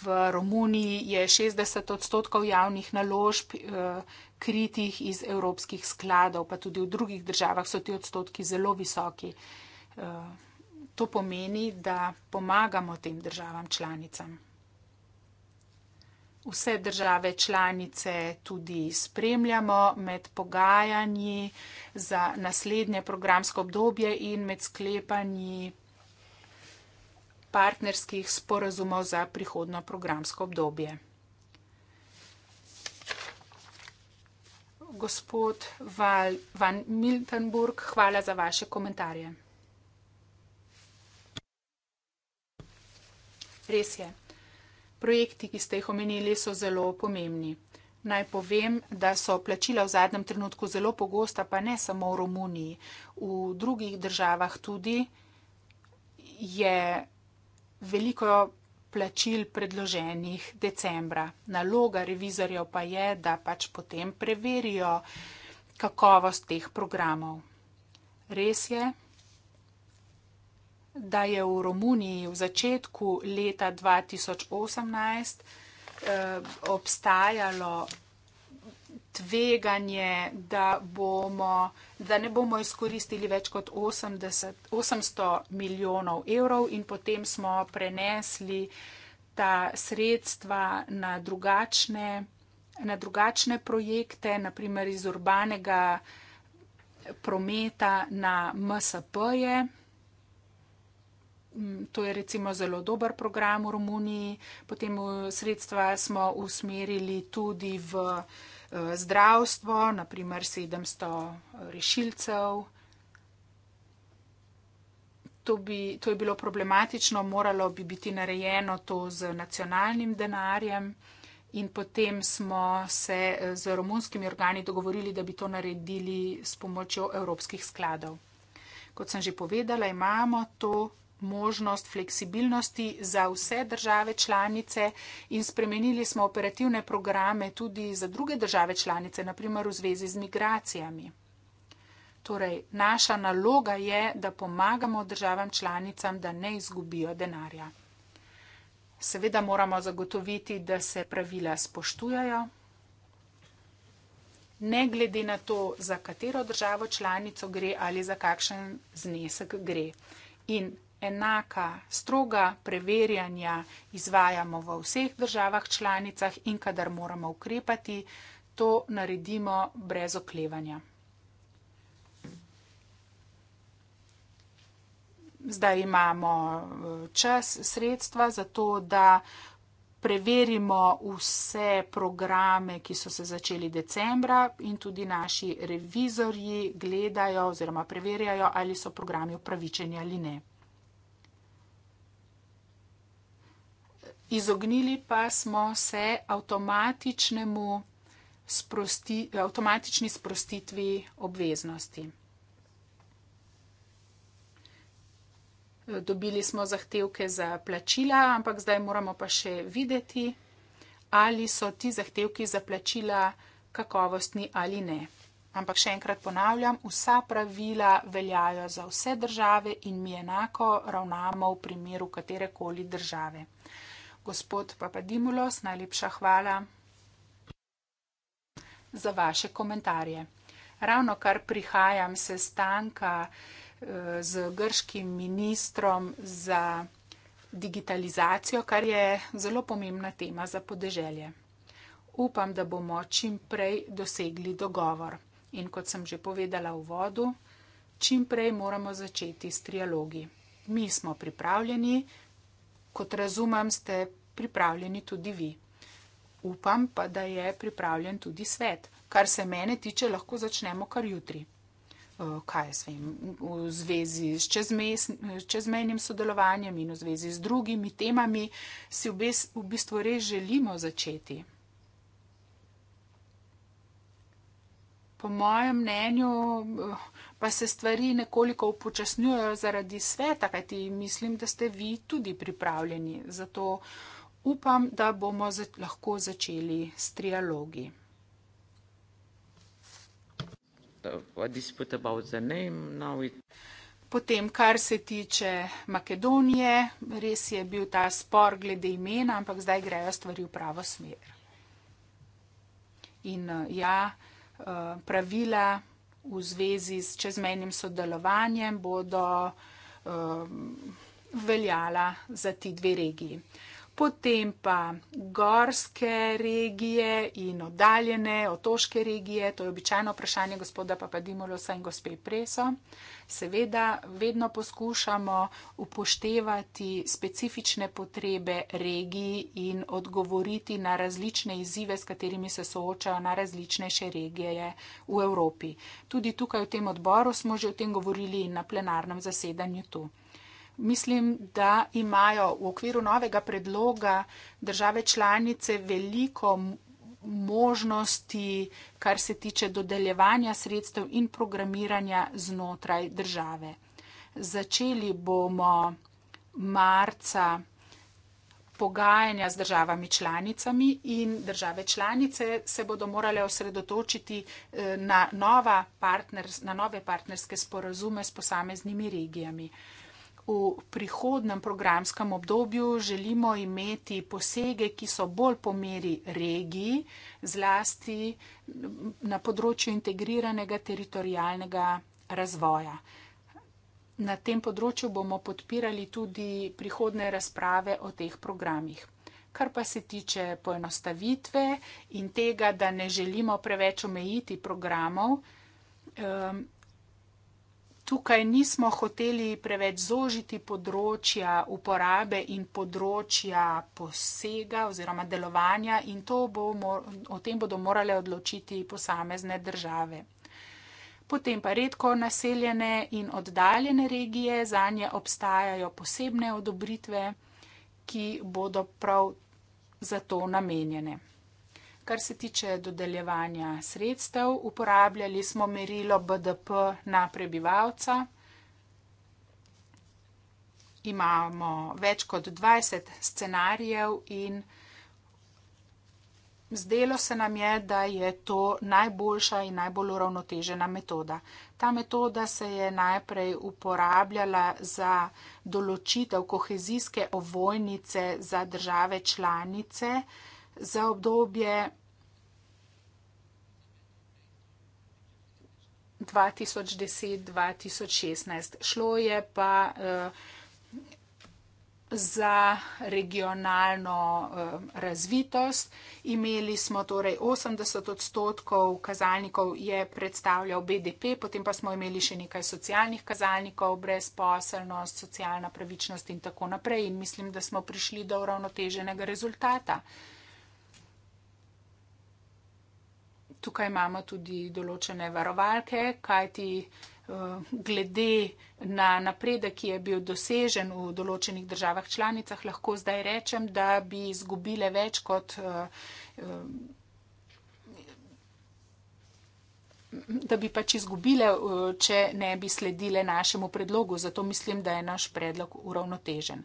v Romuniji je 60 odstotkov javnih naložb eh, kritih iz evropskih skladov, pa tudi v drugih državah so ti odstotki zelo visoki. Eh, to pomeni, da pomagamo tem državam članicam vse države članice tudi spremljamo med pogajanji za naslednje programsko obdobje in med sklepanji partnerskih sporazumov za prihodno programsko obdobje. Gospod Val van Miltenburg, hvala za vaše komentarje. Res je. Projekti, ki ste jih omenili, so zelo pomembni. Naj povem, da so plačila v zadnjem trenutku zelo pogosta, pa ne samo v Romuniji, v drugih državah tudi je veliko plačil predloženih decembra. Naloga revizorjev pa je, da pač potem preverijo kakovost teh programov. Res je da je v Romuniji v začetku leta 2018 eh, obstajalo tveganje, da, bomo, da ne bomo izkoristili več kot 80, 800 milijonov evrov in potem smo prenesli ta sredstva na drugačne, na drugačne projekte, naprimer iz urbanega prometa na MSP-je. Mm, to je recimo zelo dober program v Romuniji. Potem sredstva smo usmerili tudi v eh, zdravstvo, naprimer 700 eh, rešilcev. To, bi, to je bilo problematično, moralo bi biti narejeno to z nacionalnim denarjem in potem smo se eh, z romunskimi organi dogovorili, da bi to naredili s pomočjo evropskih skladov. Kot sem že povedala, imamo to možnost fleksibilnosti za vse države članice in spremenili smo operativne programe tudi za druge države članice, naprimer v zvezi z migracijami. Torej, naša naloga je, da pomagamo državam članicam, da ne izgubijo denarja. Seveda moramo zagotoviti, da se pravila spoštujajo. Ne glede na to, za katero državo članico gre ali za kakšen znesek gre. In enaka stroga preverjanja izvajamo v vseh državah članicah in kadar moramo ukrepati, to naredimo brez oklevanja. Zdaj imamo eh, čas, sredstva za to, da preverimo vse programe, ki so se začeli decembra in tudi naši revizorji gledajo oziroma preverjajo, ali so programi upravičeni ali ne. izognili pa smo se avtomatičnemu sprosti, avtomatični sprostitvi obveznosti. Dobili smo zahtevke za plačila, ampak zdaj moramo pa še videti, ali so ti zahtevki za plačila kakovostni ali ne. Ampak še enkrat ponavljam, vsa pravila veljajo za vse države in mi enako ravnamo v primeru katerekoli države. Gospod Papadimulos, najlepša hvala za vaše komentarje. Ravno kar prihajam se stanka eh, z grškim ministrom za digitalizacijo, kar je zelo pomembna tema za podeželje. Upam, da bomo čim prej dosegli dogovor. In kot sem že povedala v vodu, čim prej moramo začeti s trialogi. Mi smo pripravljeni, kot razumem, ste pripravljeni tudi vi. Upam pa, da je pripravljen tudi svet. Kar se mene tiče, lahko začnemo kar jutri. Kaj s tem, v zvezi s čezmes, čezmenjim sodelovanjem in v zvezi z drugimi temami, si v, bes, v bistvu res želimo začeti. Po mojem mnenju, eh, pa se stvari nekoliko upočasnjujejo zaradi sveta, kajti mislim, da ste vi tudi pripravljeni. Zato upam, da bomo za lahko začeli s trialogi. Uh, Potem, kar se tiče Makedonije, res je bil ta spor glede imena, ampak zdaj grejo stvari v pravo smer. In uh, ja, uh, pravila v zvezi s čezmenjim sodelovanjem bodo um, veljala za ti dve regiji potem pa gorske regije in oddaljene otoške regije, to je običajno vprašanje gospoda Papadimolosa in gospe Preso. Seveda, vedno poskušamo upoštevati specifične potrebe regiji in odgovoriti na različne izzive, s katerimi se soočajo na različnejše regije v Evropi. Tudi tukaj v tem odboru smo že o tem govorili in na plenarnem zasedanju tu. Mislim, da imajo v okviru novega predloga države članice veliko možnosti, kar se tiče dodeljevanja sredstev in programiranja znotraj države. Začeli bomo marca pogajanja z državami članicami in države članice se bodo morale osredotočiti eh, na, nova partners, na nove partnerske sporazume s posameznimi regijami v prihodnem programskem obdobju želimo imeti posege, ki so bolj po meri regiji, zlasti na področju integriranega teritorijalnega razvoja. Na tem področju bomo podpirali tudi prihodne razprave o teh programih. Kar pa se tiče poenostavitve in tega, da ne želimo preveč omejiti programov, ehm, tukaj nismo hoteli preveč zožiti področja uporabe in področja posega oziroma delovanja in bo, o tem bodo morale odločiti posamezne države. Potem pa redko naseljene in oddaljene regije, za nje obstajajo posebne odobritve, ki bodo prav za to namenjene. Kar se tiče dodeljevanja sredstev, uporabljali smo merilo BDP na prebivalca. Imamo več kot 20 scenarijev in zdelo se nam je, da je to najboljša in najbolj uravnotežena metoda. Ta metoda se je najprej uporabljala za določitev kohezijske ovojnice za države članice, za obdobje 2010-2016. Šlo je pa eh, za regionalno eh, razvitost. Imeli smo torej 80 odstotkov kazalnikov je predstavljal BDP, potem pa smo imeli še nekaj socialnih kazalnikov, brezposelnost, socialna pravičnost in tako naprej. In mislim, da smo prišli do uravnoteženega rezultata. tukaj imamo tudi določene varovalke, kajti eh, glede na napredek, ki je bil dosežen v določenih državah članicah, lahko zdaj rečem, da bi izgubile več kot. Eh, da bi pač izgubile, eh, če ne bi sledile našemu predlogu. Zato mislim, da je naš predlog uravnotežen.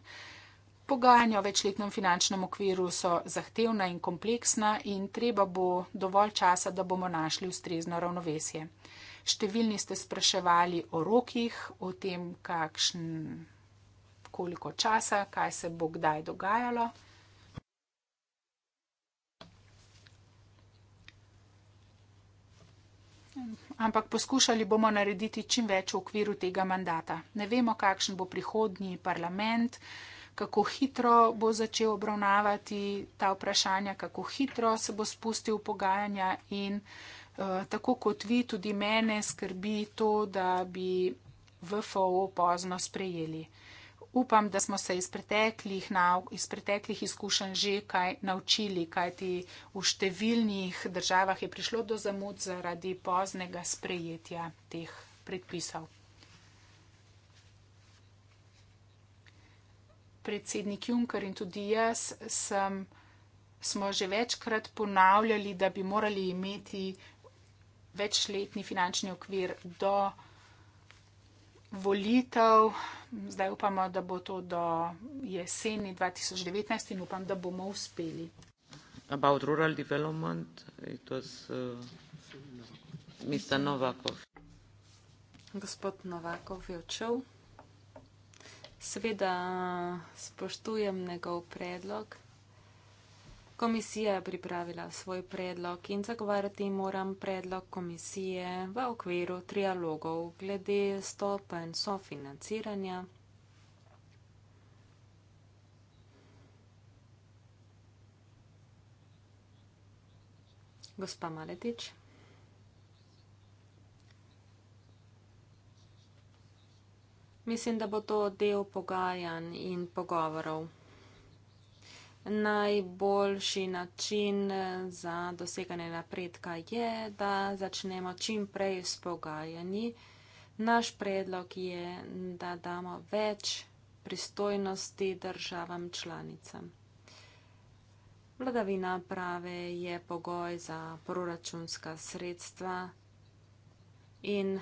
Pogajanja o večletnem finančnem okviru so zahtevna in kompleksna in treba bo dovolj časa, da bomo našli ustrezno ravnovesje. Številni ste spraševali o rokih, o tem, kakšen, koliko časa, kaj se bo kdaj dogajalo. Ampak poskušali bomo narediti čim več v okviru tega mandata. Ne vemo, kakšen bo prihodnji parlament kako hitro bo začel obravnavati ta vprašanja, kako hitro se bo spustil v pogajanja in eh, tako kot vi, tudi mene skrbi to, da bi VFO pozno sprejeli. Upam, da smo se iz preteklih, iz preteklih izkušenj že kaj naučili, kajti v številnih državah je prišlo do zamud zaradi poznega sprejetja teh predpisov. predsednik Juncker in tudi jaz sem, smo že večkrat ponavljali, da bi morali imeti večletni finančni okvir do volitev. Zdaj upamo, da bo to do jeseni 2019 in upam, da bomo uspeli. About rural development, it was uh, Mr. Novakov. Gospod Novakov je odšel. Seveda spoštujem njegov predlog. Komisija je pripravila svoj predlog in zagovarjati moram predlog komisije v okviru trialogov glede stopen sofinanciranja. Gospa Maletič. Mislim, da bo to del pogajanj in pogovorov. Najboljši način eh, za doseganje napredka je, da začnemo čim prej s pogajanji. Naš predlog je, da damo več pristojnosti državam članicam. Vladavina prave je pogoj za proračunska sredstva in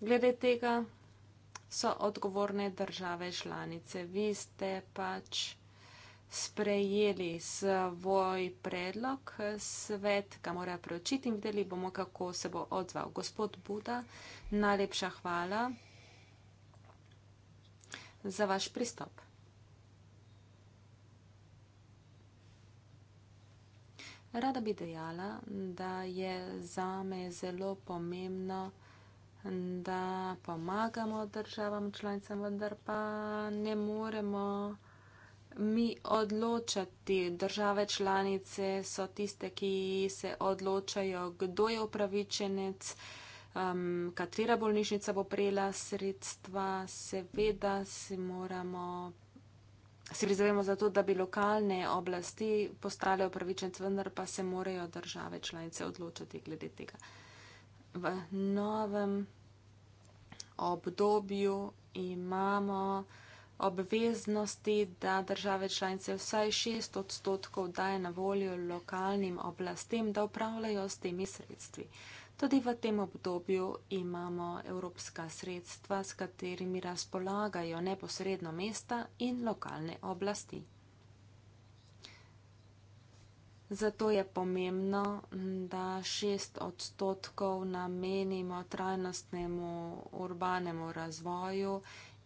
glede tega so odgovorne države članice. Vi ste pač sprejeli svoj predlog, svet ga mora preočiti in videli bomo, kako se bo odzval. Gospod Buda, najlepša hvala za vaš pristop. Rada bi dejala, da je zame zelo pomembno, da pomagamo državam članicam, vendar pa ne moremo mi odločati. Države članice so tiste, ki se odločajo, kdo je upravičenec, um, katera bolnišnica bo prejela sredstva. Seveda si moramo. Si prizadevamo za to, da bi lokalne oblasti postale upravičence, vendar pa se morajo države članice odločati glede tega v novem obdobju imamo obveznosti, da države članice vsaj 6 odstotkov daje na voljo lokalnim oblastem, da upravljajo s temi sredstvi. Tudi v tem obdobju imamo evropska sredstva, s katerimi razpolagajo neposredno mesta in lokalne oblasti. Zato je pomembno, da šest odstotkov namenimo trajnostnemu urbanemu razvoju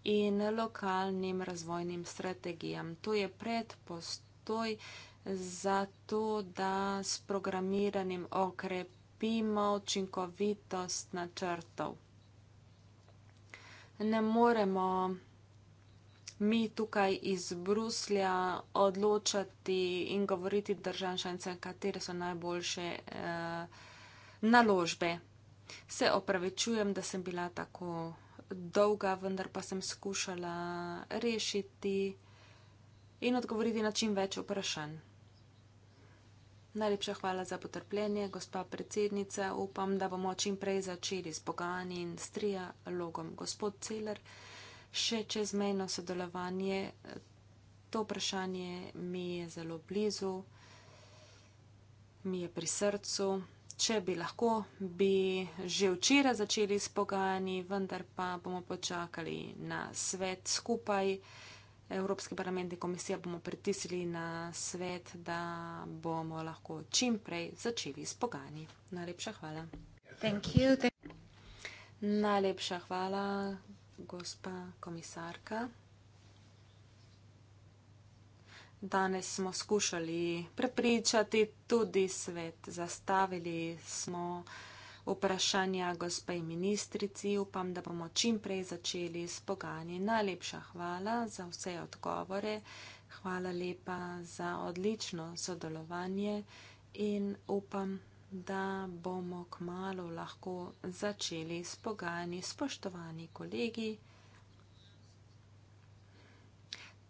in lokalnim razvojnim strategijam. To je predpostoj za to, da s programiranjem okrepimo učinkovitost načrtov. Ne moremo mi tukaj iz Bruslja odločati in govoriti državljancem, katere so najboljše uh, naložbe. Se opravičujem, da sem bila tako dolga, vendar pa sem skušala rešiti in odgovoriti na čim več vprašanj. Najlepša hvala za potrpljenje, gospa predsednica. Upam, da bomo čim prej začeli s pogajanji in s trialogom. Gospod Celer, še čezmejno sodelovanje. To vprašanje mi je zelo blizu, mi je pri srcu. Če bi lahko, bi že včeraj začeli s pogajanji, vendar pa bomo počakali na svet skupaj. Evropski parlament in komisija bomo pritisnili na svet, da bomo lahko čim prej začeli s pogajanji. Najlepša hvala. Najlepša hvala, gospa komisarka. Danes smo skušali prepričati tudi svet, zastavili smo vprašanja gospej ministrici. Upam, da bomo čim prej začeli s pogani. Najlepša hvala za vse odgovore, hvala lepa za odlično sodelovanje in upam, da bomo kmalo lahko začeli s pogajanji spoštovani kolegi.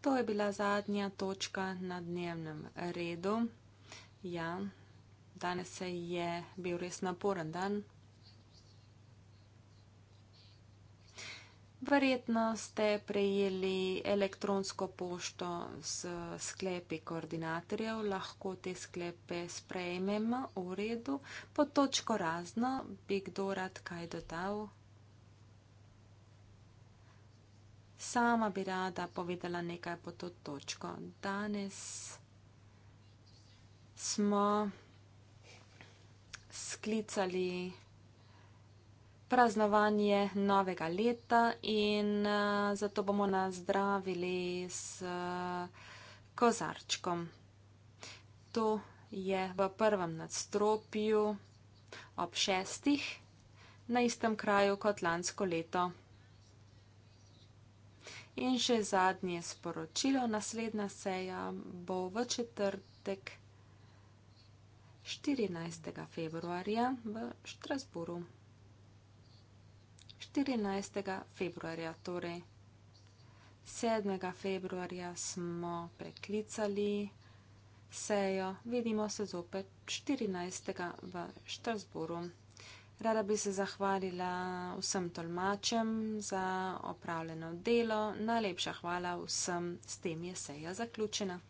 To je bila zadnja točka na dnevnem redu. Ja, danes je bil res naporen dan. Verjetno ste prejeli elektronsko pošto z sklepi koordinatorjev, lahko te sklepe sprejmemo v redu. Po točko razno bi kdo rad kaj dodal. Sama bi rada povedala nekaj po to točko. Danes smo sklicali praznovanje novega leta in uh, zato bomo nazdravili s uh, kozarčkom. To je v prvem nadstropju ob šestih na istem kraju kot lansko leto. In še zadnje sporočilo, naslednja seja bo v četrtek 14. februarja v Štrasburu. 14. februarja, torej 7. februarja smo preklicali sejo, vidimo se zopet 14. v Štrasburu. Rada bi se zahvalila vsem tolmačem za opravljeno delo. Najlepša hvala vsem, s tem je seja zaključena.